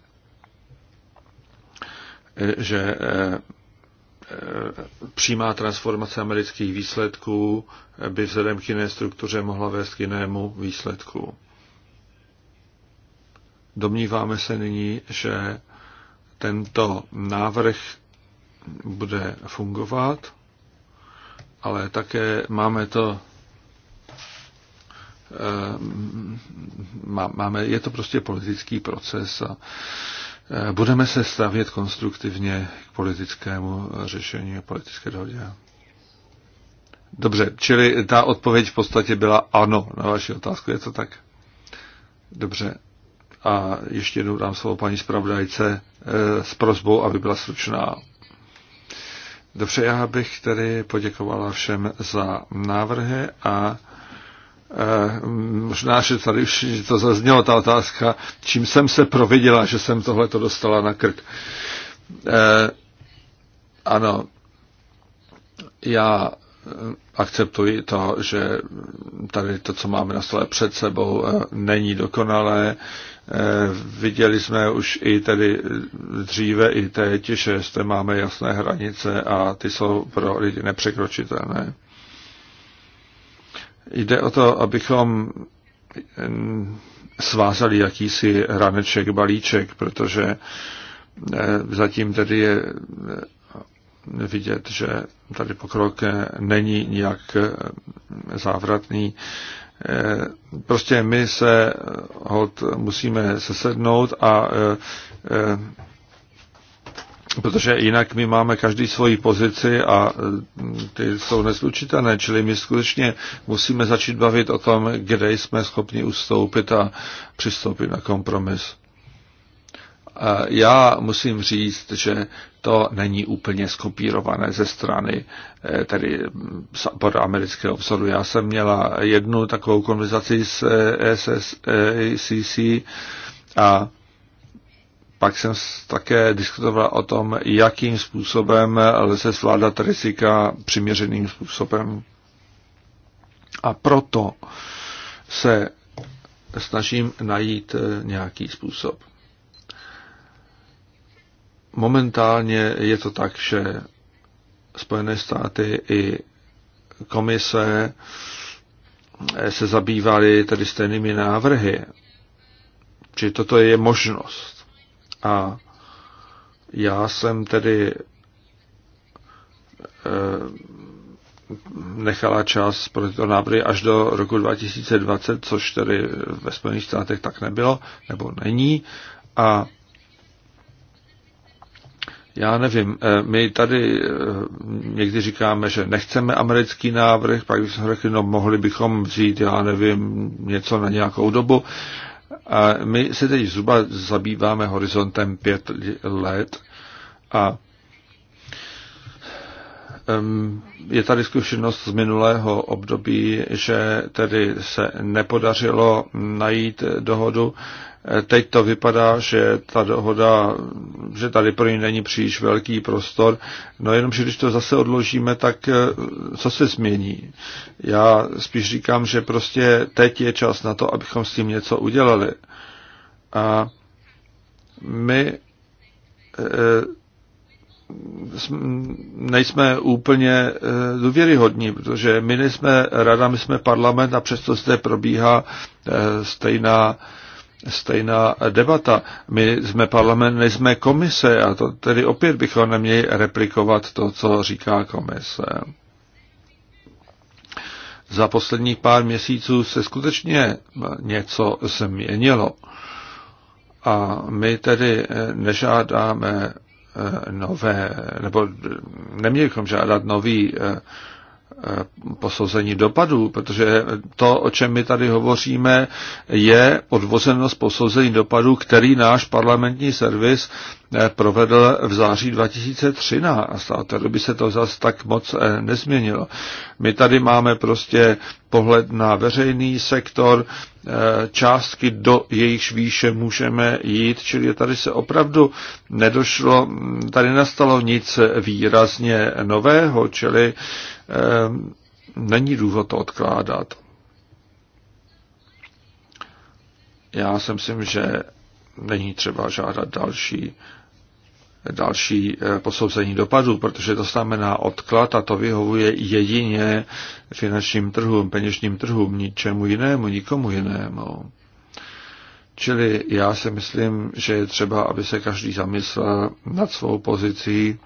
eh, že eh, Eh, přímá transformace amerických výsledků by vzhledem k jiné struktuře mohla vést k jinému výsledku. Domníváme se nyní, že tento návrh bude fungovat, ale také máme to eh, máme, je to prostě politický proces a Eh, budeme se stavět konstruktivně k politickému řešení a politické dohodě. Dobře, čili ta odpověď v podstatě byla ano na vaši otázku, je to tak? Dobře. A ještě jednou dám slovo paní zpravodajce eh, s prozbou, aby byla stručná. Dobře, já bych tedy poděkovala všem za návrhy a Eh, možná, že tady už to zaznělo, ta otázka, čím jsem se providěla, že jsem tohle to dostala na krk. Eh, ano, já eh, akceptuji to, že tady to, co máme na stole před sebou, není dokonalé. Viděli jsme už i tedy dříve, i teď, že máme jasné hranice a ty jsou pro lidi nepřekročitelné. Jde o to, abychom mm, svázali jakýsi hraneček, balíček, protože eh, zatím tedy je eh, vidět, že tady pokrok eh, není nijak závratný. Prostě my se hod musíme sesednout a protože jinak my máme každý svoji pozici a e, ty jsou neslučitelné, čili my skutečně musíme začít bavit o tom, kde jsme schopni ustoupit a přistoupit na kompromis. A já musím říct, že to není úplně skopírované ze strany e, tedy pod amerického vzoru. Já jsem měla jednu takovou konverzaci s e, SSCC a pak jsem také diskutoval o tom, jakým způsobem lze zvládat rizika přiměřeným způsobem. A proto se snažím najít eh, nějaký způsob. Momentálně je to tak, že Spojené státy i komise eh, se zabývaly tedy stejnými návrhy. Čili toto je možnost. A já jsem tedy eh, nechala čas pro tyto návrhy až do roku 2020, což tedy ve Spojených státech tak nebylo, nebo není. A já nevím, eh, my tady eh, někdy říkáme, že nechceme americký návrh, pak bychom řekli, no mohli bychom vzít, já nevím, něco na nějakou dobu. A my se teď zhruba zabýváme horizontem pět let a je tady zkušenost z minulého období, že tedy se nepodařilo najít dohodu Teď to vypadá, že ta dohoda, že tady pro ní není příliš velký prostor, no jenom, že když to zase odložíme, tak eh, co se změní? Já spíš říkám, že prostě teď je čas na to, abychom s tím něco udělali. A my eh, nejsme úplně eh, důvěryhodní, protože my nejsme rada, my jsme parlament a přesto zde probíhá stejná stejná debata. My jsme parlament, nejsme komise a to tedy opět bychom neměli replikovat to, co říká komise. Za posledních pár měsíců se skutečně něco změnilo. A my tedy nežádáme eh, nové, nebo neměli bychom žádat nový eh, posouzení dopadů, protože to, o čem my tady hovoříme, je odvozeno z posouzení dopadů, který náš parlamentní servis Eh, provedl v září 2013 a od té doby se to zas tak moc eh, nezměnilo. My tady máme prostě pohled na veřejný sektor, eh, částky do jejichž výše můžeme jít, čili tady se opravdu nedošlo, hm, tady nastalo nic výrazně nového, čili není důvod to odkládat. Já si myslím, že není třeba žádat další další eh, posouzení dopadů, protože to znamená odklad a to vyhovuje jedině finančním trhům, peněžním trhům, ničemu jinému, nikomu jinému. Čili já si myslím, že je třeba, aby se každý zamyslel nad svou pozicí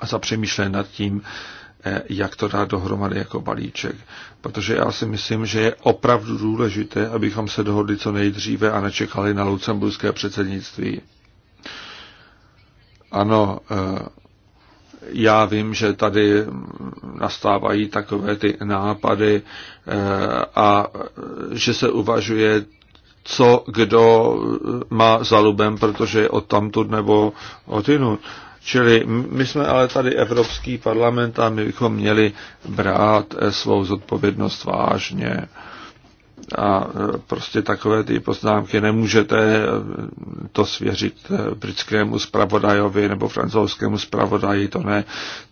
a zapřemýšlel nad tím, Eh, jak to dát dohromady jako balíček. Protože já si myslím, že je opravdu důležité, abychom se dohodli co nejdříve a nečekali na lucemburské předsednictví. Ano, eh, já vím, že tady nastávají takové ty nápady eh, a že se uvažuje, co kdo má za lubem, protože je od tamtud nebo od jinut. Čili my jsme ale tady Evropský parlament a my bychom měli brát eh, svou zodpovědnost vážně. A eh, prostě takové ty poznámky nemůžete eh, to svěřit britskému zpravodajovi nebo francouzskému zpravodaji, to ne.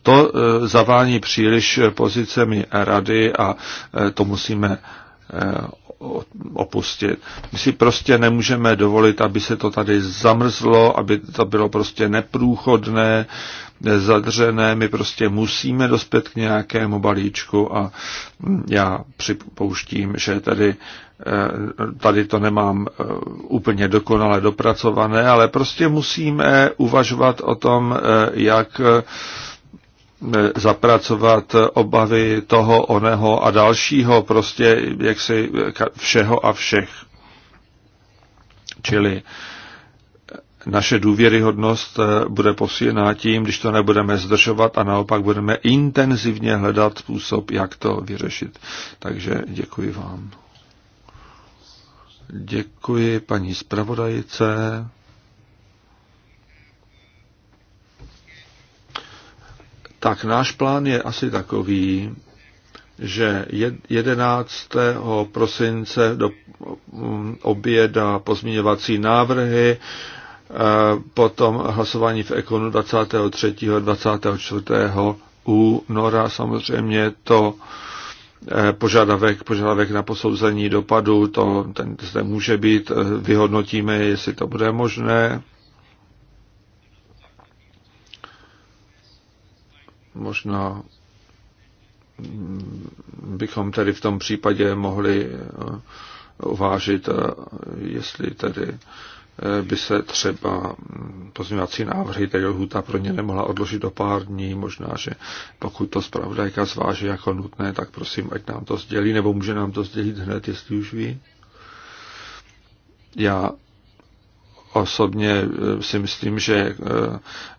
To zavání příliš pozicemi rady a to musíme opustit. My si prostě nemůžeme dovolit, aby se to tady zamrzlo, aby to bylo prostě neprůchodné, zadřené. My prostě musíme dospět k nějakému balíčku a já připouštím, že tady, eh, tady to nemám eh, úplně dokonale dopracované, ale prostě musíme uvažovat o tom, eh, jak zapracovat obavy toho, oného a dalšího, prostě jaksi všeho a všech. Čili naše důvěryhodnost eh, bude posílená tím, když to nebudeme zdržovat a naopak budeme intenzivně hledat způsob, jak to vyřešit. Takže děkuji vám. Děkuji paní zpravodajice. Tak náš plán je asi takový, že 11. prosince do mm, oběda pozměňovací návrhy, e, potom hlasování v Ekonu 23. 24. února samozřejmě to e, požadavek, požadavek na posouzení dopadu, to ten ten může být, e, vyhodnotíme, jestli to bude možné, Možná bychom tedy v tom případě mohli eh, uvážit, eh, jestli tedy eh, by se třeba mm, pozměňovací návrhy, tedy lhuta pro ně nemohla odložit do pár dní, možná, že pokud to zpravodajka zváží jako nutné, tak prosím, ať nám to sdělí, nebo může nám to sdělit hned, jestli už ví. Já osobně eh, si myslím, že eh,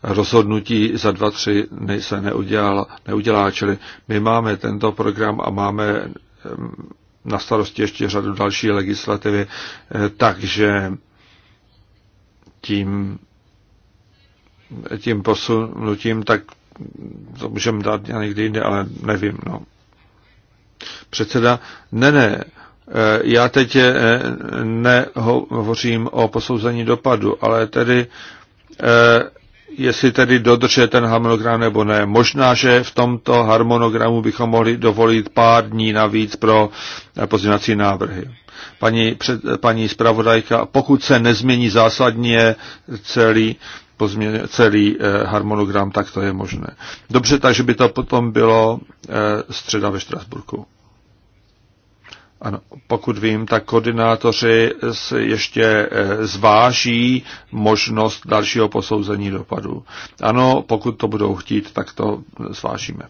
rozhodnutí za dva, tři se neudělá, neudělá. Čili my máme tento program a máme ehm, na starosti ještě řadu další legislativy, eh, takže tím, tím posunutím, tak to můžeme dát někdy jinde, ale nevím. No. Předseda, ne, ne, Eh, já teď eh, nehovořím o posouzení dopadu, ale tedy eh, jestli tedy dodrže ten harmonogram nebo ne. Možná, že v tomto harmonogramu bychom mohli dovolit pár dní navíc pro pozměňovací návrhy. Paní, před, paní zpravodajka, pokud se nezmění zásadně celý, pozměn, celý eh, harmonogram, tak to je možné. Dobře, takže by to potom bylo eh, středa ve Štrasburku. Ano, pokud vím, tak koordinátoři ještě eh, zváží možnost dalšího posouzení dopadu. Ano, pokud to budou chtít, tak to eh, zvážíme.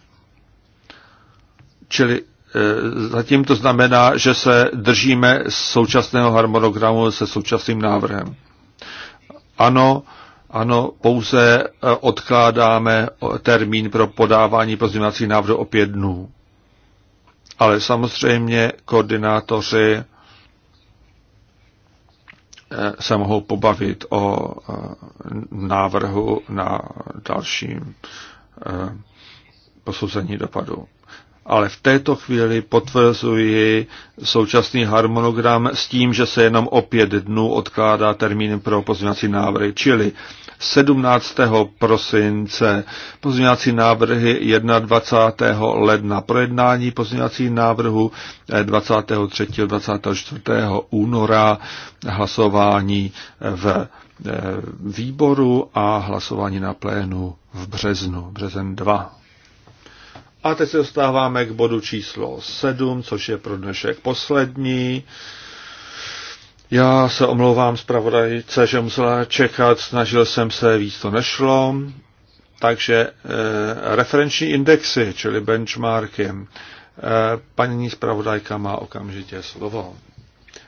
Čili eh, zatím to znamená, že se držíme současného harmonogramu se současným návrhem. Ano, ano, pouze odkládáme termín pro podávání pozměňovacích návrhů o pět dnů ale samozřejmě koordinátoři eh, se mohou pobavit o eh, návrhu na dalším eh, posouzení dopadu. Ale v této chvíli potvrzuji současný harmonogram s tím, že se jenom o pět dnů odkládá termín pro pozměňovací návrhy, čili 17. prosince, pozměňovací návrhy 21. ledna, projednání pozměňovací návrhu 23. 24. února, hlasování v eh, výboru a hlasování na plénu v březnu, březen 2. A teď se dostáváme k bodu číslo 7, což je pro dnešek poslední. Já se omlouvám zpravodajce, že musela čekat, snažil jsem se, víc to nešlo. Takže e, referenční indexy, čili benchmarky. E, paní zpravodajka má okamžitě slovo.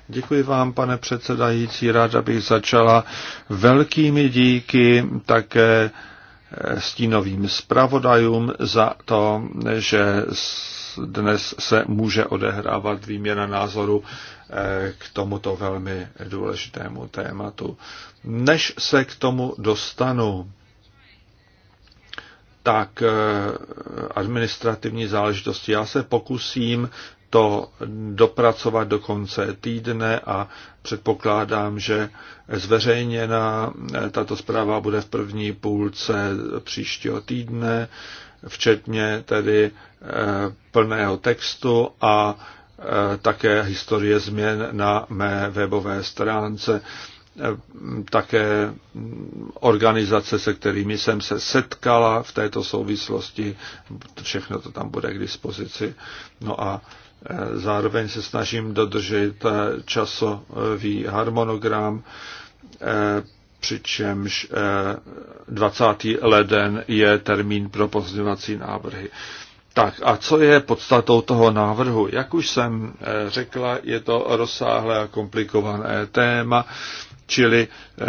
Děkuji vám, pane předsedající. Ráda bych začala velkými díky také eh, stínovým zpravodajům za to, že dnes se může odehrávat výměna názoru eh, k tomuto velmi důležitému tématu. Než se k tomu dostanu, tak eh, administrativní záležitosti. Já se pokusím to dopracovat do konce týdne a předpokládám, že zveřejněna eh, tato zpráva bude v první půlce příštího týdne včetně tedy eh, plného textu a eh, také historie změn na mé webové stránce, eh, také mm, organizace, se kterými jsem se setkala v této souvislosti, všechno to tam bude k dispozici. No a zároveň se snažím dodržet časový harmonogram, přičemž 20. Eh, leden je termín pro pozměňovací návrhy. Tak a co je podstatou toho návrhu? Jak už jsem eh, řekla, je to rozsáhlé a komplikované téma, čili eh,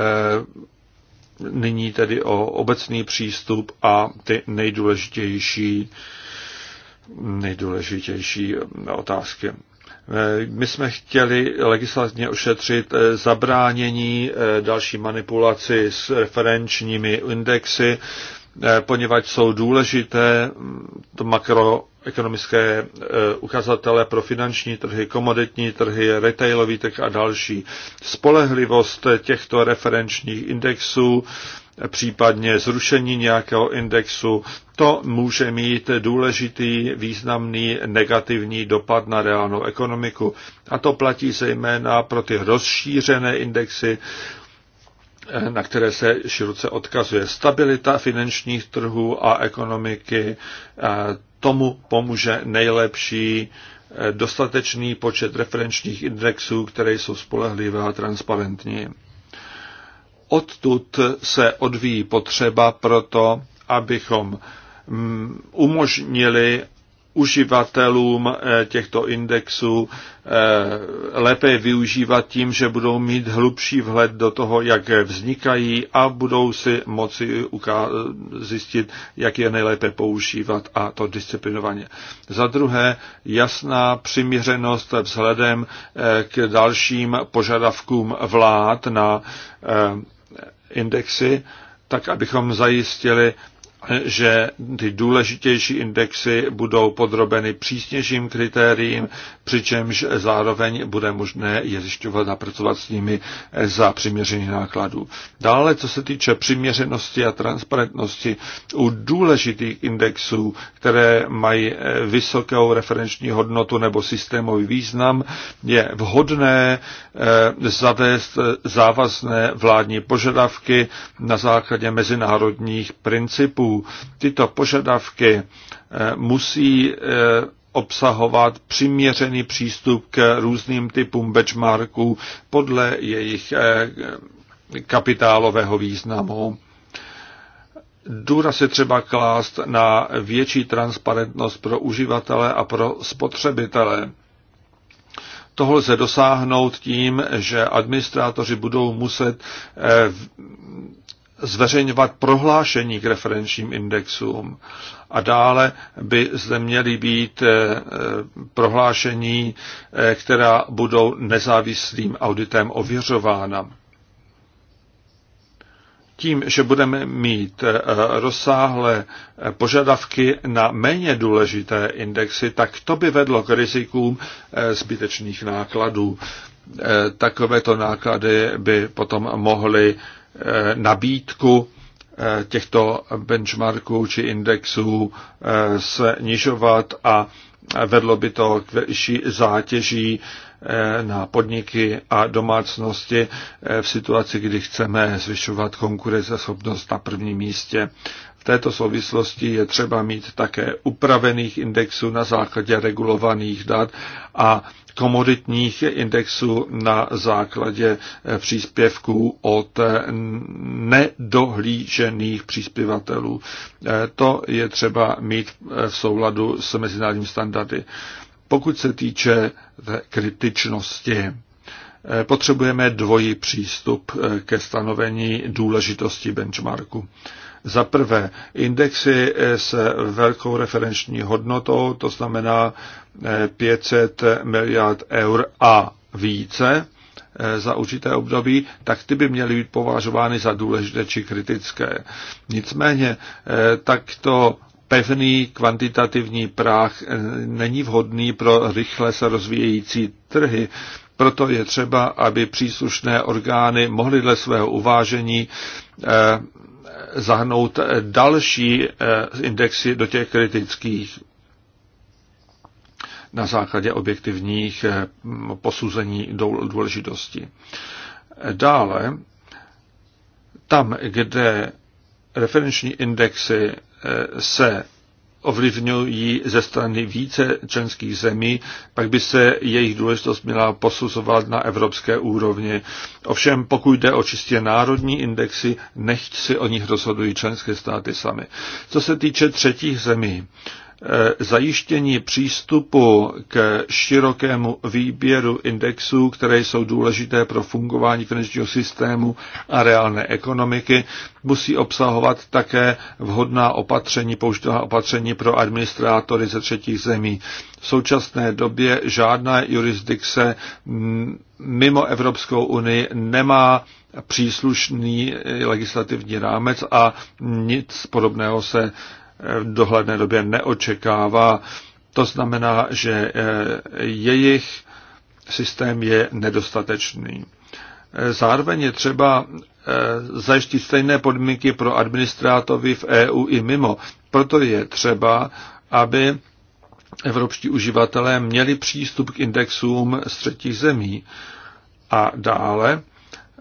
nyní tedy o obecný přístup a ty nejdůležitější, nejdůležitější otázky. Eh, my jsme chtěli legislativně ošetřit eh, zabránění eh, další manipulaci s referenčními indexy, poněvadž jsou důležité mm, to makroekonomické ukazatele pro finanční trhy, komoditní trhy, retailový trh a další. Spolehlivost těchto referenčních indexů případně zrušení nějakého indexu, to může mít důležitý, významný negativní dopad na reálnou ekonomiku. A to platí zejména pro ty rozšířené indexy, na které se široce odkazuje stabilita finančních trhů a ekonomiky. Tomu pomůže nejlepší e, dostatečný počet referenčních indexů, které jsou spolehlivé a transparentní odtud se odvíjí potřeba proto, abychom mm, umožnili uživatelům eh, těchto indexů eh, lépe využívat tím, že budou mít hlubší vhled do toho, jak vznikají a budou si moci zjistit, jak je nejlépe používat a to disciplinovaně. Za druhé, jasná přiměřenost vzhledem eh, k dalším požadavkům vlád na indexy, tak abychom zajistili že ty důležitější indexy budou podrobeny přísnějším kritériím, přičemž zároveň bude možné je zjišťovat a pracovat s nimi za přiměřených nákladů. Dále, co se týče přiměřenosti a transparentnosti u důležitých indexů, které mají eh, vysokou referenční hodnotu nebo systémový význam, je vhodné eh, zavést eh, závazné vládní požadavky na základě mezinárodních principů Tyto požadavky eh, musí eh, obsahovat přiměřený přístup k různým typům benchmarků podle jejich eh, kapitálového významu. Důraz se třeba klást na větší transparentnost pro uživatele a pro spotřebitele. Toho lze dosáhnout tím, že administrátoři budou muset zveřejňovat prohlášení k referenčním indexům. A dále by zde měly být eh, prohlášení, eh, která budou nezávislým auditem ověřována. Tím, že budeme mít eh, rozsáhlé požadavky na méně důležité indexy, tak to by vedlo k rizikům zbytečných nákladů. Takovéto náklady by potom mohly Eh, nabídku eh, těchto benchmarků či indexů eh, snižovat a vedlo by to k vyšší zátěží na podniky a domácnosti v situaci, kdy chceme zvyšovat konkurenceschopnost na prvním místě. V této souvislosti je třeba mít také upravených indexů na základě regulovaných dat a komoditních indexů na základě eh, příspěvků od eh, nedohlížených příspěvatelů. Eh, to je třeba mít v souladu s mezinárodními standardy. Pokud se týče kritičnosti, potřebujeme dvojí přístup ke stanovení důležitosti benchmarku. Za prvé, indexy s velkou referenční hodnotou, to znamená 500 miliard eur a více eh, za určité období, tak ty by měly být považovány za důležité či kritické. Nicméně eh, takto pevný kvantitativní práh eh, není vhodný pro rychle se rozvíjející trhy. Proto je třeba, aby příslušné orgány mohly dle svého uvážení zahnout další indexy do těch kritických na základě objektivních eh, posouzení důležitosti. Dále, tam, kde referenční indexy eh, se ovlivňují ze strany více členských zemí, pak by se jejich důležitost měla posuzovat na evropské úrovni. Ovšem, pokud jde o čistě národní indexy, nechť si o nich rozhodují členské státy sami. Co se týče třetích zemí, Eh, zajištění přístupu k širokému výběru indexů, které jsou důležité pro fungování finančního systému a reálné ekonomiky, musí obsahovat také vhodná opatření, použitelná opatření pro administrátory ze třetích zemí. V současné době žádná jurisdikce mimo Evropskou unii nemá příslušný legislativní rámec a nic podobného se v dohledné době neočekává. To znamená, že eh, jejich systém je nedostatečný. Eh, zároveň je třeba eh, zajistit stejné podmínky pro administrátovy v EU i mimo. Proto je třeba, aby evropští uživatelé měli přístup k indexům z třetích zemí. A dále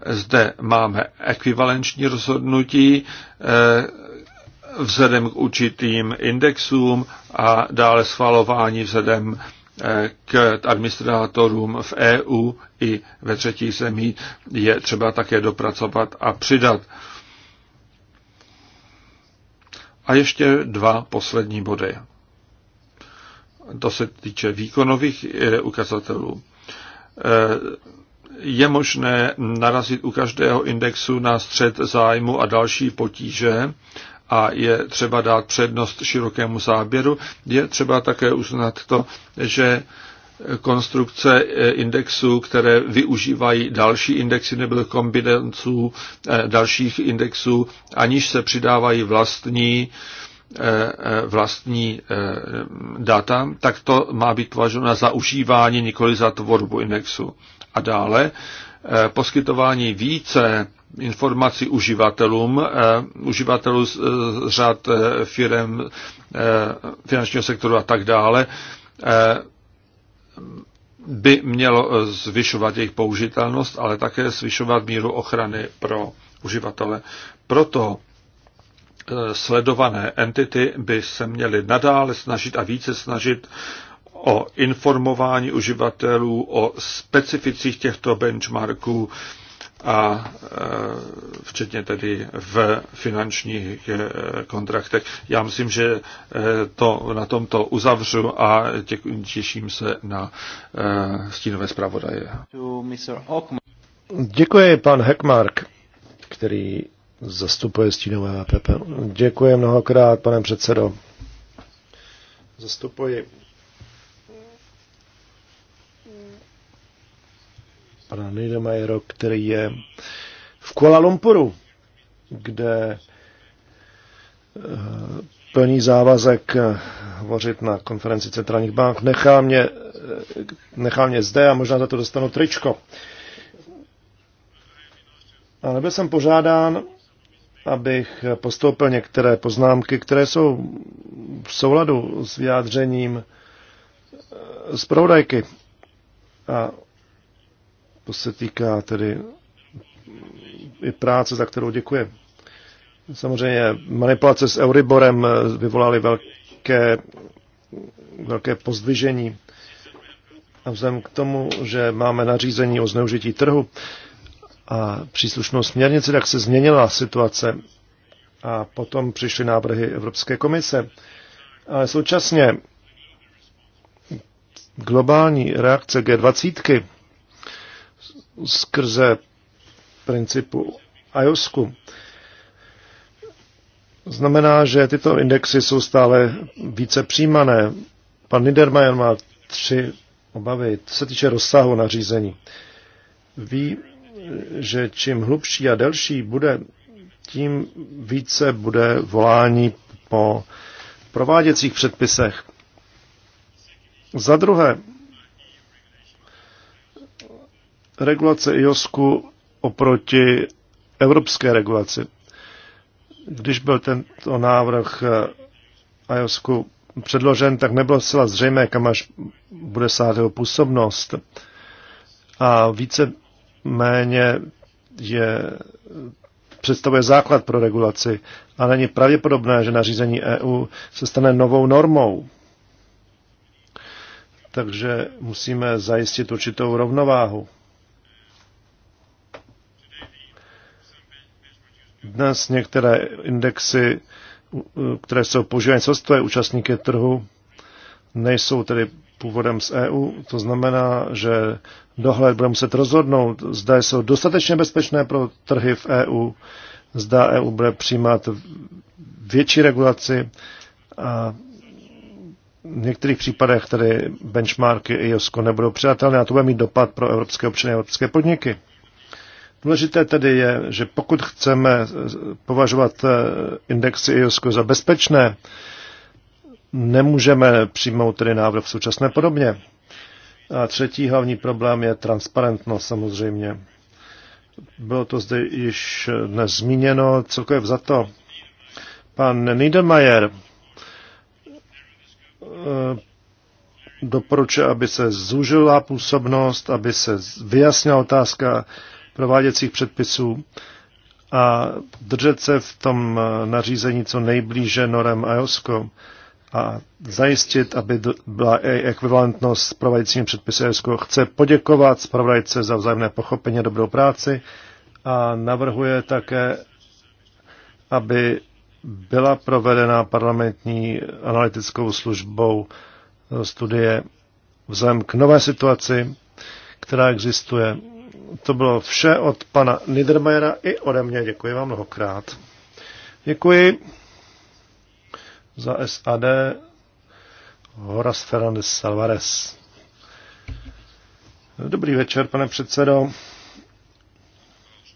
zde máme ekvivalenční rozhodnutí vzhledem k určitým indexům a dále schvalování vzhledem eh, k administrátorům v EU i ve třetích zemí je třeba také dopracovat a přidat. A ještě dva poslední body. To se týče výkonových ukazatelů. Eh, je možné narazit u každého indexu na střed zájmu a další potíže, a je třeba dát přednost širokému záběru. Je třeba také uznat to, že konstrukce eh, indexů, které využívají další indexy nebo kombinanců eh, dalších indexů, aniž se přidávají vlastní eh, vlastní data, tak to má být považováno za užívání, nikoli za tvorbu indexu. A dále poskytování více informací uživatelům, eh, uživatelů z eh, řad eh, firm finančního sektoru a tak dále, by mělo zvyšovat jejich použitelnost, ale také zvyšovat míru ochrany pro uživatele. Proto sledované entity by se měly nadále snažit a více snažit o informování uživatelů o specificích těchto benchmarků, a e, včetně tedy v finančních e, kontraktech. Já myslím, že e, to na tomto uzavřu a těším se na stínové zpravodaje. Děkuji, pan Heckmark, který zastupuje stínové APP. Děkuji mnohokrát, pane předsedo. Zastupuji pana Niedermayera, který je v Kuala Lumpuru, kde eh, plný závazek eh, hovořit na konferenci centrálních bank. Nechá mě, eh, nechá mě zde a možná za to dostanu tričko. Ale byl jsem požádán, abych postoupil některé poznámky, které jsou v souladu s vyjádřením zpravodajky. A to se týká tedy i práce, za kterou děkuji. Samozřejmě manipulace s Euriborem vyvolaly velké, velké pozdvižení. A vzhledem k tomu, že máme nařízení o zneužití trhu a příslušnou směrnici, tak se změnila situace. A potom přišly návrhy Evropské komise. Ale současně globální reakce G20 skrze principu IOSku. Znamená, že tyto indexy jsou stále více přijímané. Pan Niedermayer má tři obavy, co se týče rozsahu nařízení. Ví, že čím hlubší a delší bude, tím více bude volání po prováděcích předpisech. Za druhé, regulace IOSku oproti evropské regulaci. Když byl tento návrh eh, IOSku předložen, tak nebylo zcela zřejmé, kam až bude sát jeho působnost. A více méně je, představuje základ pro regulaci a není pravděpodobné, že nařízení EU se stane novou normou. Takže musíme zajistit určitou rovnováhu. Dnes některé indexy, které jsou používány často je účastníky trhu, nejsou tedy původem z EU. To znamená, že dohled bude muset rozhodnout, zda jsou dostatečně bezpečné pro trhy v EU, zda EU bude přijímat větší regulaci a v některých případech tedy benchmarky IOSCO nebudou přijatelné a to bude mít dopad pro evropské občany a evropské podniky. Důležité tedy je, že pokud chceme považovat eh, indexy IOSCO za bezpečné, nemůžeme přijmout tedy návrh v současné podobně. A třetí hlavní problém je transparentnost samozřejmě. Bylo to zde již dnes zmíněno, celkově to. Pan Niedermayer eh, doporučuje, aby se zúžila působnost, aby se vyjasnila otázka prováděcích předpisů a držet se v tom eh, nařízení co nejblíže norem IOSCO a zajistit, aby byla i ekvivalentnost s prováděcími předpisy IOSCO. Chce poděkovat zpravodajce za vzájemné pochopení a dobrou práci a navrhuje také, aby byla provedena parlamentní analytickou službou eh, studie vzhledem k nové situaci, která existuje to bylo vše od pana Niedermayera i ode mě. Děkuji vám mnohokrát. Děkuji za SAD Horas Fernandez Salvarez. Dobrý večer, pane předsedo.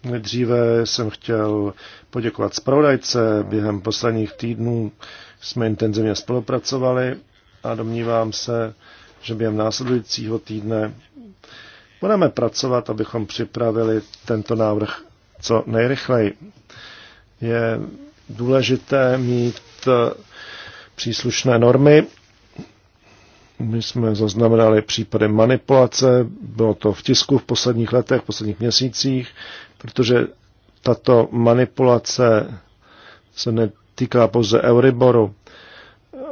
Nejdříve jsem chtěl poděkovat zpravodajce. Během posledních týdnů jsme intenzivně spolupracovali a domnívám se, že během následujícího týdne Budeme pracovat, abychom připravili tento návrh co nejrychleji. Je důležité mít eh, příslušné normy. My jsme zaznamenali případy manipulace, bylo to v tisku v posledních letech, v posledních měsících, protože tato manipulace se netýká pouze Euriboru,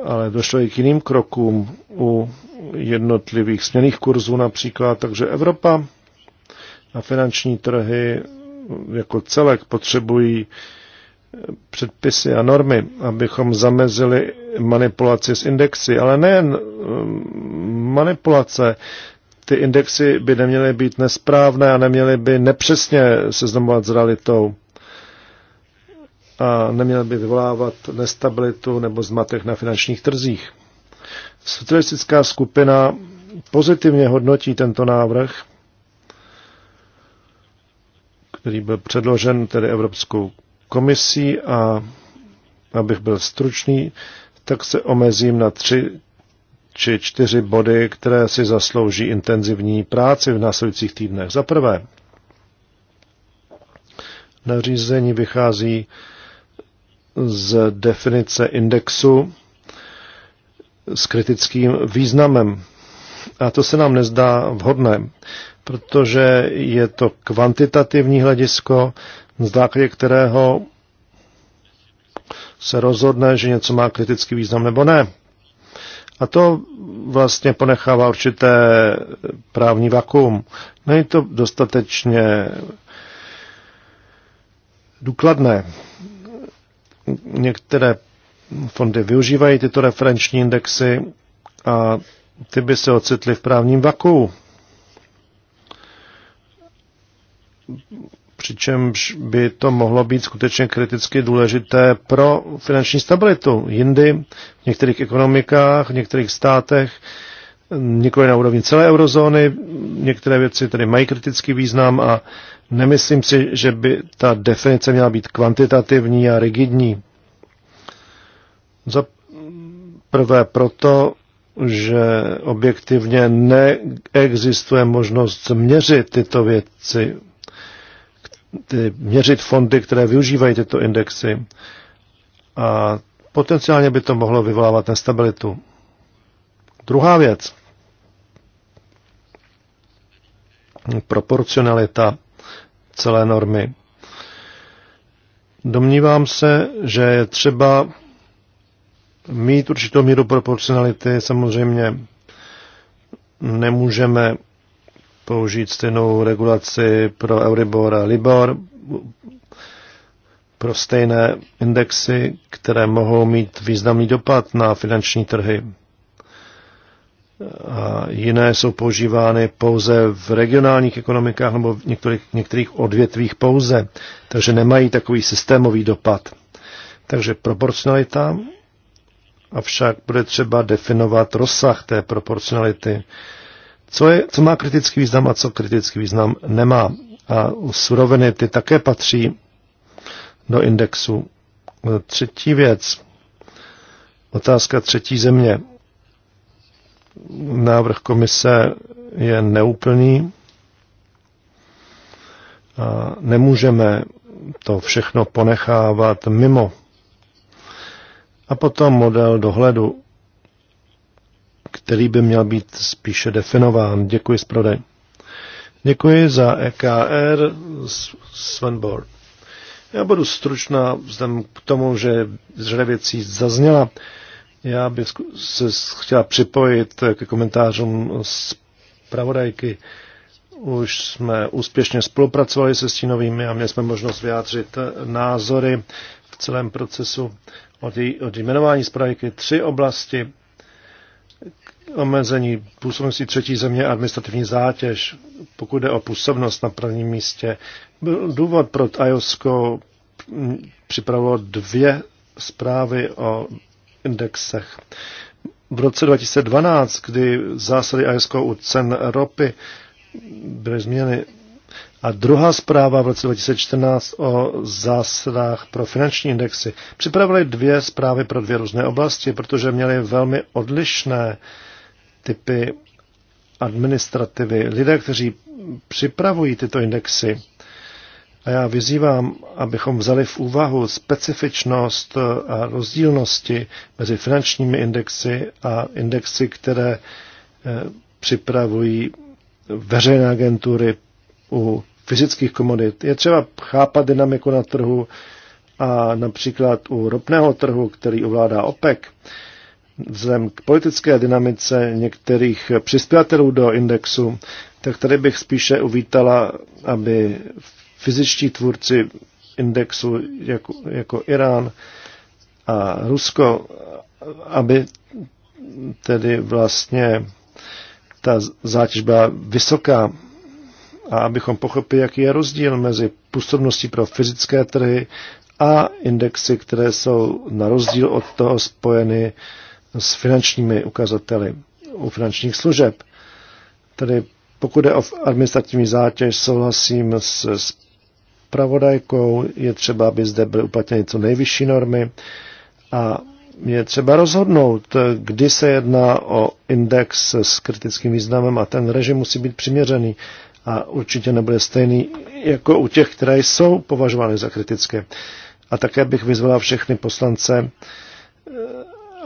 ale došlo i k jiným krokům u jednotlivých směných kurzů například, takže Evropa a finanční trhy jako celek potřebují předpisy a normy, abychom zamezili manipulaci s indexy, ale nejen mm, manipulace, ty indexy by neměly být nesprávné a neměly by nepřesně seznamovat s realitou a neměly by vyvolávat nestabilitu nebo zmatek na finančních trzích. Socialistická skupina pozitivně hodnotí tento návrh, který byl předložen tedy Evropskou komisí a abych byl stručný, tak se omezím na tři či čtyři body, které si zaslouží intenzivní práci v následujících týdnech. Za prvé, nařízení vychází z definice indexu s kritickým významem. A to se nám nezdá vhodné, protože je to kvantitativní hledisko, z základě kterého se rozhodne, že něco má kritický význam nebo ne. A to vlastně ponechává určité právní vakuum. Není to dostatečně důkladné. Některé fondy využívají tyto referenční indexy a ty by se ocitly v právním vaku. Přičemž by to mohlo být skutečně kriticky důležité pro finanční stabilitu. Jindy v některých ekonomikách, v některých státech, nikoli na úrovni celé eurozóny, některé věci tedy mají kritický význam a nemyslím si, že by ta definice měla být kvantitativní a rigidní za prvé proto, že objektivně neexistuje možnost měřit tyto věci, ty, měřit fondy, které využívají tyto indexy. A potenciálně by to mohlo vyvolávat nestabilitu. Druhá věc. Proporcionalita celé normy. Domnívám se, že je třeba mít určitou míru proporcionality. Samozřejmě nemůžeme použít stejnou regulaci pro Euribor a Libor, pro stejné indexy, které mohou mít významný dopad na finanční trhy. A jiné jsou používány pouze v regionálních ekonomikách nebo v některých, některých odvětvích pouze, takže nemají takový systémový dopad. Takže proporcionalita Avšak bude třeba definovat rozsah té proporcionality. Co, je, co má kritický význam a co kritický význam nemá. A suroviny ty také patří do indexu. Třetí věc. Otázka třetí země. Návrh komise je neúplný. A nemůžeme to všechno ponechávat mimo a potom model dohledu, který by měl být spíše definován. Děkuji zprodej. Děkuji za EKR Svenbor. Já budu stručná vzhledem k tomu, že řada věcí zazněla. Já bych se chtěla připojit ke komentářům z pravodajky. Už jsme úspěšně spolupracovali se Stínovými a měli jsme možnost vyjádřit názory v celém procesu od, její, od jmenování zpravodajky tři oblasti omezení působnosti třetí země a administrativní zátěž, pokud jde o působnost na prvním místě. Byl důvod, pro Tajosko připravilo dvě zprávy o indexech. V roce 2012, kdy zásady ISK u cen ropy byly změny, a druhá zpráva v roce 2014 o zásadách pro finanční indexy. Připravili dvě zprávy pro dvě různé oblasti, protože měly velmi odlišné typy administrativy. Lidé, kteří připravují tyto indexy, a já vyzývám, abychom vzali v úvahu specifičnost a rozdílnosti mezi finančními indexy a indexy, které eh, připravují veřejné agentury, u fyzických komodit. Je třeba chápat dynamiku na trhu a například u ropného trhu, který ovládá OPEC, vzhledem k politické dynamice některých přispěvatelů do indexu, tak tady bych spíše uvítala, aby fyzičtí tvůrci indexu jako, jako Irán a Rusko, aby tedy vlastně ta zátěž byla vysoká a abychom pochopili, jaký je rozdíl mezi působností pro fyzické trhy a indexy, které jsou na rozdíl od toho spojeny s finančními ukazateli u finančních služeb. Tedy pokud je o administrativní zátěž, souhlasím s pravodajkou, je třeba, aby zde byly uplatněny co nejvyšší normy a je třeba rozhodnout, kdy se jedná o index s kritickým významem a ten režim musí být přiměřený a určitě nebude stejný jako u těch, které jsou považovány za kritické. A také bych vyzvala všechny poslance, eh,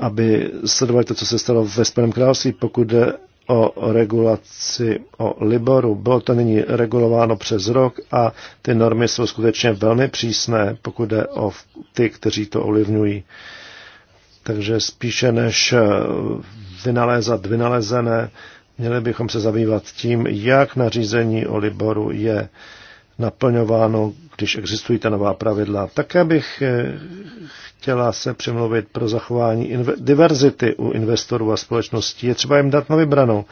aby sledovali to, co se stalo ve Spojeném království, pokud jde o regulaci o Liboru. Bylo to nyní regulováno přes rok a ty normy jsou skutečně velmi přísné, pokud jde o ty, kteří to ovlivňují. Takže spíše než eh, vynalézat vynalezené, Měli bychom se zabývat tím, jak nařízení o Liboru je naplňováno, když existují ta nová pravidla. Také bych eh, chtěla se přemluvit pro zachování diverzity u investorů a společností. Je třeba jim dát na vybranou.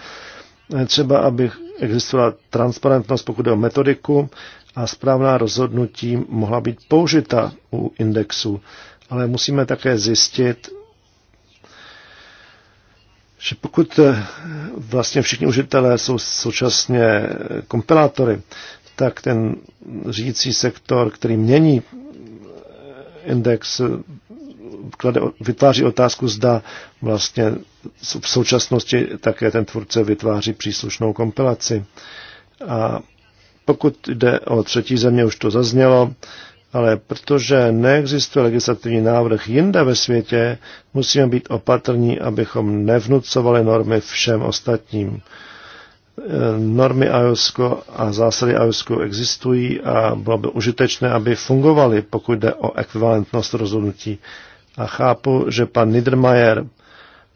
Eh, třeba, aby existovala transparentnost, pokud jde o metodiku a správná rozhodnutí mohla být použita u indexu. Ale musíme také zjistit, že pokud eh, vlastně všichni užitelé jsou současně eh, kompilátory, tak ten řídící sektor, který mění eh, index, klade, vytváří otázku, zda vlastně v současnosti také ten tvůrce vytváří příslušnou kompilaci. A pokud jde o třetí země, už to zaznělo, ale protože neexistuje legislativní návrh jinde ve světě, musíme být opatrní, abychom nevnucovali normy všem ostatním. E, normy IOSCO a zásady IOSCO existují a bylo by užitečné, aby fungovaly, pokud jde o ekvivalentnost rozhodnutí. A chápu, že pan Niedermayer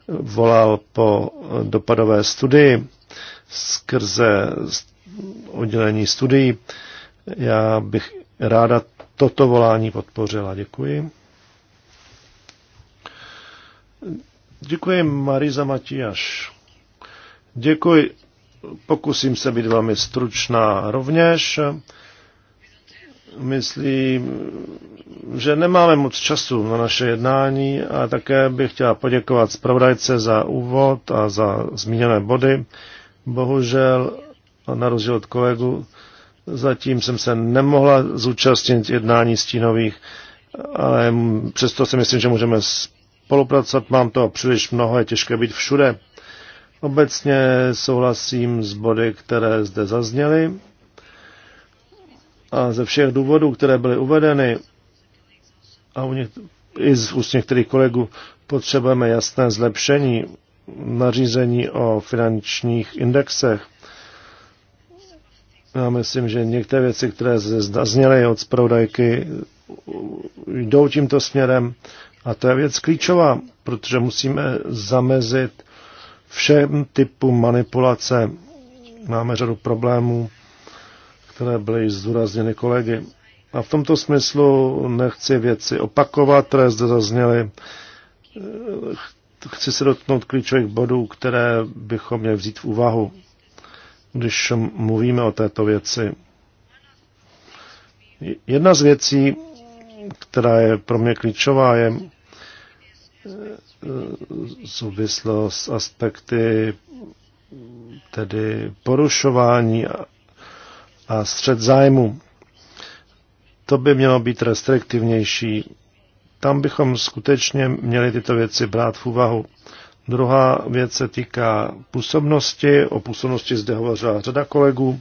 volal po dopadové studii skrze oddělení studií. Já bych ráda toto volání podpořila. Děkuji. Děkuji Mariza Matíáš. Děkuji. Pokusím se být velmi stručná rovněž. Myslím, že nemáme moc času na naše jednání a také bych chtěla poděkovat zpravodajce za úvod a za zmíněné body. Bohužel, na rozdíl od kolegu, Zatím jsem se nemohla zúčastnit jednání stínových, ale přesto si myslím, že můžeme spolupracovat. Mám toho příliš mnoho, je těžké být všude. Obecně souhlasím s body, které zde zazněly. A ze všech důvodů, které byly uvedeny, a u něk- i z úst některých kolegů, potřebujeme jasné zlepšení nařízení o finančních indexech. Já myslím, že některé věci, které zazněly od zpravodajky, jdou tímto směrem. A to je věc klíčová, protože musíme zamezit všem typům manipulace. Máme řadu problémů, které byly zdůrazněny kolegy. A v tomto smyslu nechci věci opakovat, které zde zazněly. Chci se dotknout klíčových bodů, které bychom měli vzít v úvahu když mluvíme o této věci. Jedna z věcí, která je pro mě klíčová, je eh, souvislost aspekty tedy porušování a, střed zájmu. To by mělo být restriktivnější. Tam bychom skutečně měli tyto věci brát v úvahu. Druhá věc se týká působnosti. O působnosti zde hovořila řada kolegů.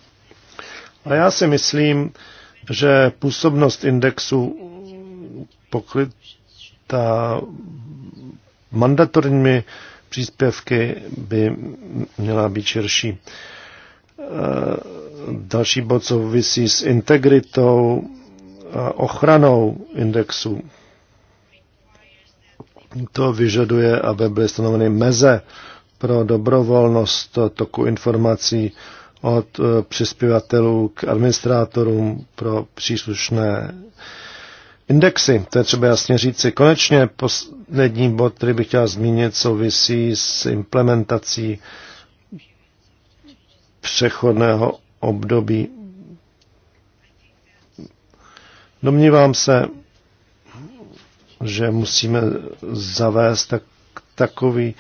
A já si myslím, že působnost indexu ta mandatorními příspěvky by měla být širší. E, další bod souvisí s integritou a ochranou indexu to vyžaduje, aby byly stanoveny meze pro dobrovolnost toku informací od eh, přispěvatelů k administrátorům pro příslušné indexy. To je třeba jasně říci. Konečně poslední bod, který bych chtěl zmínit, souvisí s implementací přechodného období. Domnívám se, že musíme zavést tak, takový,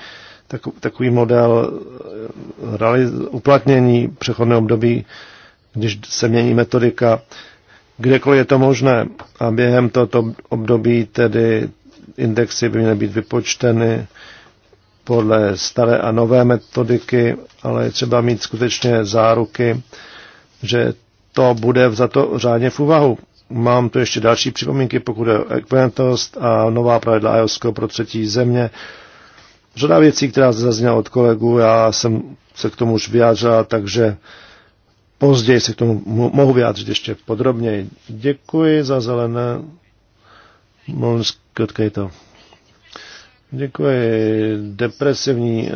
tak, takový model eh, realiz, uplatnění přechodného období, když se mění metodika, kdekoliv je to možné. A během tohoto období tedy indexy by měly být vypočteny podle staré a nové metodiky, ale je třeba mít skutečně záruky, že to bude to řádně v úvahu. Mám tu ještě další připomínky, pokud je o ekvivalentnost a nová pravidla IOSCO pro třetí země. Řada věcí, která zde zazněla od kolegu, já jsem se k tomu už vyjádřila, takže později se k tomu mohu vyjádřit ještě podrobněji. Děkuji za zelené. Mluvím to. Děkuji. Depresivní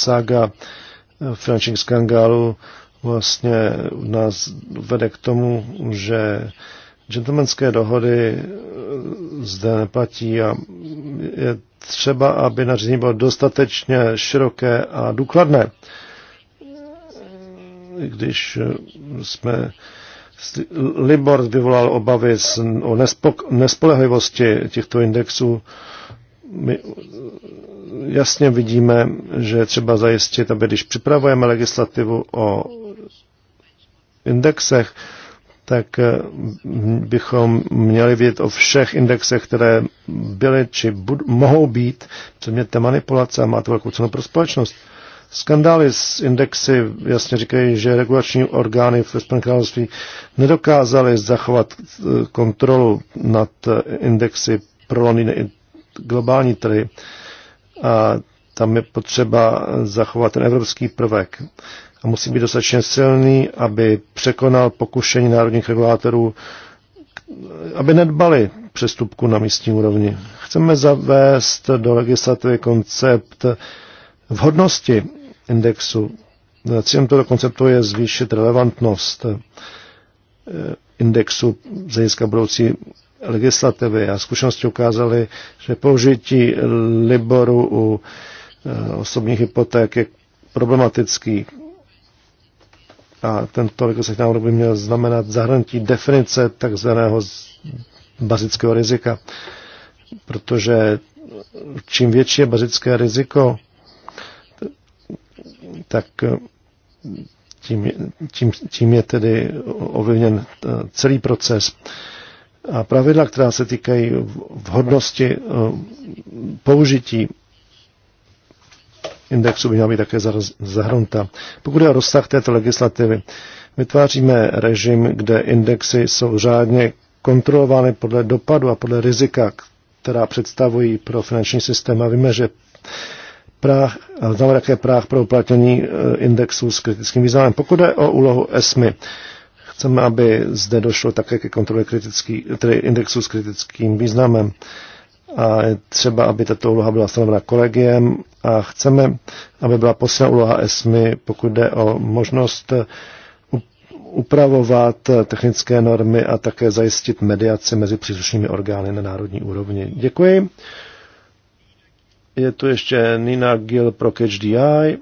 saga eh, finančních skandálů vlastně nás vede k tomu, že gentlemanské dohody zde neplatí a je třeba, aby nařízení bylo dostatečně široké a důkladné. Když jsme Libor vyvolal obavy o nespolehlivosti těchto indexů, my jasně vidíme, že je třeba zajistit, aby když připravujeme legislativu o indexech, tak eh, bychom měli vědět o všech indexech, které byly či bud- mohou být předmětem manipulace a má to velkou cenu pro společnost. Skandály s indexy jasně říkají, že regulační orgány v Spojeném království nedokázaly zachovat eh, kontrolu nad eh, indexy pro Londýn i globální trhy a tam je potřeba zachovat ten evropský prvek. A musí být dostatečně silný, aby překonal pokušení národních regulátorů, aby nedbali přestupku na místní úrovni. Chceme zavést do legislativy koncept vhodnosti indexu. Cílem toho konceptu je zvýšit relevantnost eh, indexu z hlediska budoucí legislativy a zkušenosti ukázaly, že použití Liboru u eh, osobních hypoték je problematický. A tento legislativní návrh by měl znamenat zahrnutí definice takzvaného bazického rizika, protože čím větší je bazické riziko, tak eh, tím, tím, tím je tedy ovlivněn eh, celý proces a pravidla, která se týkají vhodnosti eh, použití indexu by měla být také zahrnuta. Pokud je o rozsah této legislativy, vytváříme režim, kde indexy jsou řádně kontrolovány podle dopadu a podle rizika, která představují pro finanční systém a víme, že práh, znamená také práh pro uplatnění eh, indexů s kritickým významem. Pokud je o úlohu ESMY, Chceme, aby zde došlo také ke kontrole kritický, tedy indexu s kritickým významem. A je třeba, aby tato úloha byla stanovena kolegiem a chceme, aby byla posílena úloha ESMI, pokud jde o možnost upravovat technické normy a také zajistit mediaci mezi příslušnými orgány na národní úrovni. Děkuji. Je tu ještě Nina Gill pro CatchDI.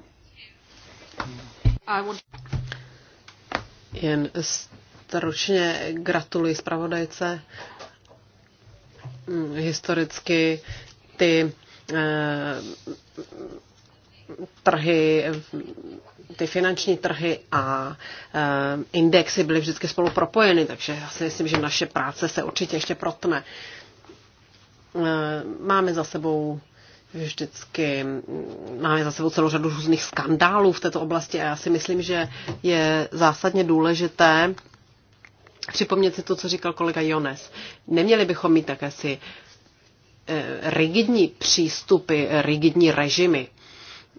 Jen stručně gratuluji zpravodajce. Mm, historicky ty eh, trhy, ty finanční trhy a eh, indexy byly vždycky spolu propojeny, takže já si myslím, že naše práce se určitě ještě protne. Eh, máme za sebou vždycky máme za sebou celou řadu různých skandálů v této oblasti a já si myslím, že je zásadně důležité připomnět si to, co říkal kolega Jones. Neměli bychom mít také si eh, rigidní přístupy, rigidní režimy.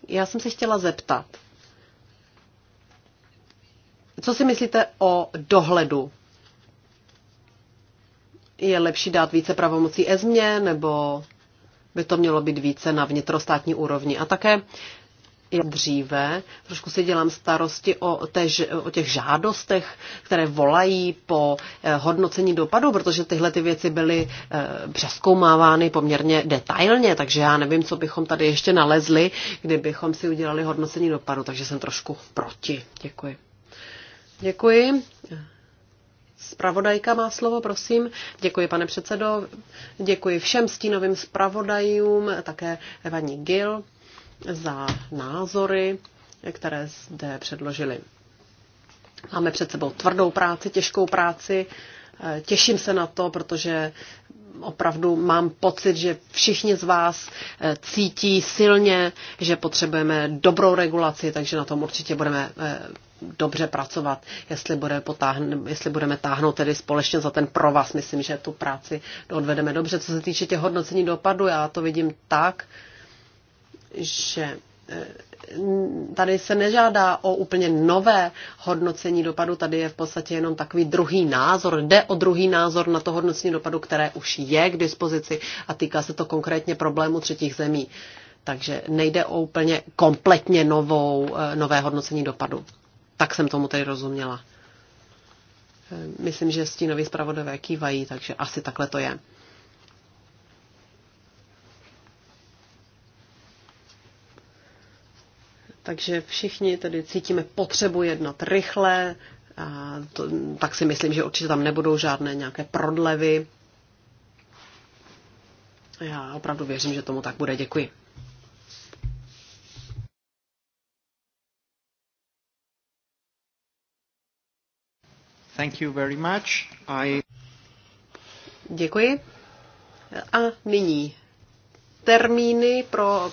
Já jsem se chtěla zeptat, co si myslíte o dohledu? Je lepší dát více pravomocí EZMě nebo by to mělo být více na vnitrostátní úrovni. A také dříve, trošku si dělám starosti o, tež, o těch žádostech, které volají po eh, hodnocení dopadu, protože tyhle ty věci byly eh, přeskoumávány poměrně detailně, takže já nevím, co bychom tady ještě nalezli, kdybychom si udělali hodnocení dopadu, takže jsem trošku proti. Děkuji. Děkuji. Spravodajka má slovo, prosím. Děkuji, pane předsedo. Děkuji všem stínovým spravodajům, také Evaní Gil za názory, které zde předložili. Máme před sebou tvrdou práci, těžkou práci. Těším se na to, protože opravdu mám pocit, že všichni z vás cítí silně, že potřebujeme dobrou regulaci, takže na tom určitě budeme eh, dobře pracovat, jestli, bude potáhn, jestli budeme táhnout tedy společně za ten provaz. Myslím, že tu práci odvedeme dobře. Co se týče těch hodnocení dopadu, já to vidím tak, že eh, tady se nežádá o úplně nové hodnocení dopadu, tady je v podstatě jenom takový druhý názor. Jde o druhý názor na to hodnocení dopadu, které už je k dispozici a týká se to konkrétně problému třetích zemí. Takže nejde o úplně kompletně novou, eh, nové hodnocení dopadu tak jsem tomu tedy rozuměla. Eh, myslím, že stínoví zpravodové kývají, takže asi takhle to je. Takže všichni tedy cítíme potřebu jednat rychle, a to, tak si myslím, že určitě tam nebudou žádné nějaké prodlevy. Já opravdu věřím, že tomu tak bude. Děkuji. Děkuji. A nyní termíny pro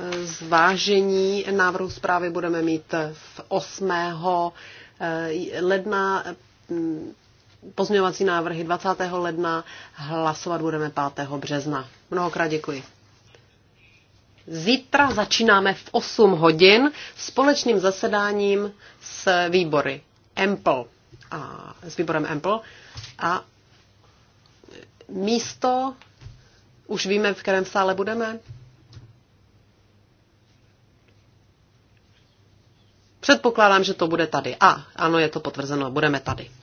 eh, zvážení návrhu zprávy budeme mít v 8. Eh, ledna mm, pozměňovací návrhy 20. ledna, hlasovat budeme 5. března. Mnohokrát děkuji. Zítra začínáme v 8 hodin společným zasedáním s výbory EMPL a s výborem EMPL a místo už víme, v kterém sále budeme. Předpokládám, že to bude tady. A, ano, je to potvrzeno, budeme tady.